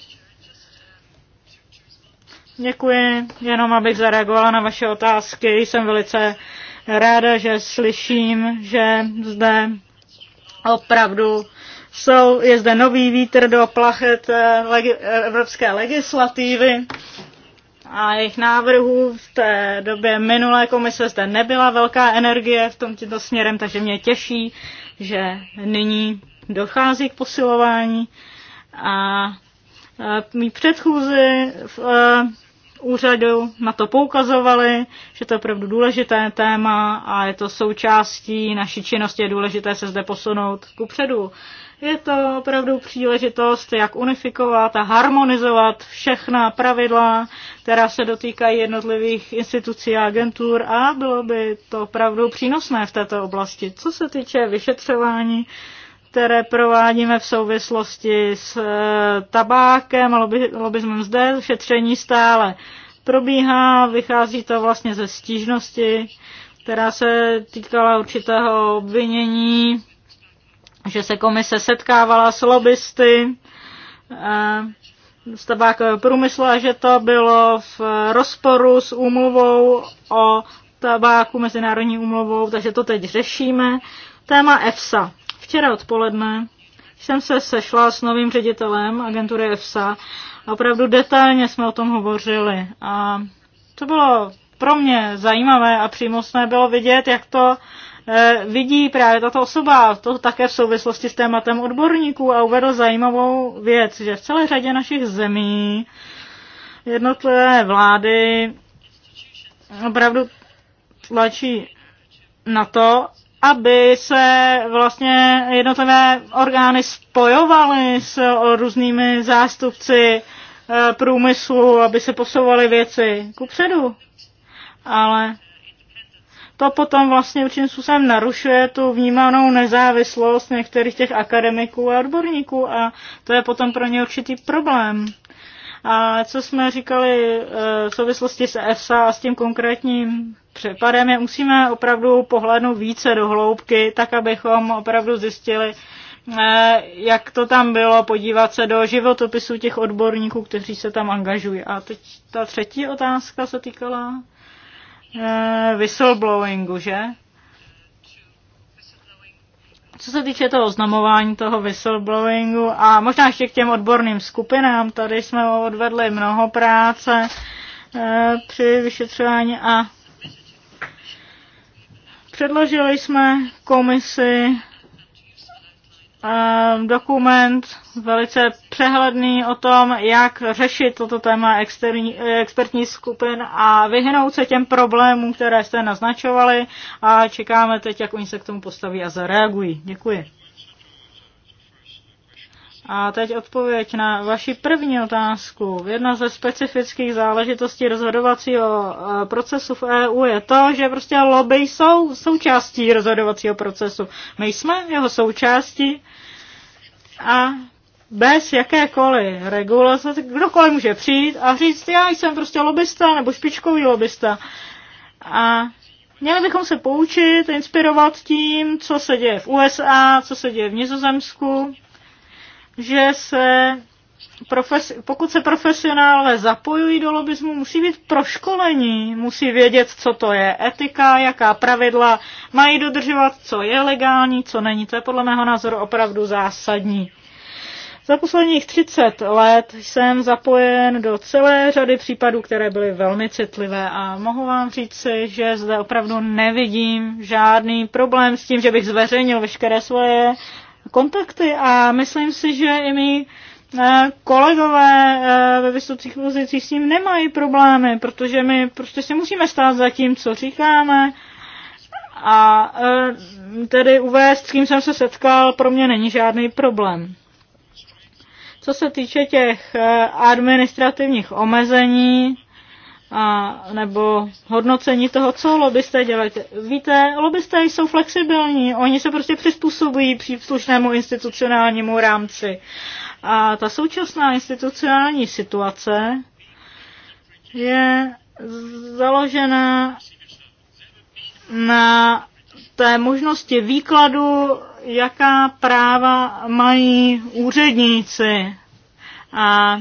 Děkuji, jenom abych zareagovala na vaše otázky. Jsem velice ráda, že slyším, že zde Opravdu jsou, je zde nový vítr do plachet eh, legi, eh, evropské legislativy a jejich návrhů v té době minulé komise zde nebyla velká energie v tomto směrem, takže mě těší, že nyní dochází k posilování a eh, mý předchůzi v úřadu na to poukazovali, že to je opravdu důležité téma a je to součástí naší činnosti, je důležité se zde posunout kupředu. Je to opravdu příležitost, jak unifikovat a harmonizovat všechna pravidla, která se dotýkají jednotlivých institucí a agentur a bylo by to opravdu přínosné v této oblasti. Co se týče vyšetřování, které provádíme v souvislosti s e, tabákem a lobismem zde, šetření stále probíhá, vychází to vlastně ze stížnosti, která se týkala určitého obvinění, že se komise setkávala s lobbysty e, z tabákového průmyslu a že to bylo v rozporu s úmluvou o tabáku, mezinárodní úmluvou, takže to teď řešíme. Téma EFSA. Včera odpoledne jsem se sešla s novým ředitelem agentury EFSA a opravdu detailně jsme o tom hovořili. A to bylo pro mě zajímavé a přínosné bylo vidět, jak to eh, vidí právě tato osoba, to také v souvislosti s tématem odborníků a uvedl zajímavou věc, že v celé řadě našich zemí jednotlivé vlády opravdu tlačí na to, aby se vlastně jednotlivé orgány spojovaly s různými zástupci eh, průmyslu, aby se posouvaly věci kupředu. Ale to potom vlastně určitým způsobem narušuje tu vnímanou nezávislost některých těch akademiků a odborníků a to je potom pro ně určitý problém. A co jsme říkali eh, v souvislosti s EFSA a s tím konkrétním Případem je musíme opravdu pohlednout více do hloubky, tak abychom opravdu zjistili, eh, jak to tam bylo, podívat se do životopisů těch odborníků, kteří se tam angažují. A teď ta třetí otázka se týkala eh, whistleblowingu, že? Co se týče toho oznamování toho whistleblowingu a možná ještě k těm odborným skupinám, tady jsme odvedli mnoho práce eh, při vyšetřování a Předložili jsme komisi eh, dokument velice přehledný o tom, jak řešit toto téma externí, expertní skupin a vyhnout se těm problémům, které jste naznačovali a čekáme teď, jak oni se k tomu postaví a zareagují. Děkuji. A teď odpověď na vaši první otázku. Jedna ze specifických záležitostí rozhodovacího eh, procesu v EU je to, že prostě lobby jsou součástí rozhodovacího procesu. My jsme jeho součástí a bez jakékoliv regulace, kdokoliv může přijít a říct, já jsem prostě lobista nebo špičkový lobista. A Měli bychom se poučit, inspirovat tím, co se děje v USA, co se děje v Nizozemsku, že se profesi- pokud se profesionálové zapojují do lobismu, musí být proškolení, musí vědět, co to je etika, jaká pravidla mají dodržovat, co je legální, co není. To je podle mého názoru opravdu zásadní. Za posledních 30 let jsem zapojen do celé řady případů, které byly velmi citlivé a mohu vám říci, že zde opravdu nevidím žádný problém s tím, že bych zveřejnil veškeré svoje kontakty a myslím si, že i my eh, kolegové eh, ve vysokých pozicích s ním nemají problémy, protože my prostě si musíme stát za tím, co říkáme a eh, tedy uvést, s kým jsem se setkal, pro mě není žádný problém. Co se týče těch administrativních omezení, a, nebo hodnocení toho, co lobbysté dělají. Víte, lobbysté jsou flexibilní, oni se prostě přizpůsobují příslušnému institucionálnímu rámci. A ta současná institucionální situace je založena na té možnosti výkladu, jaká práva mají úředníci. A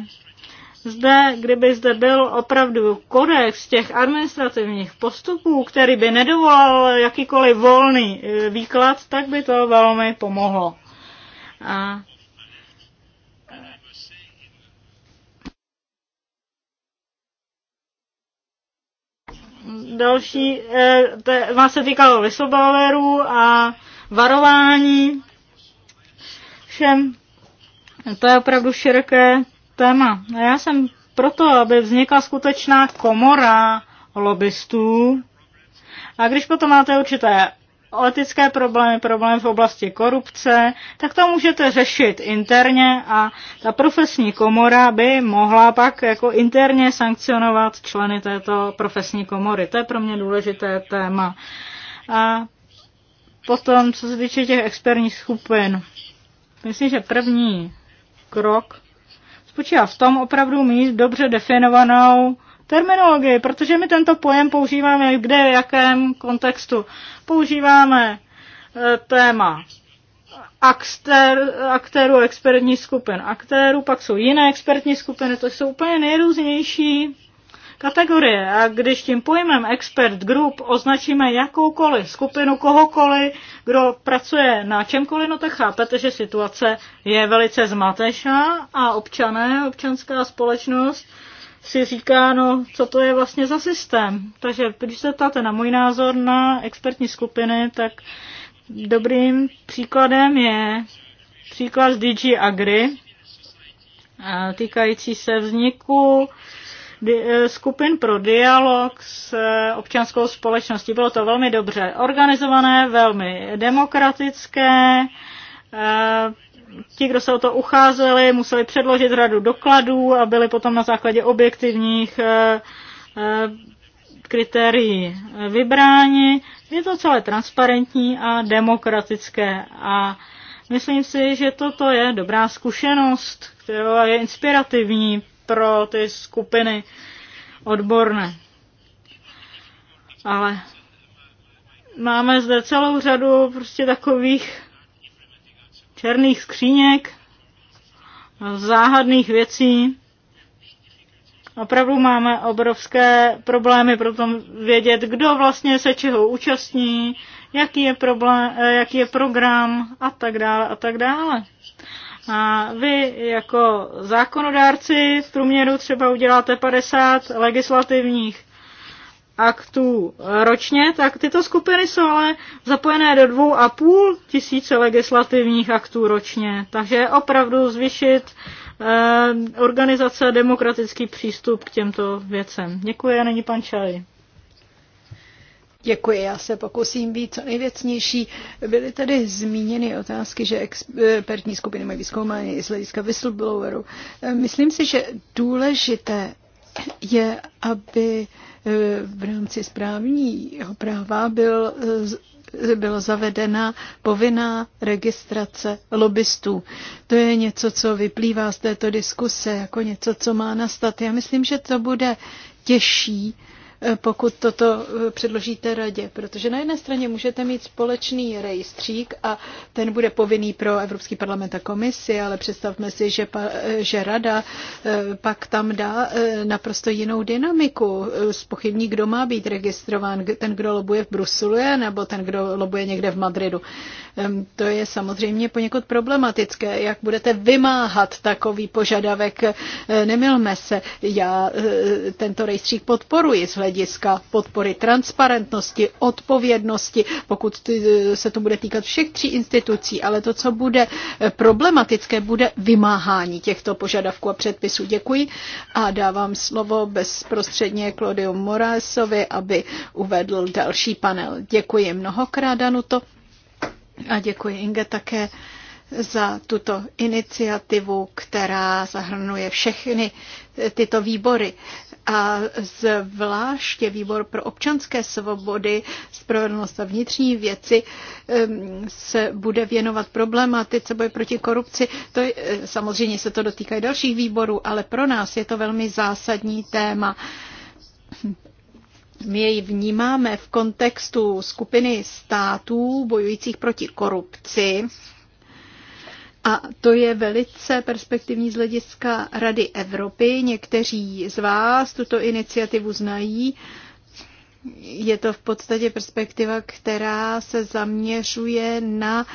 zde, kdyby zde byl opravdu kodex těch administrativních postupů, který by nedovolal jakýkoliv volný e, výklad, tak by to velmi pomohlo. A další e, má se týkalo whistleblowerů a varování všem. To je opravdu široké téma. Já jsem proto, aby vznikla skutečná komora lobbystů. A když potom máte určité etické problémy, problémy v oblasti korupce, tak to můžete řešit interně a ta profesní komora by mohla pak jako interně sankcionovat členy této profesní komory. To je pro mě důležité téma. A potom, co se týče těch expertních skupin, myslím, že první krok spočívá v tom opravdu mít dobře definovanou terminologii, protože my tento pojem používáme kde, v jakém kontextu. Používáme e, téma aktér, aktérů, expertní skupin aktérů, pak jsou jiné expertní skupiny, to jsou úplně nejrůznější kategorie. A když tím pojmem expert group označíme jakoukoliv skupinu, kohokoliv, kdo pracuje na čemkoliv, no tak chápete, že situace je velice zmatečná a občané, občanská společnost si říká, no co to je vlastně za systém. Takže když se ptáte na můj názor na expertní skupiny, tak dobrým příkladem je příklad z DG Agri, týkající se vzniku Eh, skupin pro dialog s eh, občanskou společností. Bylo to velmi dobře organizované, velmi demokratické. Eh, ti, kdo se o to ucházeli, museli předložit řadu dokladů a byli potom na základě objektivních kritérií vybráni. Je to celé transparentní a demokratické a Myslím si, že toto je dobrá zkušenost, která je inspirativní pro ty skupiny odborné. Ale máme zde celou řadu prostě takových černých skříněk, záhadných věcí. Opravdu máme obrovské problémy pro tom vědět, kdo vlastně se čeho účastní, jaký je, problém, eh, jaký je program a tak dále a tak dále. A vy jako zákonodárci v průměru třeba uděláte 50 legislativních aktů ročně, tak tyto skupiny jsou ale zapojené do dvou a půl tisíce legislativních aktů ročně. Takže opravdu zvyšit eh, organizace demokratický přístup k těmto věcem. Děkuji a není pan Čaj. Děkuji, já se pokusím být co nejvěcnější. Byly tady zmíněny otázky, že expertní skupiny mají vyskoumání i z hlediska whistlebloweru. Myslím si, že důležité je, aby eh, v rámci správního práva byl eh, byla zavedena povinná registrace lobbystů. To je něco, co vyplývá z této diskuse, jako něco, co má nastat. Já myslím, že to bude těžší Eh, pokud toto eh, předložíte radě, protože na jedné straně můžete mít společný rejstřík a ten bude povinný pro Evropský parlament a komisi, ale představme si, že, pa, eh, že rada pak tam dá naprosto jinou dynamiku. Spochybní, kdo má být registrován, ten, kdo lobuje v Bruselu, nebo ten, kdo lobuje někde v Madridu. To je samozřejmě poněkud problematické, jak budete vymáhat takový požadavek. Nemilme se, já e, tento rejstřík podporuji z hlediska podpory transparentnosti, odpovědnosti, pokud e, se to bude týkat všech tří institucí, ale to, co bude e, problematické, bude vymáhání těchto požadavků a předpisů. Děkuji a dávám slovo bezprostředně Claudiu Moraesovi, aby uvedl další panel. Děkuji mnohokrát, Danuto. A děkuji Inge také za tuto iniciativu, která zahrnuje všechny tyto výbory. A zvláště výbor pro občanské svobody, spravedlnost a vnitřní věci se bude věnovat problematice boje proti korupci. To je, samozřejmě se to dotýká i dalších výborů, ale pro nás je to velmi zásadní téma. My jej vnímáme v kontextu skupiny států bojujících proti korupci. A to je velice perspektivní z hlediska Rady Evropy. Někteří z vás tuto iniciativu znají. Je to v podstatě perspektiva, která se zaměřuje na uh,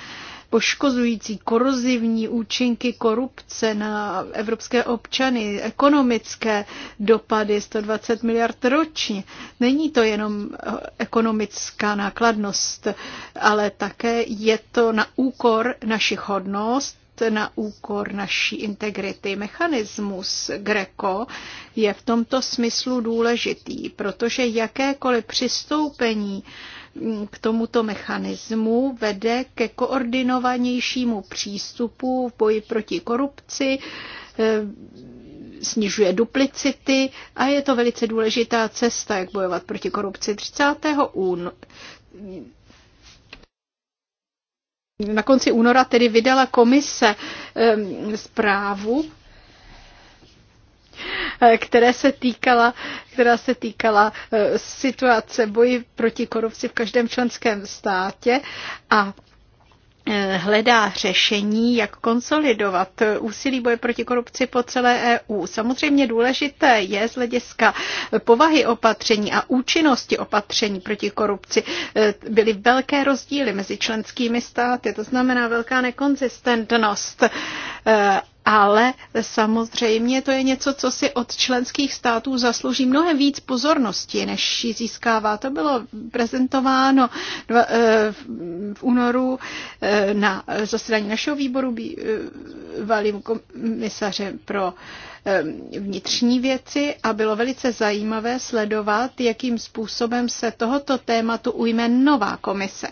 poškozující, korozivní účinky korupce na evropské občany, ekonomické dopady 120 miliard ročně. Není to jenom ekonomická nákladnost, ale také je to na úkor našich hodnost, na úkor naší integrity. Mechanismus Greco je v tomto smyslu důležitý, protože jakékoliv přistoupení k tomuto mechanismu vede ke koordinovanějšímu přístupu v boji proti korupci, eh, snižuje duplicity a je to velice důležitá cesta, jak bojovat proti korupci. 30. Úno... Na konci února tedy vydala komise ehm, zprávu Eh, které se týkala, která se týkala eh, situace boji proti korupci v každém členském státě a eh, hledá řešení, jak konsolidovat úsilí boje proti korupci po celé EU. Samozřejmě důležité je z hlediska povahy opatření a účinnosti opatření proti korupci. Byly velké rozdíly mezi členskými státy, to znamená velká nekonzistentnost ale samozřejmě to je něco, co si od členských států zaslouží mnohem víc pozornosti, než ji získává. To bylo prezentováno eh, v únoru eh, na zasedání našeho výboru bývalým komisařem pro Ehm, vnitřní věci a bylo velice zajímavé sledovat, jakým způsobem se tohoto tématu ujme nová komise.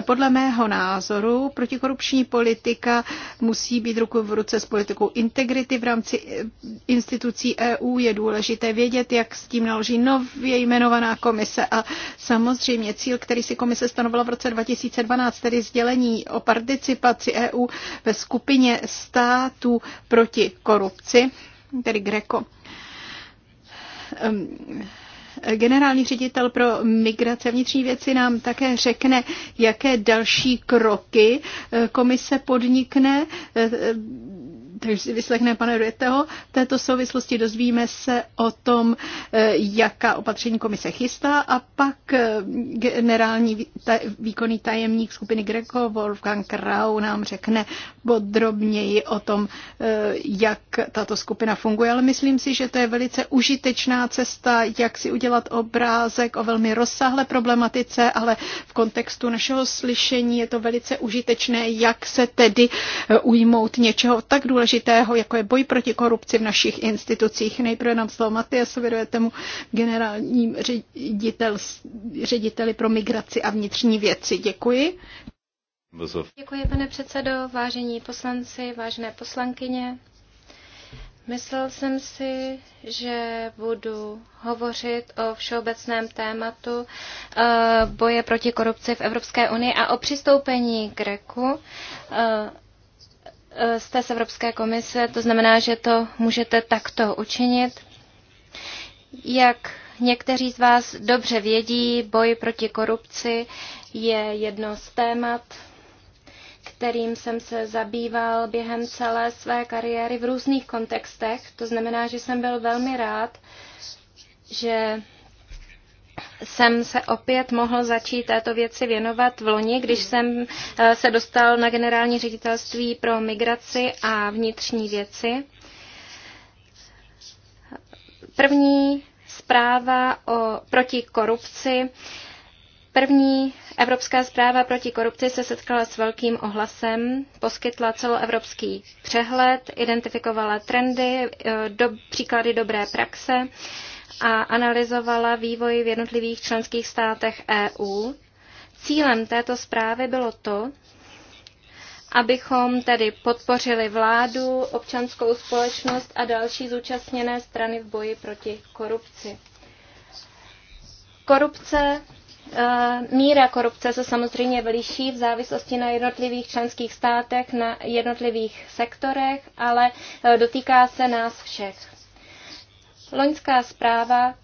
Podle mého názoru protikorupční politika musí být ruku v ruce s politikou integrity v rámci eh, institucí EU. Je důležité vědět, jak s tím naloží nově jmenovaná komise. A samozřejmě cíl, který si komise stanovila v roce 2012, tedy sdělení o participaci EU ve skupině států proti korupci, tedy Greco. Generální ředitel pro migrace vnitřní věci nám také řekne, jaké další kroky eh, komise podnikne eh, takže si vyslechne pana Rueteho. V této souvislosti dozvíme se o tom, eh, jaká opatření komise chystá a pak eh, generální výkonný tajemník skupiny Greco Wolfgang Krau nám řekne podrobněji o tom, eh, jak tato skupina funguje, ale myslím si, že to je velice užitečná cesta, jak si udělat obrázek o velmi rozsáhlé problematice, ale v kontextu našeho slyšení je to velice užitečné, jak se tedy ujmout něčeho tak důležitého, důležitého, jako je boj proti korupci v našich institucích. Nejprve nám slovo Matiasovi, tomu generálním ředitel, řediteli pro migraci a vnitřní věci. Děkuji. Děkuji, pane předsedo, vážení poslanci, vážené poslankyně. Myslel jsem si, že budu hovořit o všeobecném tématu eh, boje proti korupci v Evropské unii a o přistoupení k REKu. Eh, jste eh, z Evropské komise, to znamená, že to můžete takto učinit. Jak někteří z vás dobře vědí, boj proti korupci je jedno z témat, kterým jsem se zabýval během celé své kariéry v různých kontextech. To znamená, že jsem byl velmi rád, že jsem se opět mohl začít této věci věnovat v loni, když jsem eh, se dostal na generální ředitelství pro migraci a vnitřní věci. První zpráva o, proti korupci. První evropská zpráva proti korupci se setkala s velkým ohlasem, poskytla celoevropský přehled, identifikovala trendy, eh, do, příklady dobré praxe a analyzovala vývoj v jednotlivých členských státech EU. Cílem této zprávy bylo to, abychom tedy podpořili vládu, občanskou společnost a další zúčastněné strany v boji proti korupci. Korupce e, Míra korupce se samozřejmě liší v závislosti na jednotlivých členských státech, na jednotlivých sektorech, ale e, dotýká se nás všech. Loňská zpráva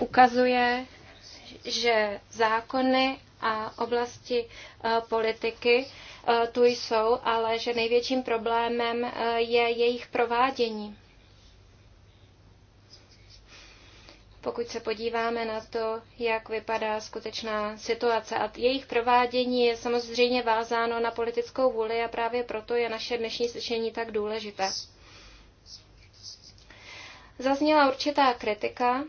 ukazuje, že zákony a oblasti e, politiky e, tu jsou, ale že největším problémem e, je jejich provádění. pokud se podíváme na to, jak vypadá skutečná situace. A jejich provádění je samozřejmě vázáno na politickou vůli a právě proto je naše dnešní slyšení tak důležité. Zazněla určitá kritika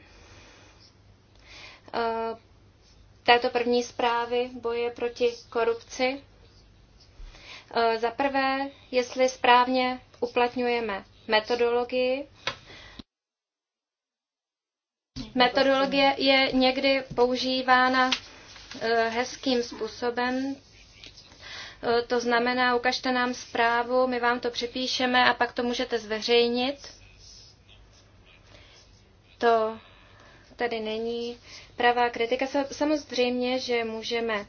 eh, této první zprávy boje proti korupci. Eh, za prvé, jestli správně uplatňujeme metodologii. Metodologie je někdy používána eh, hezkým způsobem. To znamená, ukažte nám zprávu, my vám to přepíšeme a pak to můžete zveřejnit to tady není pravá kritika. Samozřejmě, že můžeme e,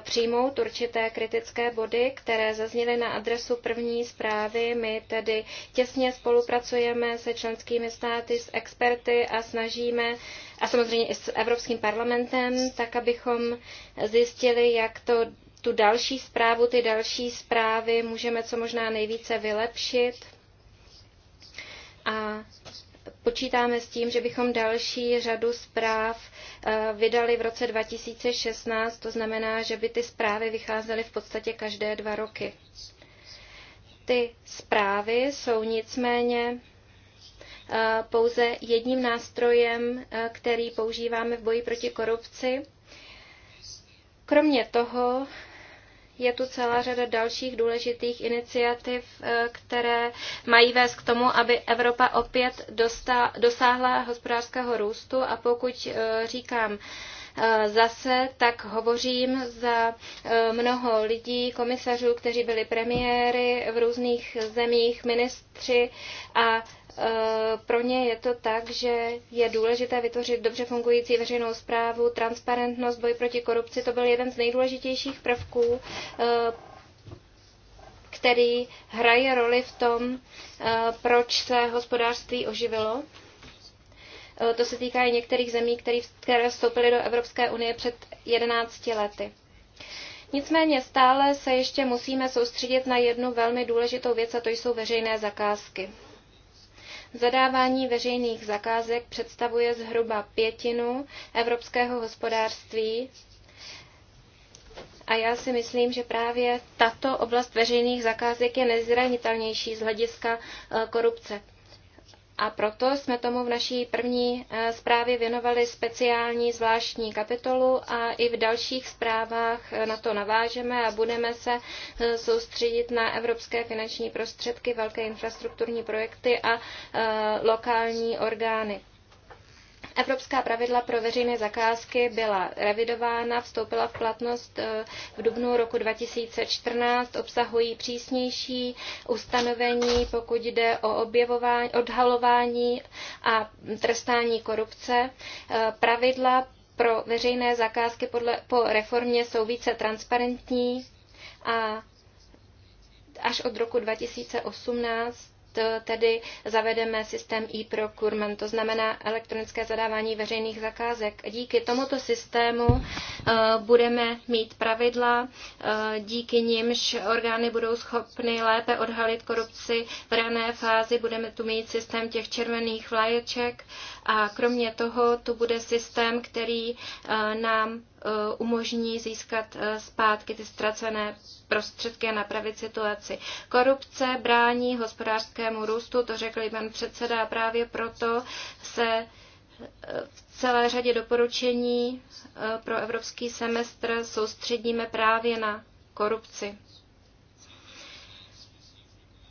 přijmout určité kritické body, které zazněly na adresu první zprávy. My tedy těsně spolupracujeme se členskými státy, s experty a snažíme, a samozřejmě i s Evropským parlamentem, tak abychom zjistili, jak to tu další zprávu, ty další zprávy můžeme co možná nejvíce vylepšit. A počítáme s tím, že bychom další řadu zpráv eh, vydali v roce 2016, to znamená, že by ty zprávy vycházely v podstatě každé dva roky. Ty zprávy jsou nicméně eh, pouze jedním nástrojem, eh, který používáme v boji proti korupci. Kromě toho je tu celá řada dalších důležitých iniciativ, eh, které mají vést k tomu, aby Evropa opět dosta, dosáhla hospodářského růstu. A pokud eh, říkám, eh, zase, tak hovořím za mnoho lidí, komisařů, kteří byli premiéry v různých zemích, ministři a Eh, pro ně je to tak, že je důležité vytvořit dobře fungující veřejnou zprávu, transparentnost, boj proti korupci. To byl jeden z nejdůležitějších prvků, eh, který hraje roli v tom, eh, proč se hospodářství oživilo. To se týká i některých zemí, které vstoupily do Evropské unie před 11 lety. Nicméně stále se ještě musíme soustředit na jednu velmi důležitou věc, a to jsou veřejné zakázky. Zadávání veřejných zakázek představuje zhruba pětinu evropského hospodářství a já si myslím, že právě tato oblast veřejných zakázek je nejzranitelnější z hlediska eh, korupce. A proto jsme tomu v naší první eh, zprávě věnovali speciální zvláštní kapitolu a i v dalších zprávách eh, na to navážeme a budeme se eh, soustředit na evropské finanční prostředky, velké infrastrukturní projekty a lokální orgány. Evropská pravidla pro veřejné zakázky byla revidována, vstoupila v platnost eh, v dubnu roku 2014, obsahují přísnější ustanovení, pokud jde o objevování, odhalování a trestání korupce. Eh, pravidla pro veřejné zakázky podle, po reformě jsou více transparentní a až od roku 2018 E, tedy zavedeme systém e-procurement, to znamená elektronické zadávání veřejných zakázek. Díky tomuto systému e, budeme mít pravidla, e, díky nimž orgány budou schopny lépe odhalit korupci v rané fázi, budeme tu mít systém těch červených vlaječek, a kromě toho tu bude systém, který eh, nám eh, umožní získat eh, zpátky ty ztracené prostředky a napravit situaci. Korupce brání hospodářskému růstu, to řekl i pan předseda, a právě proto se v celé řadě doporučení pro evropský semestr soustředíme právě na korupci.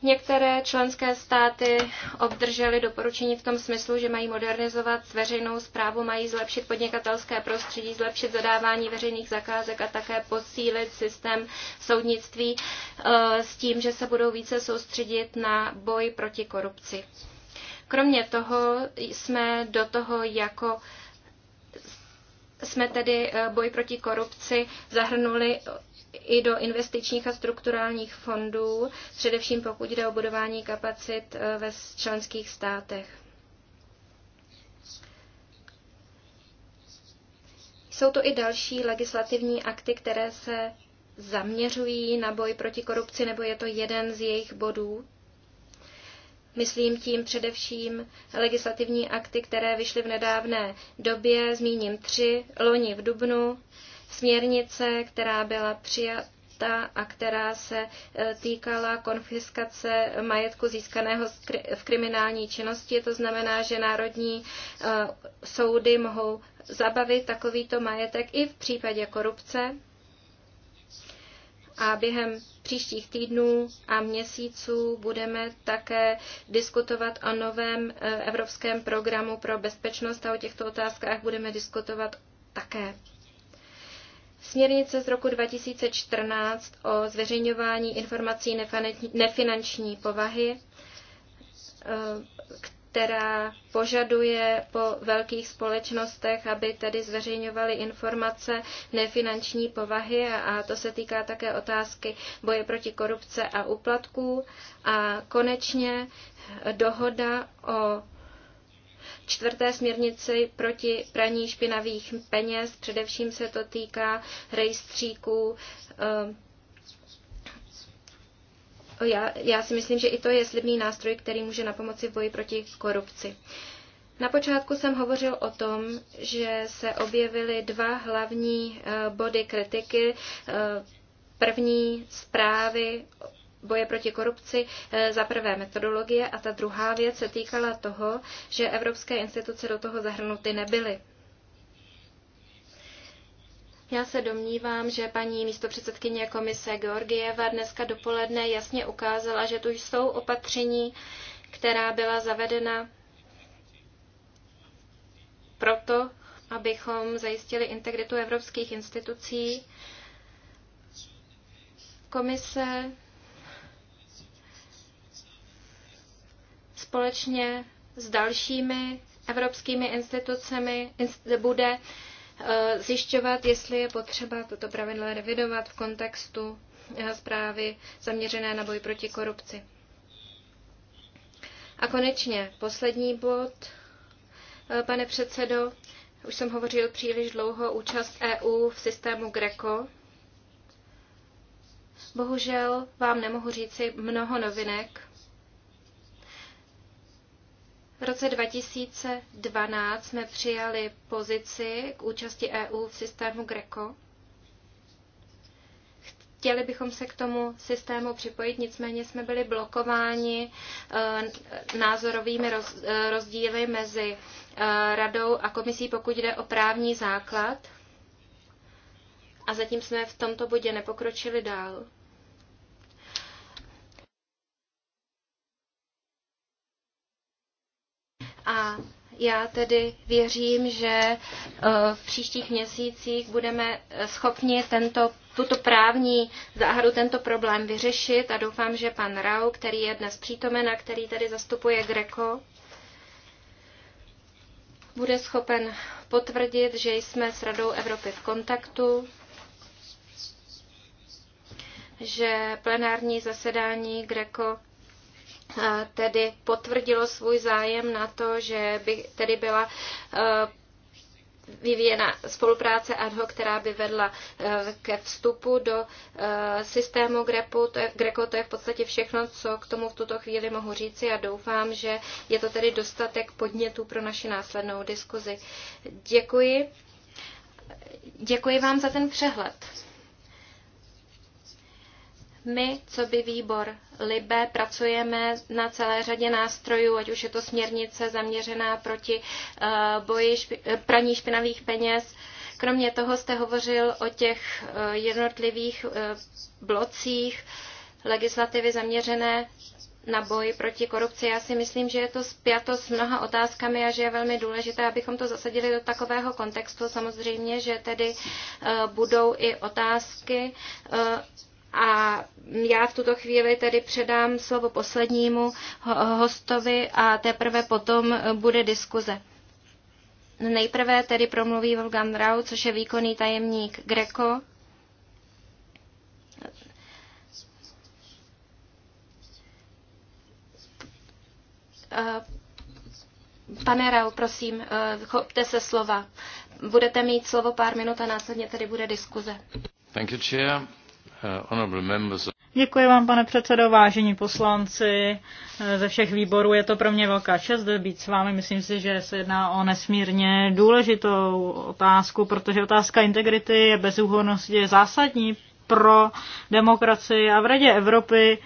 Některé členské státy obdržely doporučení v tom smyslu, že mají modernizovat veřejnou zprávu, mají zlepšit podnikatelské prostředí, zlepšit zadávání veřejných zakázek a také posílit systém soudnictví eh, s tím, že se budou více soustředit na boj proti korupci. Kromě toho jsme do toho jako jsme tedy eh, boj proti korupci zahrnuli i do investičních a strukturálních fondů, především pokud jde o budování kapacit eh, ve členských státech. Jsou to i další legislativní akty, které se zaměřují na boj proti korupci, nebo je to jeden z jejich bodů. Myslím tím především legislativní akty, které vyšly v nedávné době, zmíním tři, loni v Dubnu, směrnice, která byla přijata a která se e, týkala konfiskace majetku získaného v kriminální činnosti. To znamená, že národní e, soudy mohou zabavit takovýto majetek i v případě korupce. A během příštích týdnů a měsíců budeme také diskutovat o novém e, evropském programu pro bezpečnost a o těchto otázkách budeme diskutovat také. Směrnice z roku 2014 o zveřejňování informací nefinanční povahy, eh, která požaduje po velkých společnostech, aby tedy zveřejňovaly informace nefinanční povahy a to se týká také otázky boje proti korupce a úplatků. A konečně dohoda o čtvrté směrnici proti praní špinavých peněz. Především se to týká rejstříků eh, já, já si myslím, že i to je slibný nástroj, který může na pomoci v boji proti korupci. Na počátku jsem hovořil o tom, že se objevily dva hlavní eh, body kritiky. Eh, první zprávy boje proti korupci eh, za prvé metodologie a ta druhá věc se týkala toho, že evropské instituce do toho zahrnuty nebyly. Já se domnívám, že paní místopředsedkyně komise Georgieva dneska dopoledne jasně ukázala, že tu jsou opatření, která byla zavedena proto, abychom zajistili integritu evropských institucí. Komise společně s dalšími evropskými institucemi bude eh, zjišťovat, jestli je potřeba toto pravidlo revidovat v kontextu eh, zprávy zaměřené na boj proti korupci. A konečně poslední bod, eh, pane předsedo. Už jsem hovořil příliš dlouho účast EU v systému GRECO. Bohužel vám nemohu říci mnoho novinek v roce 2012 jsme přijali pozici k účasti EU v systému GRECO. Chtěli bychom se k tomu systému připojit, nicméně jsme byli blokováni eh, názorovými eh, rozdíly mezi eh, radou a komisí, pokud jde o právní základ. A zatím jsme v tomto bodě nepokročili dál. A já tedy věřím, že eh, v příštích měsících budeme eh, schopni tento, tuto právní záhadu, tento problém vyřešit a doufám, že pan Rau, který je dnes přítomen a který tady zastupuje Greco, bude schopen potvrdit, že jsme s Radou Evropy v kontaktu, že plenární zasedání Greco tedy potvrdilo svůj zájem na to, že by tedy byla e, vyvíjena spolupráce ad hoc, která by vedla e, ke vstupu do e, systému Grepu. To je, Greco, to je v podstatě všechno, co k tomu v tuto chvíli mohu říci a doufám, že je to tedy dostatek podnětů pro naši následnou diskuzi. Děkuji. Děkuji vám za ten přehled. My, co by výbor LIBE, pracujeme na celé řadě nástrojů, ať už je to směrnice zaměřená proti eh, boji špi, eh, praní špinavých peněz. Kromě toho jste hovořil o těch eh, jednotlivých blocích legislativy zaměřené na boj proti korupci. Já si myslím, že je to spjato s mnoha otázkami a že je velmi důležité, abychom to zasadili do takového kontextu. Samozřejmě, že tedy budou i otázky a já v tuto chvíli tedy předám slovo poslednímu hostovi a teprve potom bude diskuze. Nejprve tedy promluví Wolfgang Rau, což je výkonný tajemník Greco. Pane Rau, prosím, chopte se slova. Budete mít slovo pár minut a následně tady bude diskuze. Thank you, chair. Uh, Děkuji vám, pane předsedo, vážení poslanci eh, ze všech výborů. Je to pro mě velká čest být s vámi. Myslím si, že se jedná o nesmírně důležitou otázku, protože otázka integrity je bezúhodnosti je zásadní pro demokracii a v Radě Evropy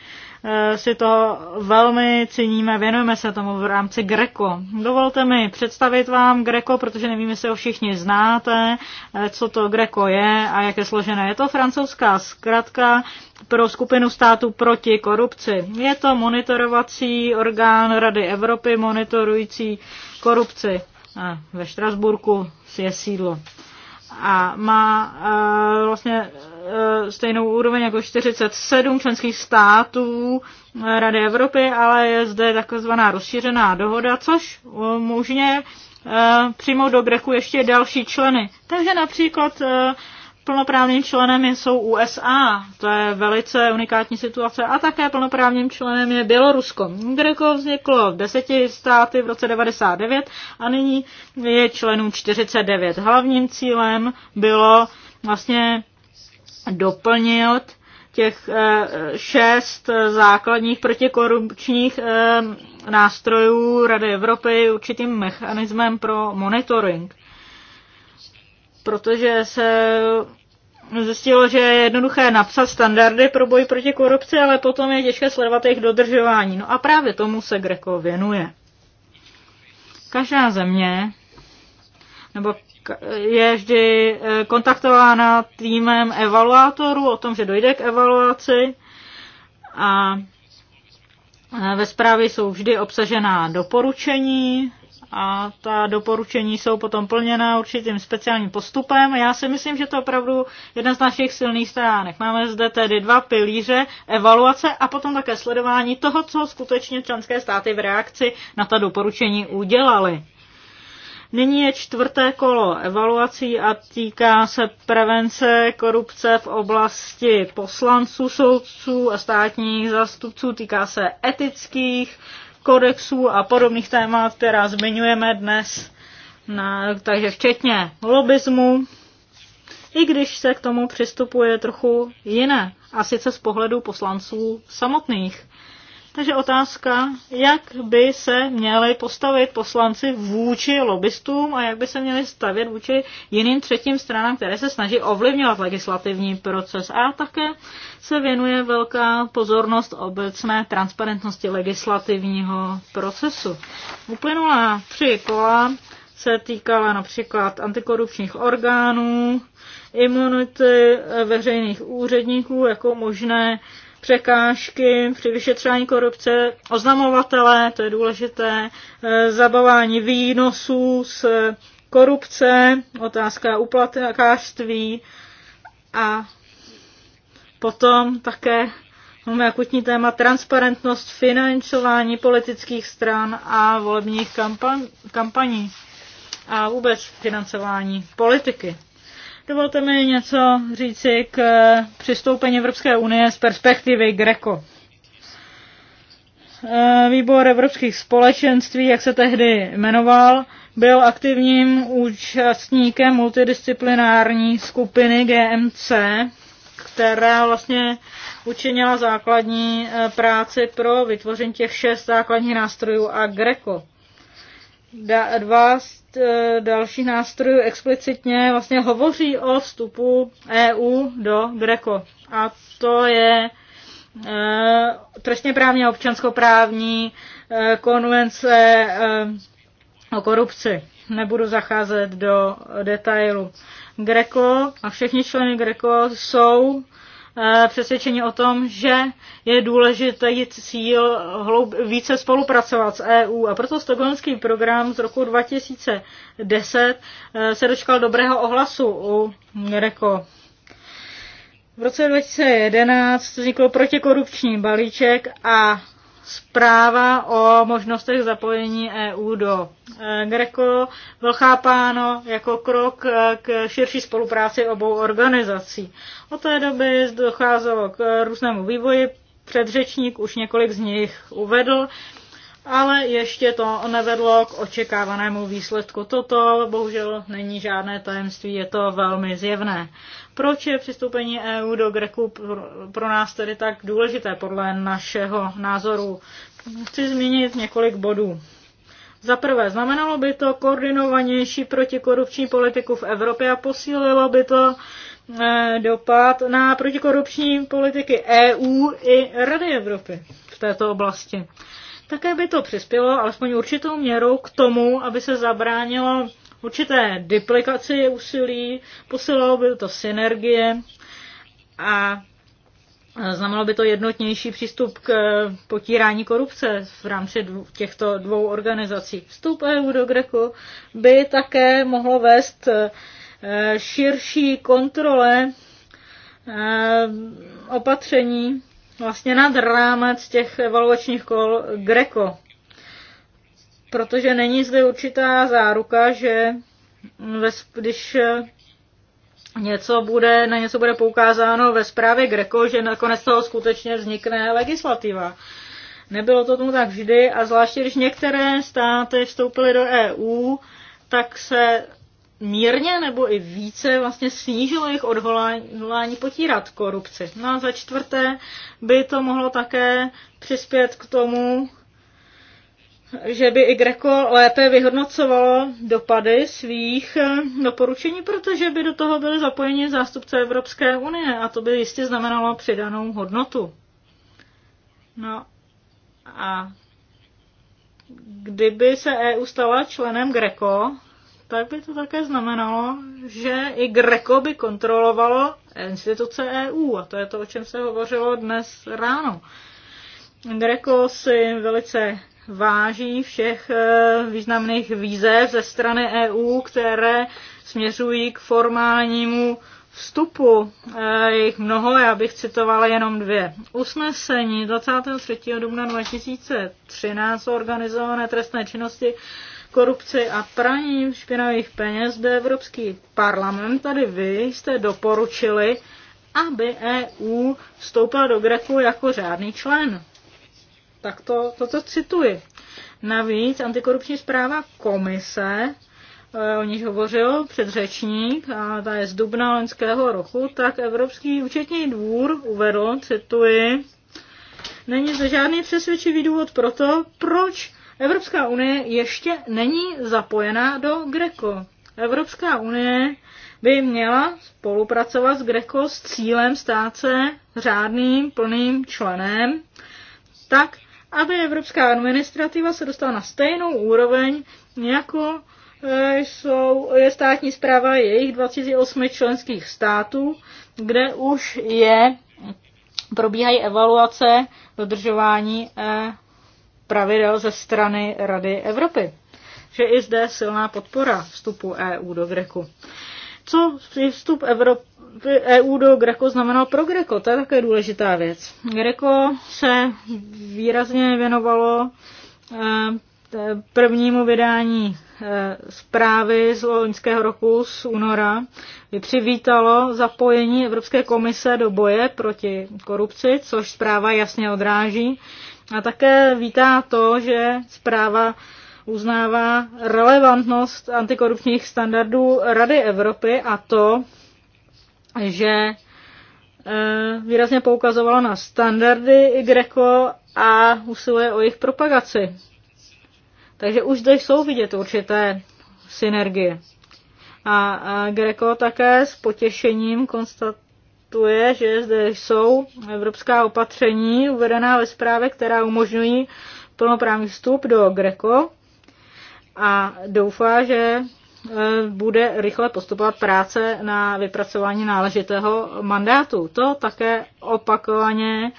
Eh, si to velmi ceníme, věnujeme se tomu v rámci Greco. Dovolte mi představit vám Greco, protože nevím, jestli ho všichni znáte, eh, co to Greco je a jak je složené. Je to francouzská zkratka pro skupinu států proti korupci. Je to monitorovací orgán Rady Evropy monitorující korupci. Eh, ve Štrasburku je sídlo a má e, vlastně Eh, stejnou úroveň jako 47 členských států eh, Rady Evropy, ale je zde takzvaná rozšířená dohoda, což umožňuje eh, přijmout do Greku ještě další členy. Takže například plnoprávným členem jsou USA, to je velice unikátní situace, a také plnoprávným členem je Bělorusko. Greko vzniklo v deseti státy v roce 99 a nyní je členů 49. Hlavním cílem bylo vlastně doplnit těch eh, šest základních protikorupčních eh, nástrojů Rady Evropy určitým mechanismem pro monitoring. Protože se zjistilo, že je jednoduché napsat standardy pro boj proti korupci, ale potom je těžké sledovat jejich dodržování. No a právě tomu se Greco věnuje. Každá země nebo je vždy eh, kontaktována týmem evaluátorů o tom, že dojde k evaluaci a eh, ve zprávě jsou vždy obsažená doporučení a ta doporučení jsou potom plněna určitým speciálním postupem. Já si myslím, že to je opravdu jedna z našich silných stránek. Máme zde tedy dva pilíře, evaluace a potom také sledování toho, co skutečně členské státy v reakci na ta doporučení udělali. Nyní je čtvrté kolo evaluací a týká se prevence korupce v oblasti poslanců, soudců a státních zastupců. Týká se etických kodexů a podobných témat, která zmiňujeme dnes. Na, takže včetně lobismu, i když se k tomu přistupuje trochu jiné, a sice z pohledu poslanců samotných. Takže otázka, jak by se měli postavit poslanci vůči lobbystům a jak by se měli stavět vůči jiným třetím stranám, které se snaží ovlivňovat legislativní proces. A také se věnuje velká pozornost obecné transparentnosti legislativního procesu. Uplynulá tři kola se týkala například antikorupčních orgánů, imunity veřejných úředníků jako možné překážky při vyšetřování korupce, oznamovatele, to je důležité, eh, zabavání výnosů z korupce, otázka uplatkářství a potom také máme akutní téma transparentnost financování politických stran a volebních kampaní a vůbec financování politiky. Dovolte mi něco říci k eh, přistoupení Evropské unie z perspektivy Greco. Eh, výbor Evropských společenství, jak se tehdy jmenoval, byl aktivním účastníkem multidisciplinární skupiny GMC, která vlastně učinila základní eh, práci pro vytvoření těch šest základních nástrojů a Greco dva eh, další nástrojů explicitně vlastně hovoří o vstupu EU do Greco. A to je eh, trestně právně občanskoprávní eh, konvence o korupci. Nebudu zacházet do detailu. Greco a všichni členy Greco jsou Eh, přesvědčení o tom, že je důležité cíl hloub, více spolupracovat s EU. A proto stokholmský program z roku 2010 eh, se dočkal dobrého ohlasu u RECO. V roce 2011 vznikl protikorupční balíček a zpráva o možnostech zapojení EU do e, Greco byl chápáno jako krok e, k širší spolupráci obou organizací. Od té doby docházelo k různému vývoji, předřečník už několik z nich uvedl ale ještě to nevedlo k očekávanému výsledku. Toto bohužel není žádné tajemství, je to velmi zjevné. Proč je přistoupení EU do Greku pro nás tedy tak důležité podle našeho názoru? Chci zmínit několik bodů. Za prvé, znamenalo by to koordinovanější protikorupční politiku v Evropě a posílilo by to e, dopad na protikorupční politiky EU i Rady Evropy v této oblasti. Také by to přispělo alespoň určitou měrou k tomu, aby se zabránilo určité duplikaci úsilí, posilovalo by to synergie a znamenalo by to jednotnější přístup k potírání korupce v rámci těchto dvou organizací. Vstup EU do Greku by také mohlo vést eh, širší kontrole eh, opatření vlastně nad rámec těch evaluačních kol Greco. Protože není zde určitá záruka, že když eh, něco bude, na něco bude poukázáno ve zprávě Greco, že nakonec toho skutečně vznikne legislativa. Nebylo to tomu tak vždy a zvláště, když některé státy vstoupily do EU, tak se mírně nebo i více vlastně snížilo jejich odvolání potírat korupci. No a za čtvrté by to mohlo také přispět k tomu, že by i Greco lépe vyhodnocovalo dopady svých eh, doporučení, protože by do toho byly zapojeni zástupce Evropské unie a to by jistě znamenalo přidanou hodnotu. No a kdyby se EU stala členem Greco, tak by to také znamenalo, že i Greco by kontrolovalo instituce EU. A to je to, o čem se hovořilo dnes ráno. Greco si velice váží všech eh, významných výzev ze strany EU, které směřují k formálnímu vstupu. Eh, Jejich mnoho, já bych citovala jenom dvě. Usnesení 23. dubna 2013 o organizované trestné činnosti korupci a praní špinavých peněz, kde Evropský parlament, tady vy jste doporučili, aby EU vstoupila do Greku jako řádný člen. Tak to, toto cituji. Navíc antikorupční zpráva komise, eh, o níž hovořil předřečník, a ta je z dubna loňského roku, tak Evropský účetní dvůr uvedl, cituji, není to žádný přesvědčivý důvod pro to, proč Evropská unie ještě není zapojená do Greco. Evropská unie by měla spolupracovat s Greco s cílem stát se řádným plným členem, tak aby evropská administrativa se dostala na stejnou úroveň jako e, jsou, je státní zpráva jejich 28 členských států, kde už je probíhají evaluace dodržování e, pravidel ze strany Rady Evropy. Že i zde silná podpora vstupu EU do Greku. Co vstup Evropy, EU do Greko znamenal pro Greko, To je také důležitá věc. Greko se výrazně věnovalo eh, prvnímu vydání eh, zprávy z loňského roku z února přivítalo zapojení Evropské komise do boje proti korupci, což zpráva jasně odráží. A také vítá to, že zpráva uznává relevantnost antikorupčních standardů Rady Evropy a to, že eh, výrazně poukazovala na standardy Greco a usiluje o jejich propagaci. Takže už zde jsou vidět určité synergie. A Greco také s potěšením konstat, konstatuje, že zde jsou evropská opatření uvedená ve zprávě, která umožňují plnoprávný vstup do Greco a doufá, že eh, bude rychle postupovat práce na vypracování náležitého mandátu. To také opakovaně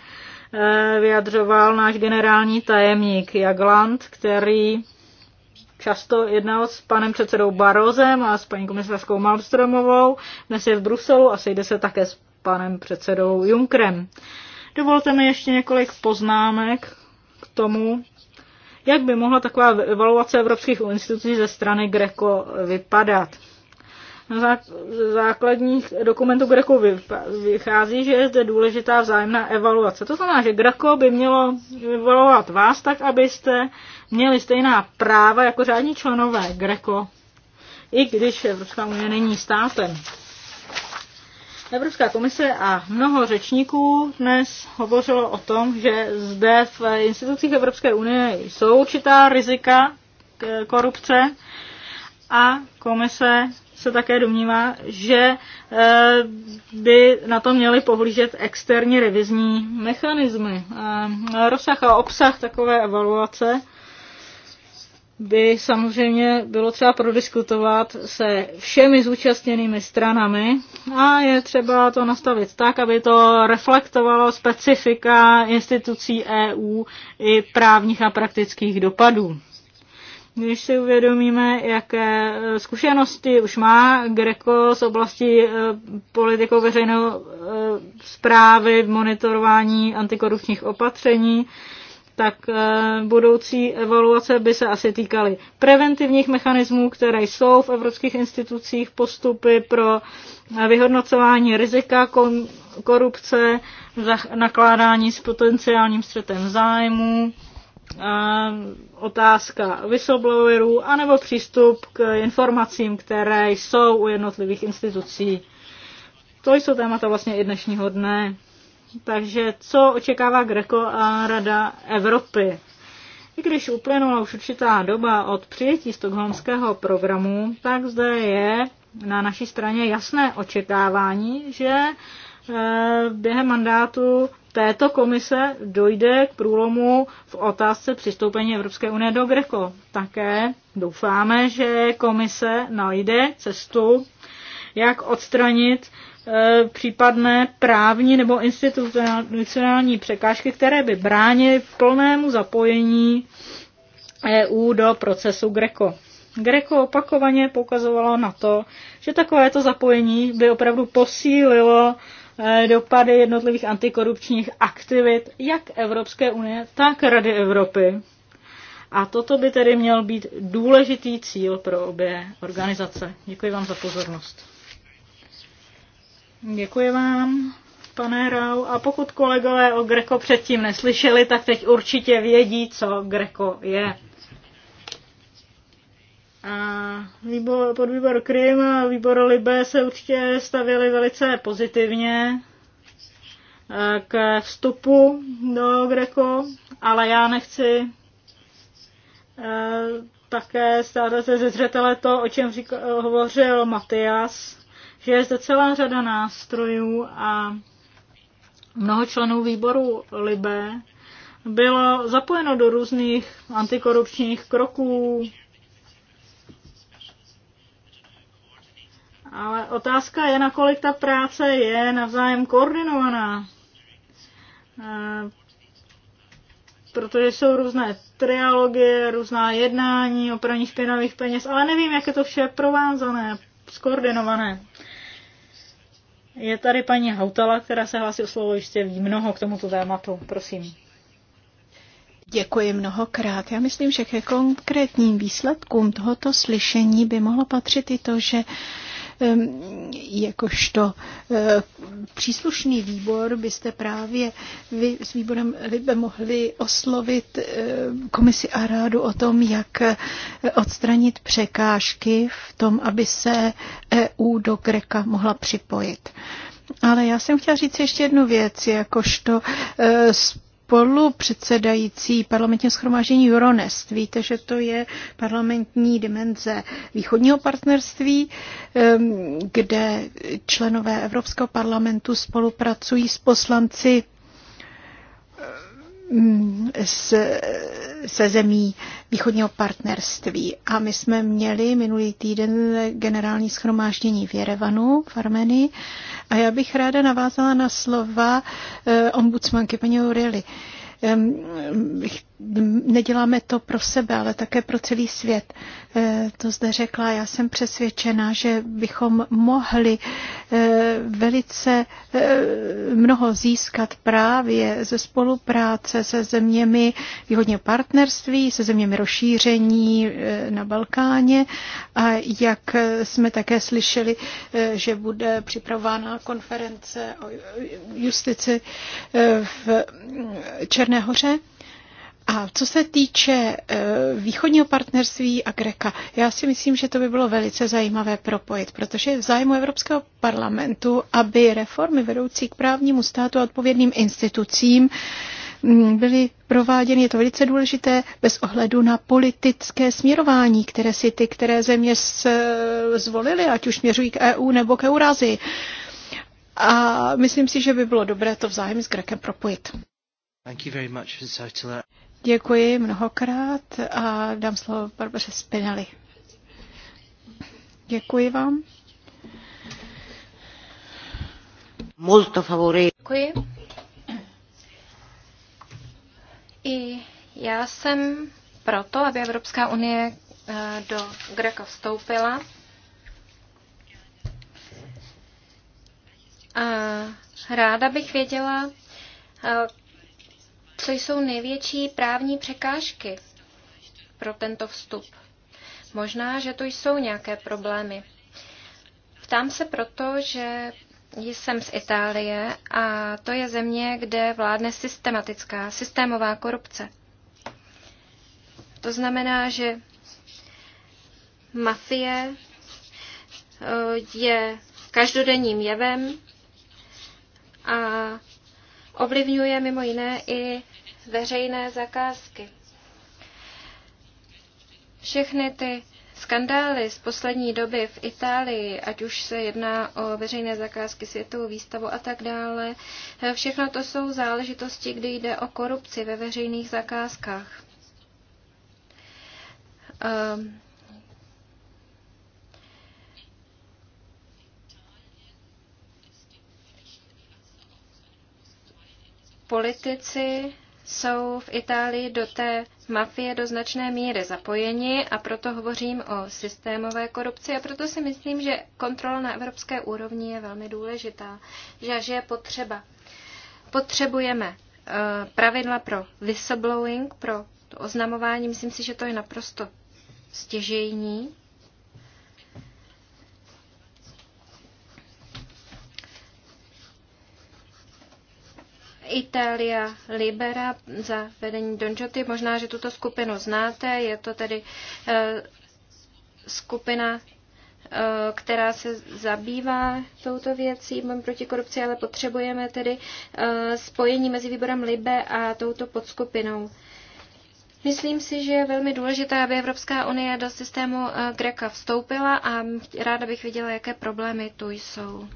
eh, vyjadřoval náš generální tajemník Jagland, který často jednal s panem předsedou Barozem a s paní komisařskou Malmstromovou. Dnes je v Bruselu a sejde se také s panem předsedou Junkrem. Dovolte mi ještě několik poznámek k tomu, jak by mohla taková evaluace evropských institucí ze strany Greco vypadat. Na základních dokumentů Greco vychází, že je zde důležitá vzájemná evaluace. To znamená, že Greco by mělo evaluovat vás tak, abyste měli stejná práva jako řádní členové Greco, i když Evropská unie není státem. Evropská komise a mnoho řečníků dnes hovořilo o tom, že zde v institucích Evropské unie jsou určitá rizika eh, korupce a komise se také domnívá, že eh, by na to měly pohlížet externí revizní mechanismy. Eh, rozsah a obsah takové evaluace by samozřejmě bylo třeba prodiskutovat se všemi zúčastněnými stranami a je třeba to nastavit tak, aby to reflektovalo specifika institucí EU i právních a praktických dopadů. Když si uvědomíme, jaké eh, zkušenosti už má Greco z oblasti eh, politikou veřejného zprávy, eh, monitorování antikorupčních opatření, tak eh, budoucí evaluace by se asi týkaly preventivních mechanismů, které jsou v evropských institucích, postupy pro eh, vyhodnocování rizika korupce, nakládání s potenciálním střetem zájmů, eh, otázka whistleblowerů, anebo přístup k informacím, které jsou u jednotlivých institucí. To jsou témata vlastně i dnešního dne. Takže co očekává Greko a Rada Evropy? I když uplynula už určitá doba od přijetí stokholmského programu, tak zde je na naší straně jasné očekávání, že eh, během mandátu této komise dojde k průlomu v otázce přistoupení Evropské unie do Greko. Také doufáme, že komise najde cestu, jak odstranit E, případné právní nebo institucionální překážky, které by bránily plnému zapojení EU do procesu Greco. Greco opakovaně poukazovalo na to, že takovéto zapojení by opravdu posílilo e, dopady jednotlivých antikorupčních aktivit jak Evropské unie, tak Rady Evropy. A toto by tedy měl být důležitý cíl pro obě organizace. Děkuji vám za pozornost. Děkuji vám, pane Rau. A pokud kolegové o Greco předtím neslyšeli, tak teď určitě vědí, co Greco je. A výbor, výbor Krym a výbor Libé se určitě stavěli velice pozitivně eh, k vstupu do Greco, ale já nechci eh, také stát se zřetele to, o čem říkal, hovořil Matias, že je zde celá řada nástrojů a mnoho členů výboru Libe bylo zapojeno do různých antikorupčních kroků. Ale otázka je, nakolik ta práce je navzájem koordinovaná. Eh, protože jsou různé trialogie, různá jednání o praní špinavých peněz, ale nevím, jak je to vše provázané, skoordinované. Je tady paní Hautala, která se hlásí o slovo, ještě ví mnoho k tomuto tématu. Prosím. Děkuji mnohokrát. Já myslím, že ke konkrétním výsledkům tohoto slyšení by mohlo patřit i to, že Ehm, jakožto eh, příslušný výbor byste právě vy s výborem Libe mohli oslovit eh, komisi a rádu o tom, jak eh, odstranit překážky v tom, aby se EU do Greka mohla připojit. Ale já jsem chtěla říct ještě jednu věc, jakožto spolupředsedající parlamentně schromáždění Euronest. Víte, že to je parlamentní dimenze východního partnerství, kde členové Evropského parlamentu spolupracují s poslanci s, se zemí východního partnerství. A my jsme měli minulý týden generální schromáždění v Jerevanu, v Armenii. A já bych ráda navázala na slova eh, ombudsmanky paní Aurely neděláme to pro sebe, ale také pro celý svět. Eh, to zde řekla, já jsem přesvědčená, že bychom mohli eh, velice eh, mnoho získat právě ze spolupráce se zeměmi výhodně partnerství, se zeměmi rozšíření na Balkáně a jak jsme také slyšeli, že bude připravována konference o justici v Černé hoře, a co se týče eh, východního partnerství a Greka, já si myslím, že to by bylo velice zajímavé propojit, protože je v zájmu Evropského parlamentu, aby reformy vedoucí k právnímu státu a odpovědným institucím mm, byly prováděny. Je to velice důležité bez ohledu na politické směrování, které si ty, které země zvolily, ať už směřují k EU nebo k Eurázii. A myslím si, že by bylo dobré to vzájem s Grekem propojit. Thank you very much, Děkuji mnohokrát a dám slovo Barbaře Spinelli. Děkuji vám. Molto favore. Děkuji. I já jsem proto, aby Evropská unie eh, do Greka vstoupila. A ráda bych věděla, eh, co jsou největší právní překážky pro tento vstup. Možná, že to jsou nějaké problémy. Ptám se proto, že jsem z Itálie a to je země, kde vládne systematická, systémová korupce. To znamená, že mafie eh, je každodenním jevem a ovlivňuje mimo jiné i veřejné zakázky. Všechny ty skandály z poslední doby v Itálii, ať už se jedná o veřejné zakázky, světovou výstavu a tak dále, všechno to jsou záležitosti, kdy jde o korupci ve veřejných zakázkách. Um, politici jsou v Itálii do té mafie do značné míry zapojeni a proto hovořím o systémové korupci a proto si myslím, že kontrola na evropské úrovni je velmi důležitá, že, že je potřeba. Potřebujeme eh, pravidla pro whistleblowing, pro oznamování. Myslím si, že to je naprosto stěžejní Italia Libera za vedení Donjoty. Možná, že tuto skupinu znáte, je to tedy eh, skupina eh, která se zabývá touto věcí, proti korupci, ale potřebujeme tedy eh, spojení mezi výborem Libe a touto podskupinou. Myslím si, že je velmi důležité, aby Evropská unie do systému Greka vstoupila a ráda bych viděla, jaké problémy tu jsou.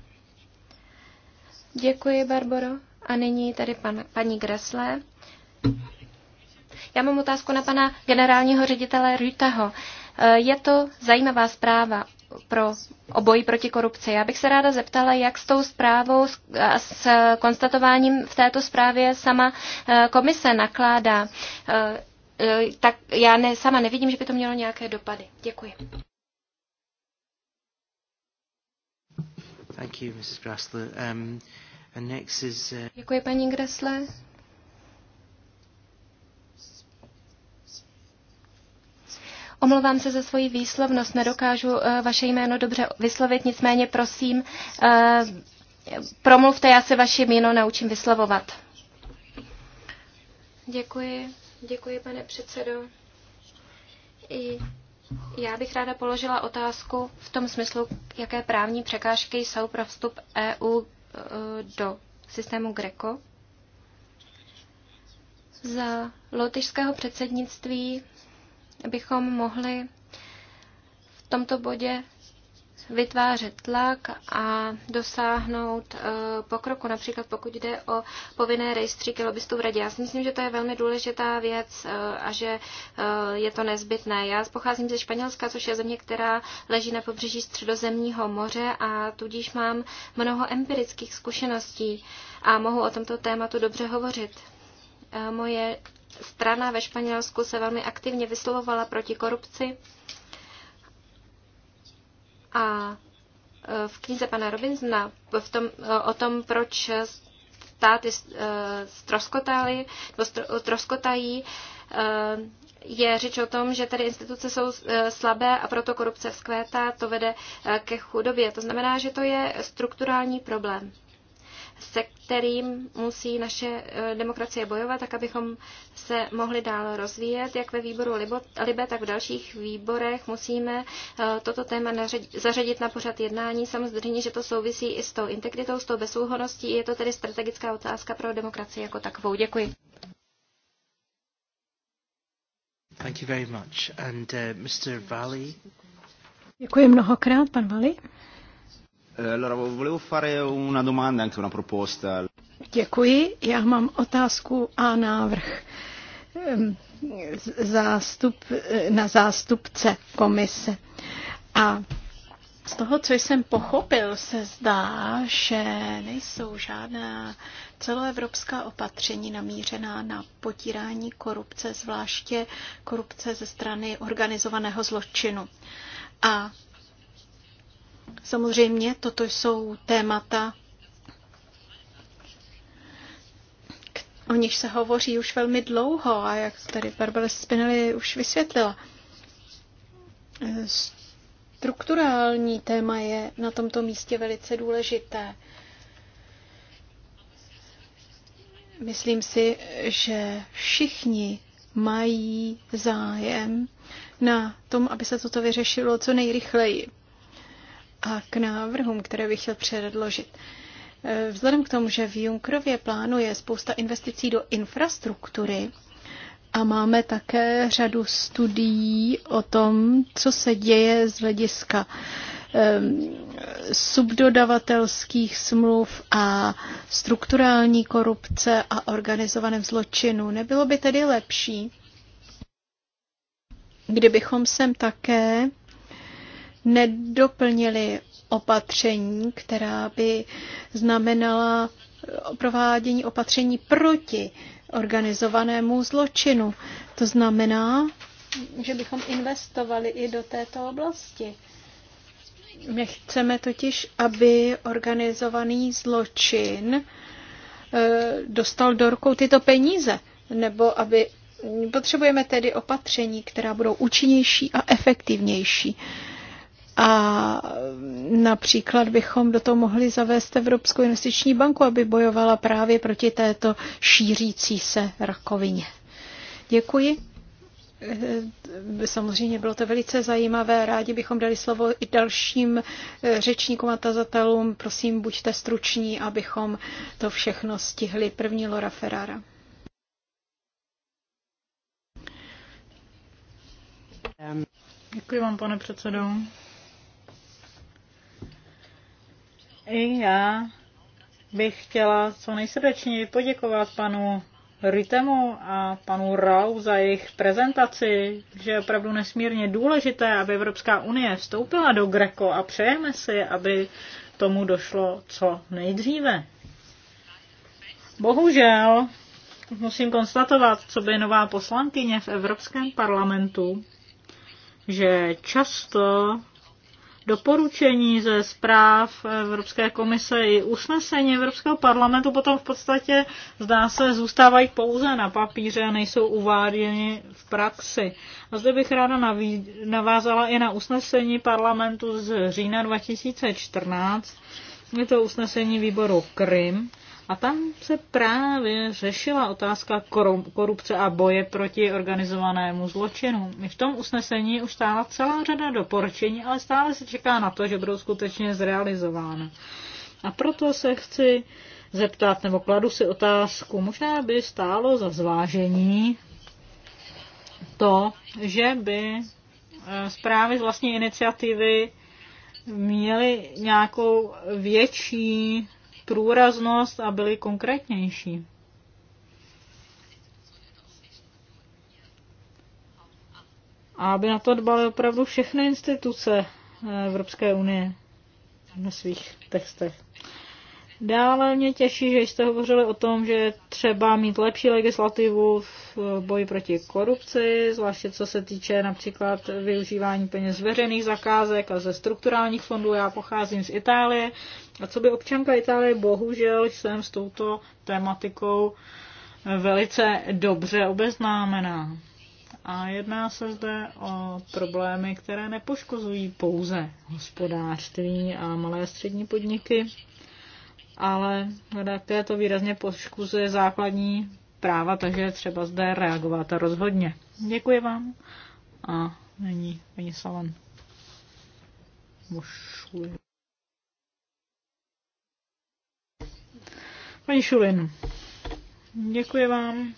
Děkuji, Barboro. A nyní tady pan, paní Gressle. Já mám otázku na pana generálního ředitele Rytaho. Eh, je to zajímavá zpráva pro oboji proti korupci. Já bych se ráda zeptala, jak s tou zprávou a s konstatováním v této zprávě sama eh, komise nakládá. Eh, tak já ne, sama nevidím, že by to mělo nějaké dopady. Děkuji. Thank you, Mrs. Grassler. Um, Uh, děkuji, paní Gressle. Omlouvám se za svoji výslovnost, nedokážu uh, vaše jméno dobře vyslovit, nicméně prosím, uh, promluvte, já se vaše jméno naučím vyslovovat. Děkuji, děkuji, pane předsedo. I já bych ráda položila otázku v tom smyslu, jaké právní překážky jsou pro vstup EU do systému Greco. Za lotyšského předsednictví bychom mohli v tomto bodě vytvářet tlak a dosáhnout eh, pokroku, například pokud jde o povinné rejstříky lobbystů v radě. Já si myslím, že to je velmi důležitá věc eh, a že eh, je to nezbytné. Já pocházím ze Španělska, což je země, která leží na pobřeží středozemního moře a tudíž mám mnoho empirických zkušeností a mohu o tomto tématu dobře hovořit. Moje strana ve Španělsku se velmi aktivně vyslovovala proti korupci a e, v knize pana Robinsona v tom, e, o tom, proč státy stroskotaly, e, nebo stroskotají, je řeč o tom, že tady instituce jsou slabé a proto korupce vzkvétá, to vede ke chudobě. To znamená, že to je strukturální problém se kterým musí naše eh, demokracie bojovat, tak abychom se mohli dál rozvíjet. Jak ve výboru Libe, tak v dalších výborech musíme eh, toto téma zařadit na pořad jednání. Samozřejmě, že to souvisí i s tou integritou, s tou bezúhoností. Je to tedy strategická otázka pro demokracii jako takovou. Děkuji. Thank you very much. And, uh, Mr. Valley. Děkuji mnohokrát, pan Vali. Eh, Děkuji, já mám otázku a návrh ehm, zástup, eh, na zástupce komise. A z toho, co jsem pochopil, se zdá, že nejsou žádná celoevropská opatření namířená na potírání korupce, zvláště korupce ze strany organizovaného zločinu. A Samozřejmě toto jsou témata, o nich se hovoří už velmi dlouho a jak tady Barbara Spinelli už vysvětlila. Strukturální téma je na tomto místě velice důležité. Myslím si, že všichni mají zájem na tom, aby se toto vyřešilo co nejrychleji a k návrhům, které bych chtěl předložit. E, vzhledem k tomu, že v Junkrově plánu je spousta investicí do infrastruktury a máme také řadu studií o tom, co se děje z hlediska subdodavatelských smluv a strukturální korupce a organizovaném zločinu. Nebylo by tedy lepší, kdybychom sem také nedoplnili opatření, která by znamenala provádění opatření proti organizovanému zločinu. To znamená, že bychom investovali i do této oblasti. My chceme totiž, aby organizovaný zločin eh, dostal do rukou tyto peníze, nebo aby potřebujeme tedy opatření, která budou účinnější a efektivnější. A například bychom do toho mohli zavést Evropskou investiční banku, aby bojovala právě proti této šířící se rakovině. Děkuji. Samozřejmě bylo to velice zajímavé. Rádi bychom dali slovo i dalším řečníkům a tazatelům. Prosím, buďte struční, abychom to všechno stihli. První Lora Ferrara. Děkuji vám, pane předsedo. I já bych chtěla co nejsrdečněji poděkovat panu Ritemu a panu Rau za jejich prezentaci, že je opravdu nesmírně důležité, aby Evropská unie vstoupila do Greko a přejeme si, aby tomu došlo co nejdříve. Bohužel musím konstatovat, co by nová poslankyně v Evropském parlamentu, že často doporučení ze zpráv Evropské komise i usnesení Evropského parlamentu potom v podstatě zdá se zůstávají pouze na papíře a nejsou uváděny v praxi. A zde bych ráda navázala i na usnesení parlamentu z října 2014, je to usnesení výboru Krym, a tam se právě řešila otázka korupce a boje proti organizovanému zločinu. v tom usnesení už stála celá řada doporučení, ale stále se čeká na to, že budou skutečně zrealizována. A proto se chci zeptat, nebo kladu si otázku, možná by stálo za zvážení to, že by e, zprávy z vlastní iniciativy měly nějakou větší průraznost a byli konkrétnější. A aby na to dbaly opravdu všechny instituce Evropské unie na svých textech. Dále mě těší, že jste hovořili o tom, že třeba mít lepší legislativu v boji proti korupci, zvláště co se týče například využívání peněz z veřejných zakázek a ze strukturálních fondů. Já pocházím z Itálie a co by občanka Itálie, bohužel jsem s touto tématikou velice dobře obeznámená. A jedná se zde o problémy, které nepoškozují pouze hospodářství a malé a střední podniky, ale také to výrazně poškozuje základní práva, takže je třeba zde reagovat rozhodně. Děkuji vám. A není paní Salon. Mošulin. Paní Šulin, děkuji vám.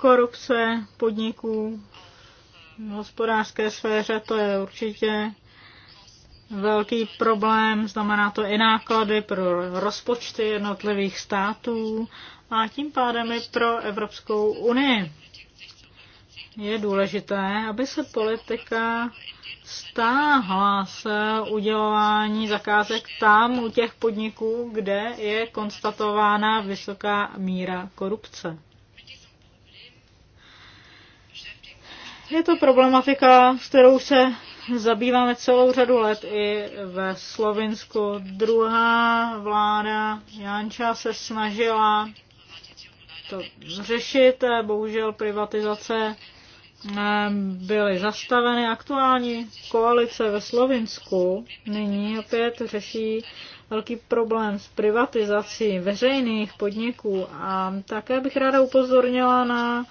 Korupce podniků v hospodářské sféře, to je určitě velký problém, znamená to i náklady pro rozpočty jednotlivých států a tím pádem i pro Evropskou unii. Je důležité, aby se politika stáhla se udělování zakázek tam u těch podniků, kde je konstatována vysoká míra korupce. Je to problematika, s kterou se zabýváme celou řadu let i ve Slovinsku. Druhá vláda Janča se snažila to řešit, bohužel privatizace eh, byly zastaveny. Aktuální koalice ve Slovinsku nyní opět řeší velký problém s privatizací veřejných podniků a také bych ráda upozornila na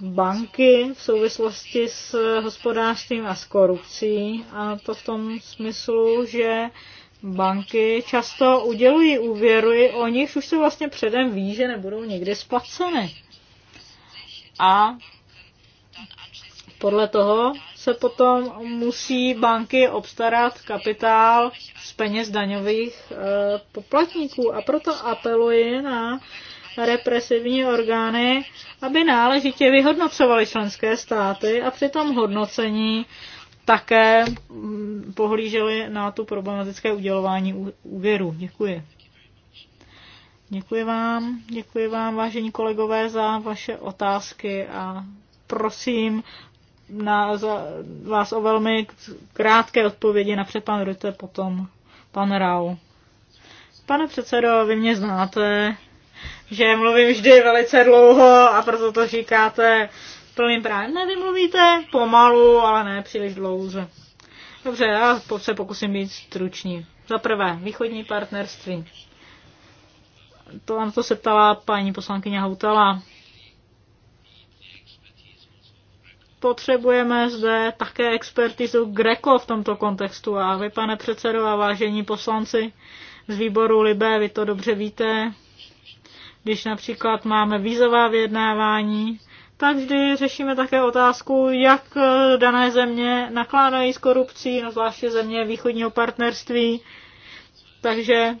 banky v souvislosti s hospodářstvím a s korupcí. A to v tom smyslu, že banky často udělují úvěry, o nich už se vlastně předem ví, že nebudou nikdy splaceny. A podle toho se potom musí banky obstarat kapitál z peněz daňových e, poplatníků. A proto apeluji na represivní orgány, aby náležitě vyhodnocovaly členské státy a při tom hodnocení také mm, pohlíželi na tu problematické udělování úvěru. Děkuji. Děkuji vám, děkuji vám, vážení kolegové, za vaše otázky a prosím na, za, vás o velmi krátké odpovědi, napřed pan Rute, potom pan Rau. Pane předsedo, vy mě znáte, že mluvím vždy velice dlouho a proto to říkáte plným právě. Ne, vy mluvíte pomalu, ale ne příliš dlouze. Dobře, já se pokusím být stručný. Za prvé, východní partnerství. To vám to se ptala paní poslankyně Hautala. Potřebujeme zde také expertizu Greco v tomto kontextu a vy, pane předsedo a vážení poslanci z výboru Libé, vy to dobře víte, když například máme vízová vyjednávání, tak vždy řešíme také otázku, jak eh, dané země nakládají s korupcí, no zvláště země východního partnerství. Takže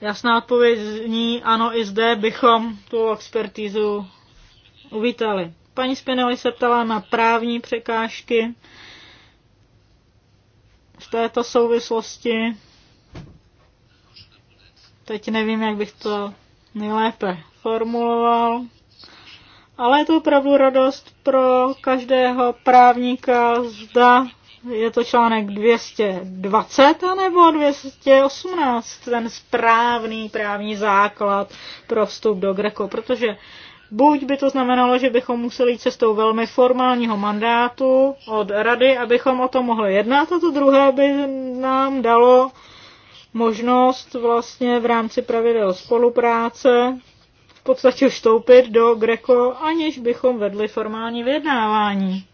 jasná odpověď zní, ano, i zde bychom tu expertízu uvítali. Paní Spinelli se ptala na právní překážky v této souvislosti. Teď nevím, jak bych to nejlépe formuloval, ale je to opravdu radost pro každého právníka, zda je to článek 220 nebo 218, ten správný právní základ pro vstup do Greko, protože buď by to znamenalo, že bychom museli jít cestou velmi formálního mandátu od rady, abychom o tom mohli jednat, a to druhé by nám dalo možnost vlastně v rámci pravidel spolupráce v podstatě vstoupit do Greco, aniž bychom vedli formální vyjednávání.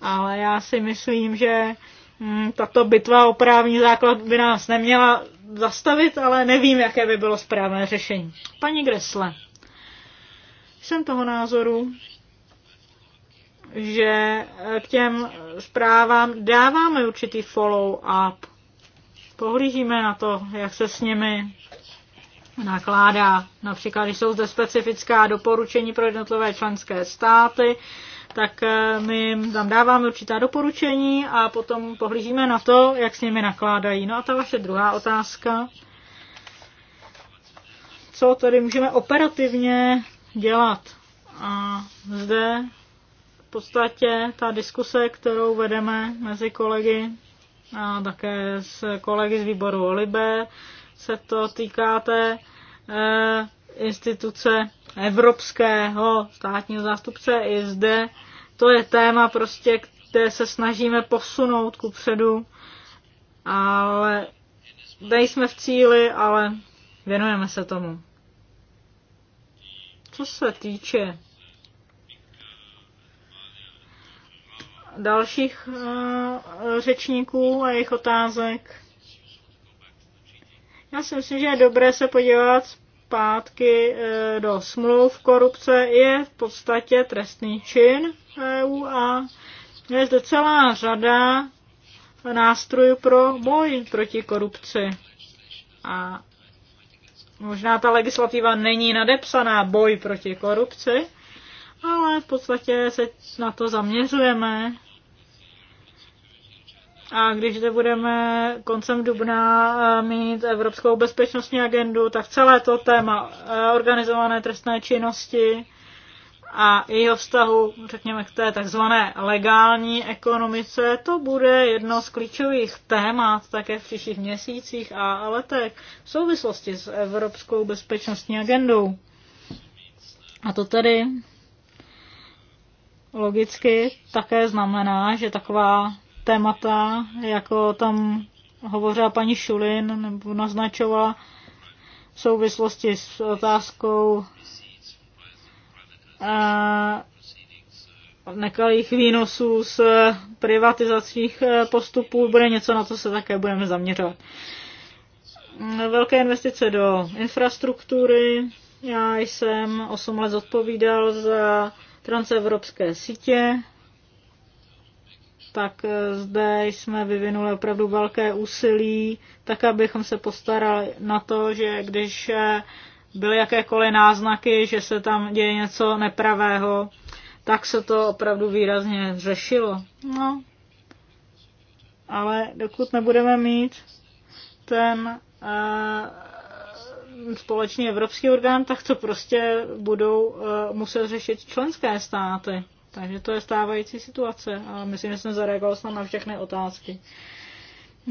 Ale já si myslím, že mm, tato bitva o právní základ by nás neměla zastavit, ale nevím, jaké by bylo správné řešení. Paní Gresle, jsem toho názoru, že k těm zprávám dáváme určitý follow-up pohlížíme na to, jak se s nimi nakládá. Například, když jsou zde specifická doporučení pro jednotlivé členské státy, tak eh, my tam dáváme určitá doporučení a potom pohlížíme na to, jak s nimi nakládají. No a ta vaše druhá otázka. Co tady můžeme operativně dělat? A zde v podstatě ta diskuse, kterou vedeme mezi kolegy, a také s kolegy z výboru Olibe se to té e, eh, instituce evropského státního zástupce. I zde to je téma prostě, kde se snažíme posunout ku předu, ale nejsme v cíli, ale věnujeme se tomu. Co se týče dalších eh, řečníků a jejich otázek. Já si myslím, že je dobré se podívat zpátky eh, do smluv. Korupce je v podstatě trestný čin EU a je zde celá řada nástrojů pro boj proti korupci. A možná ta legislativa není nadepsaná boj proti korupci, ale v podstatě se na to zaměřujeme a když zde budeme koncem dubna eh, mít Evropskou bezpečnostní agendu, tak celé to téma eh, organizované trestné činnosti a jeho vztahu, řekněme, k té takzvané legální ekonomice, to bude jedno z klíčových témat také v příštích měsících a letech v souvislosti s Evropskou bezpečnostní agendou. A to tedy logicky také znamená, že taková témata, jako tam hovořila paní Šulin nebo naznačovala v souvislosti s otázkou eh, nekalých výnosů z privatizačních eh, postupů bude něco, na co se také budeme zaměřovat. Mm, velké investice do infrastruktury. Já jsem 8 let odpovídal za transevropské sítě tak eh, zde jsme vyvinuli opravdu velké úsilí, tak abychom se postarali na to, že když eh, byly jakékoliv náznaky, že se tam děje něco nepravého, tak se to opravdu výrazně řešilo. No, ale dokud nebudeme mít ten uh, společný evropský orgán, tak to prostě budou uh, muset řešit členské státy. Takže to je stávající situace a myslím, že jsem zareagoval snad na všechny otázky.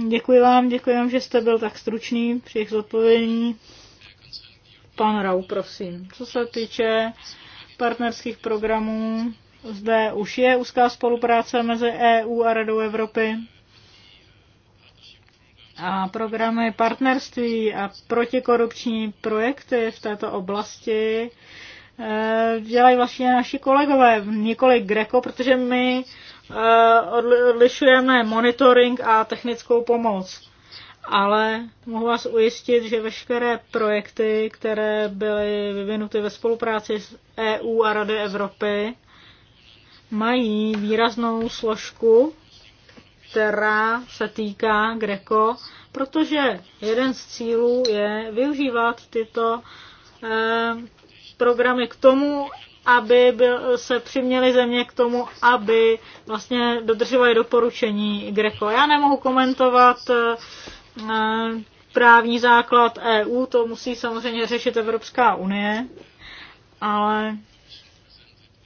Děkuji vám, děkuji vám, že jste byl tak stručný při jejich zodpovědění. Pan Rau, prosím. Co se týče partnerských programů, zde už je úzká spolupráce mezi EU a Radou Evropy. A programy partnerství a protikorupční projekty v této oblasti Eh, dělají vlastně naši kolegové, nikoli Greco, protože my eh, odlišujeme monitoring a technickou pomoc. Ale mohu vás ujistit, že veškeré projekty, které byly vyvinuty ve spolupráci s EU a Rady Evropy, mají výraznou složku, která se týká Greco, protože jeden z cílů je využívat tyto eh, programy k tomu, aby byl, se přiměly země k tomu, aby vlastně dodržovaly doporučení Greco. Já nemohu komentovat eh, právní základ EU, to musí samozřejmě řešit Evropská unie, ale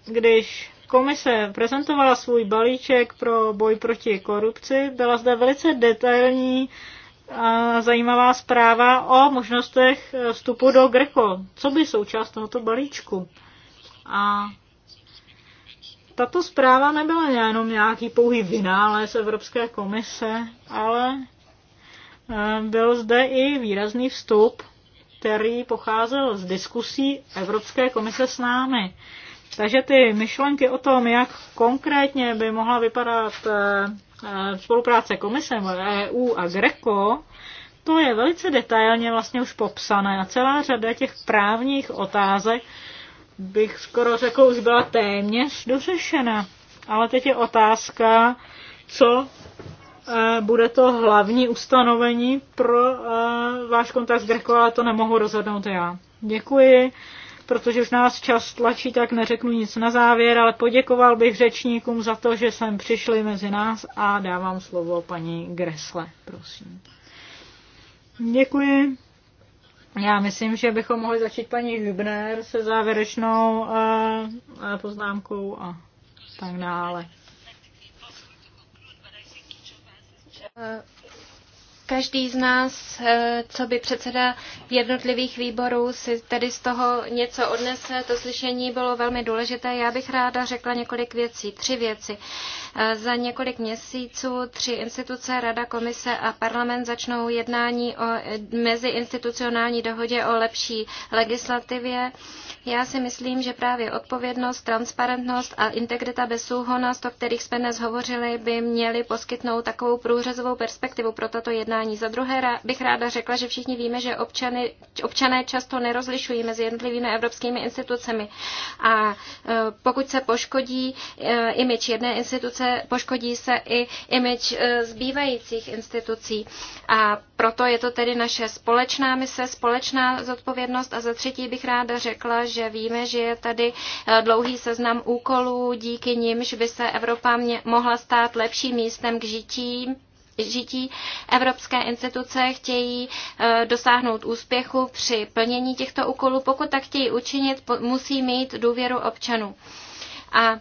když komise prezentovala svůj balíček pro boj proti korupci, byla zde velice detailní zajímavá zpráva o možnostech vstupu do Greco. Co by součást tohoto balíčku? A tato zpráva nebyla jenom nějaký pouhý vynález Evropské komise, ale eh, byl zde i výrazný vstup, který pocházel z diskusí Evropské komise s námi. Takže ty myšlenky o tom, jak konkrétně by mohla vypadat eh, eh, spolupráce komise EU e a GRECO, to je velice detailně vlastně už popsané a celá řada těch právních otázek bych skoro řekl už byla téměř dořešena. Ale teď je otázka, co eh, bude to hlavní ustanovení pro váš kontakt s Greco, ale to nemohu rozhodnout já. Děkuji protože už nás čas tlačí, tak neřeknu nic na závěr, ale poděkoval bych řečníkům za to, že sem přišli mezi nás a dávám slovo paní Gresle, prosím. Děkuji. Já myslím, že bychom mohli začít paní Hübner se závěrečnou uh, poznámkou a tak dále. Uh Každý z nás, eh, co by předseda jednotlivých výborů, si tedy z toho něco odnese. To slyšení bylo velmi důležité. Já bych ráda řekla několik věcí, tři věci. Eh, za několik měsíců tři instituce, Rada, Komise a parlament začnou jednání o eh, meziinstitucionální dohodě o lepší legislativě. Já si myslím, že právě odpovědnost, transparentnost a integrita bez souhonost, o kterých jsme dnes hovořili, by měly poskytnout takovou průřezovou perspektivu pro tato jednání. Za druhé bych ráda řekla, že všichni víme, že občany, občané často nerozlišují mezi jednotlivými evropskými institucemi. A e, pokud se poškodí e, imič jedné instituce, poškodí se i imič e, zbývajících institucí. A proto je to tedy naše společná mise, společná zodpovědnost. A za třetí bych ráda řekla, že protože víme, že je tady eh, dlouhý seznam úkolů, díky nimž by se Evropa mě, mohla stát lepším místem k žití, žití. Evropské instituce chtějí eh, dosáhnout úspěchu při plnění těchto úkolů. Pokud tak chtějí učinit, musí mít důvěru občanů. A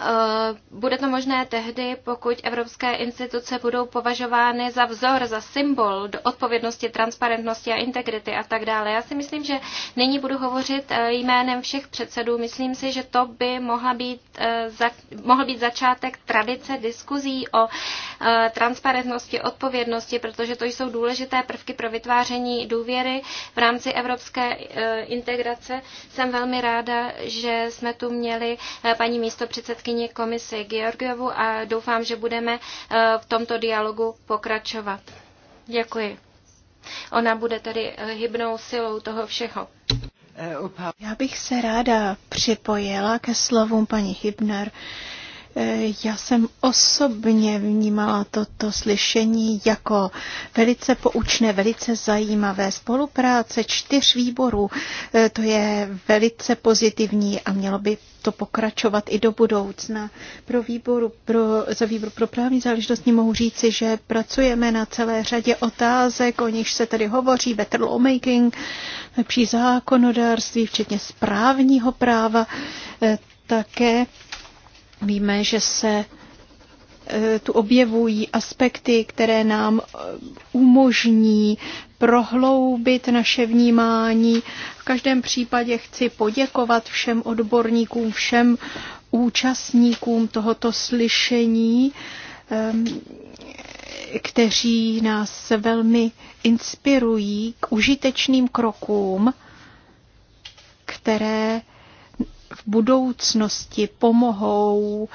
Eh, bude to možné tehdy, pokud evropské instituce budou považovány za vzor, za symbol do odpovědnosti, transparentnosti a integrity a tak dále. Já si myslím, že nyní budu hovořit eh, jménem všech předsedů. Myslím si, že to by mohla být, eh, mohl být začátek tradice diskuzí o transparentnosti, odpovědnosti, protože to jsou důležité prvky pro vytváření důvěry v rámci evropské integrace. Jsem velmi ráda, že jsme tu měli paní místo předsedky předsedkyni komise Georgiovu a doufám, že budeme eh, v tomto dialogu pokračovat. Děkuji. Ona bude tedy eh, hybnou silou toho všeho. Já bych se ráda připojila ke slovům paní Hybner. Eh, já jsem osobně vnímala toto slyšení jako velice poučné, velice zajímavé. Spolupráce čtyř výborů, eh, to je velice pozitivní a mělo by to pokračovat i do budoucna. Pro výboru, pro, za výbor pro právní záležitosti mohu říci, že pracujeme na celé řadě otázek, o nichž se tady hovoří, better lawmaking, lepší zákonodárství, včetně správního práva, eh, také Víme, že se e, tu objevují aspekty, které nám e, umožní prohloubit naše vnímání. V každém případě chci poděkovat všem odborníkům, všem účastníkům tohoto slyšení, kteří nás velmi inspirují k užitečným krokům, které v budoucnosti pomohou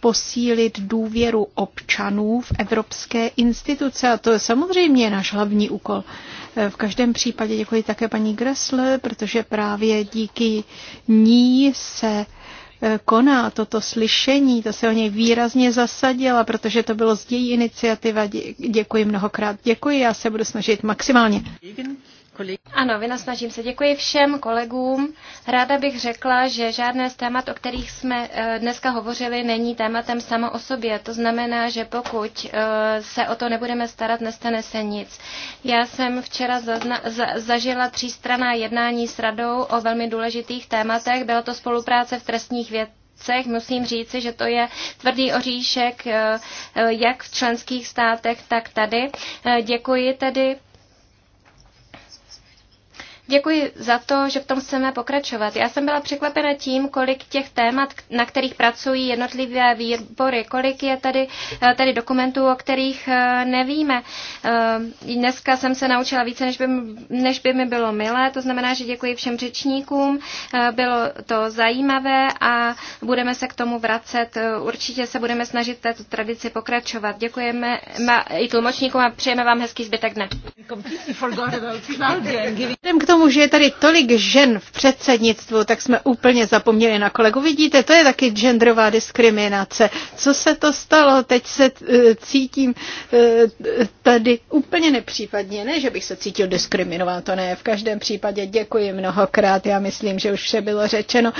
posílit důvěru občanů v evropské instituce. A to je samozřejmě náš hlavní úkol. Eh, v každém případě děkuji také paní Gressle, protože právě díky ní se eh, koná toto slyšení, to se o něj výrazně zasadila, protože to bylo z její iniciativa. Děkuji mnohokrát. Děkuji, já se budu snažit maximálně. Ano, vynasnažím se. Děkuji všem kolegům. Ráda bych řekla, že žádné z témat, o kterých jsme eh, dneska hovořili, není tématem samo o sobě. To znamená, že pokud eh, se o to nebudeme starat, nestane se nic. Já jsem včera zazna- za- zažila třístraná jednání s radou o velmi důležitých tématech. Byla to spolupráce v trestních věcech Musím říci, že to je tvrdý oříšek eh, jak v členských státech, tak tady. Děkuji tedy Děkuji za to, že v tom chceme pokračovat. Já jsem byla překvapena tím, kolik těch témat, na kterých pracují jednotlivé výbory, kolik je tady, eh, tady dokumentů, o kterých eh, nevíme. Eh, dneska jsem se naučila více, než by, než by mi bylo milé, to znamená, že děkuji všem řečníkům, bylo to zajímavé a budeme se k tomu vracet. Určitě se budeme snažit této tradici pokračovat. Děkujeme i tlumočníkům a přejeme vám hezký zbytek dne. K tomu tomu, že je tady tolik žen v předsednictvu, tak jsme úplně zapomněli na kolegu. Vidíte, to je taky genderová diskriminace. Co se to stalo? Teď se eh, cítím eh, tady úplně nepřípadně. Ne, že bych se cítil diskriminován, to ne. V každém případě děkuji mnohokrát. Já myslím, že už vše bylo řečeno.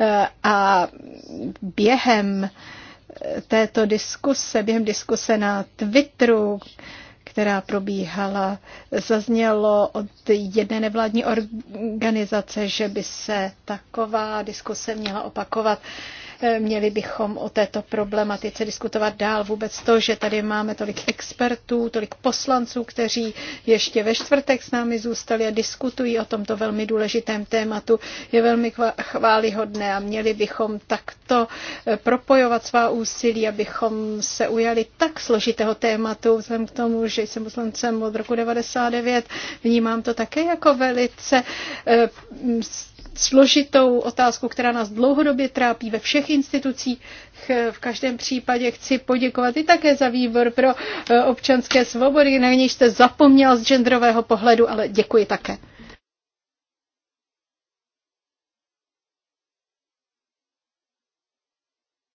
Eh, a během této diskuse, během diskuse na Twitteru, která probíhala, zaznělo od jedné nevládní organizace, že by se taková diskuse měla opakovat. Měli bychom o této problematice diskutovat dál. Vůbec to, že tady máme tolik expertů, tolik poslanců, kteří ještě ve čtvrtek s námi zůstali a diskutují o tomto velmi důležitém tématu, je velmi chválihodné a měli bychom takto eh, propojovat svá úsilí, abychom se ujali tak složitého tématu, vzhledem k tomu, že jsem poslancem od roku 99, vnímám to také jako velice eh, složitou otázku, která nás dlouhodobě trápí ve všech institucích. V každém případě chci poděkovat i také za výbor pro eh, občanské svobody, na něj jste zapomněl z genderového pohledu, ale děkuji také.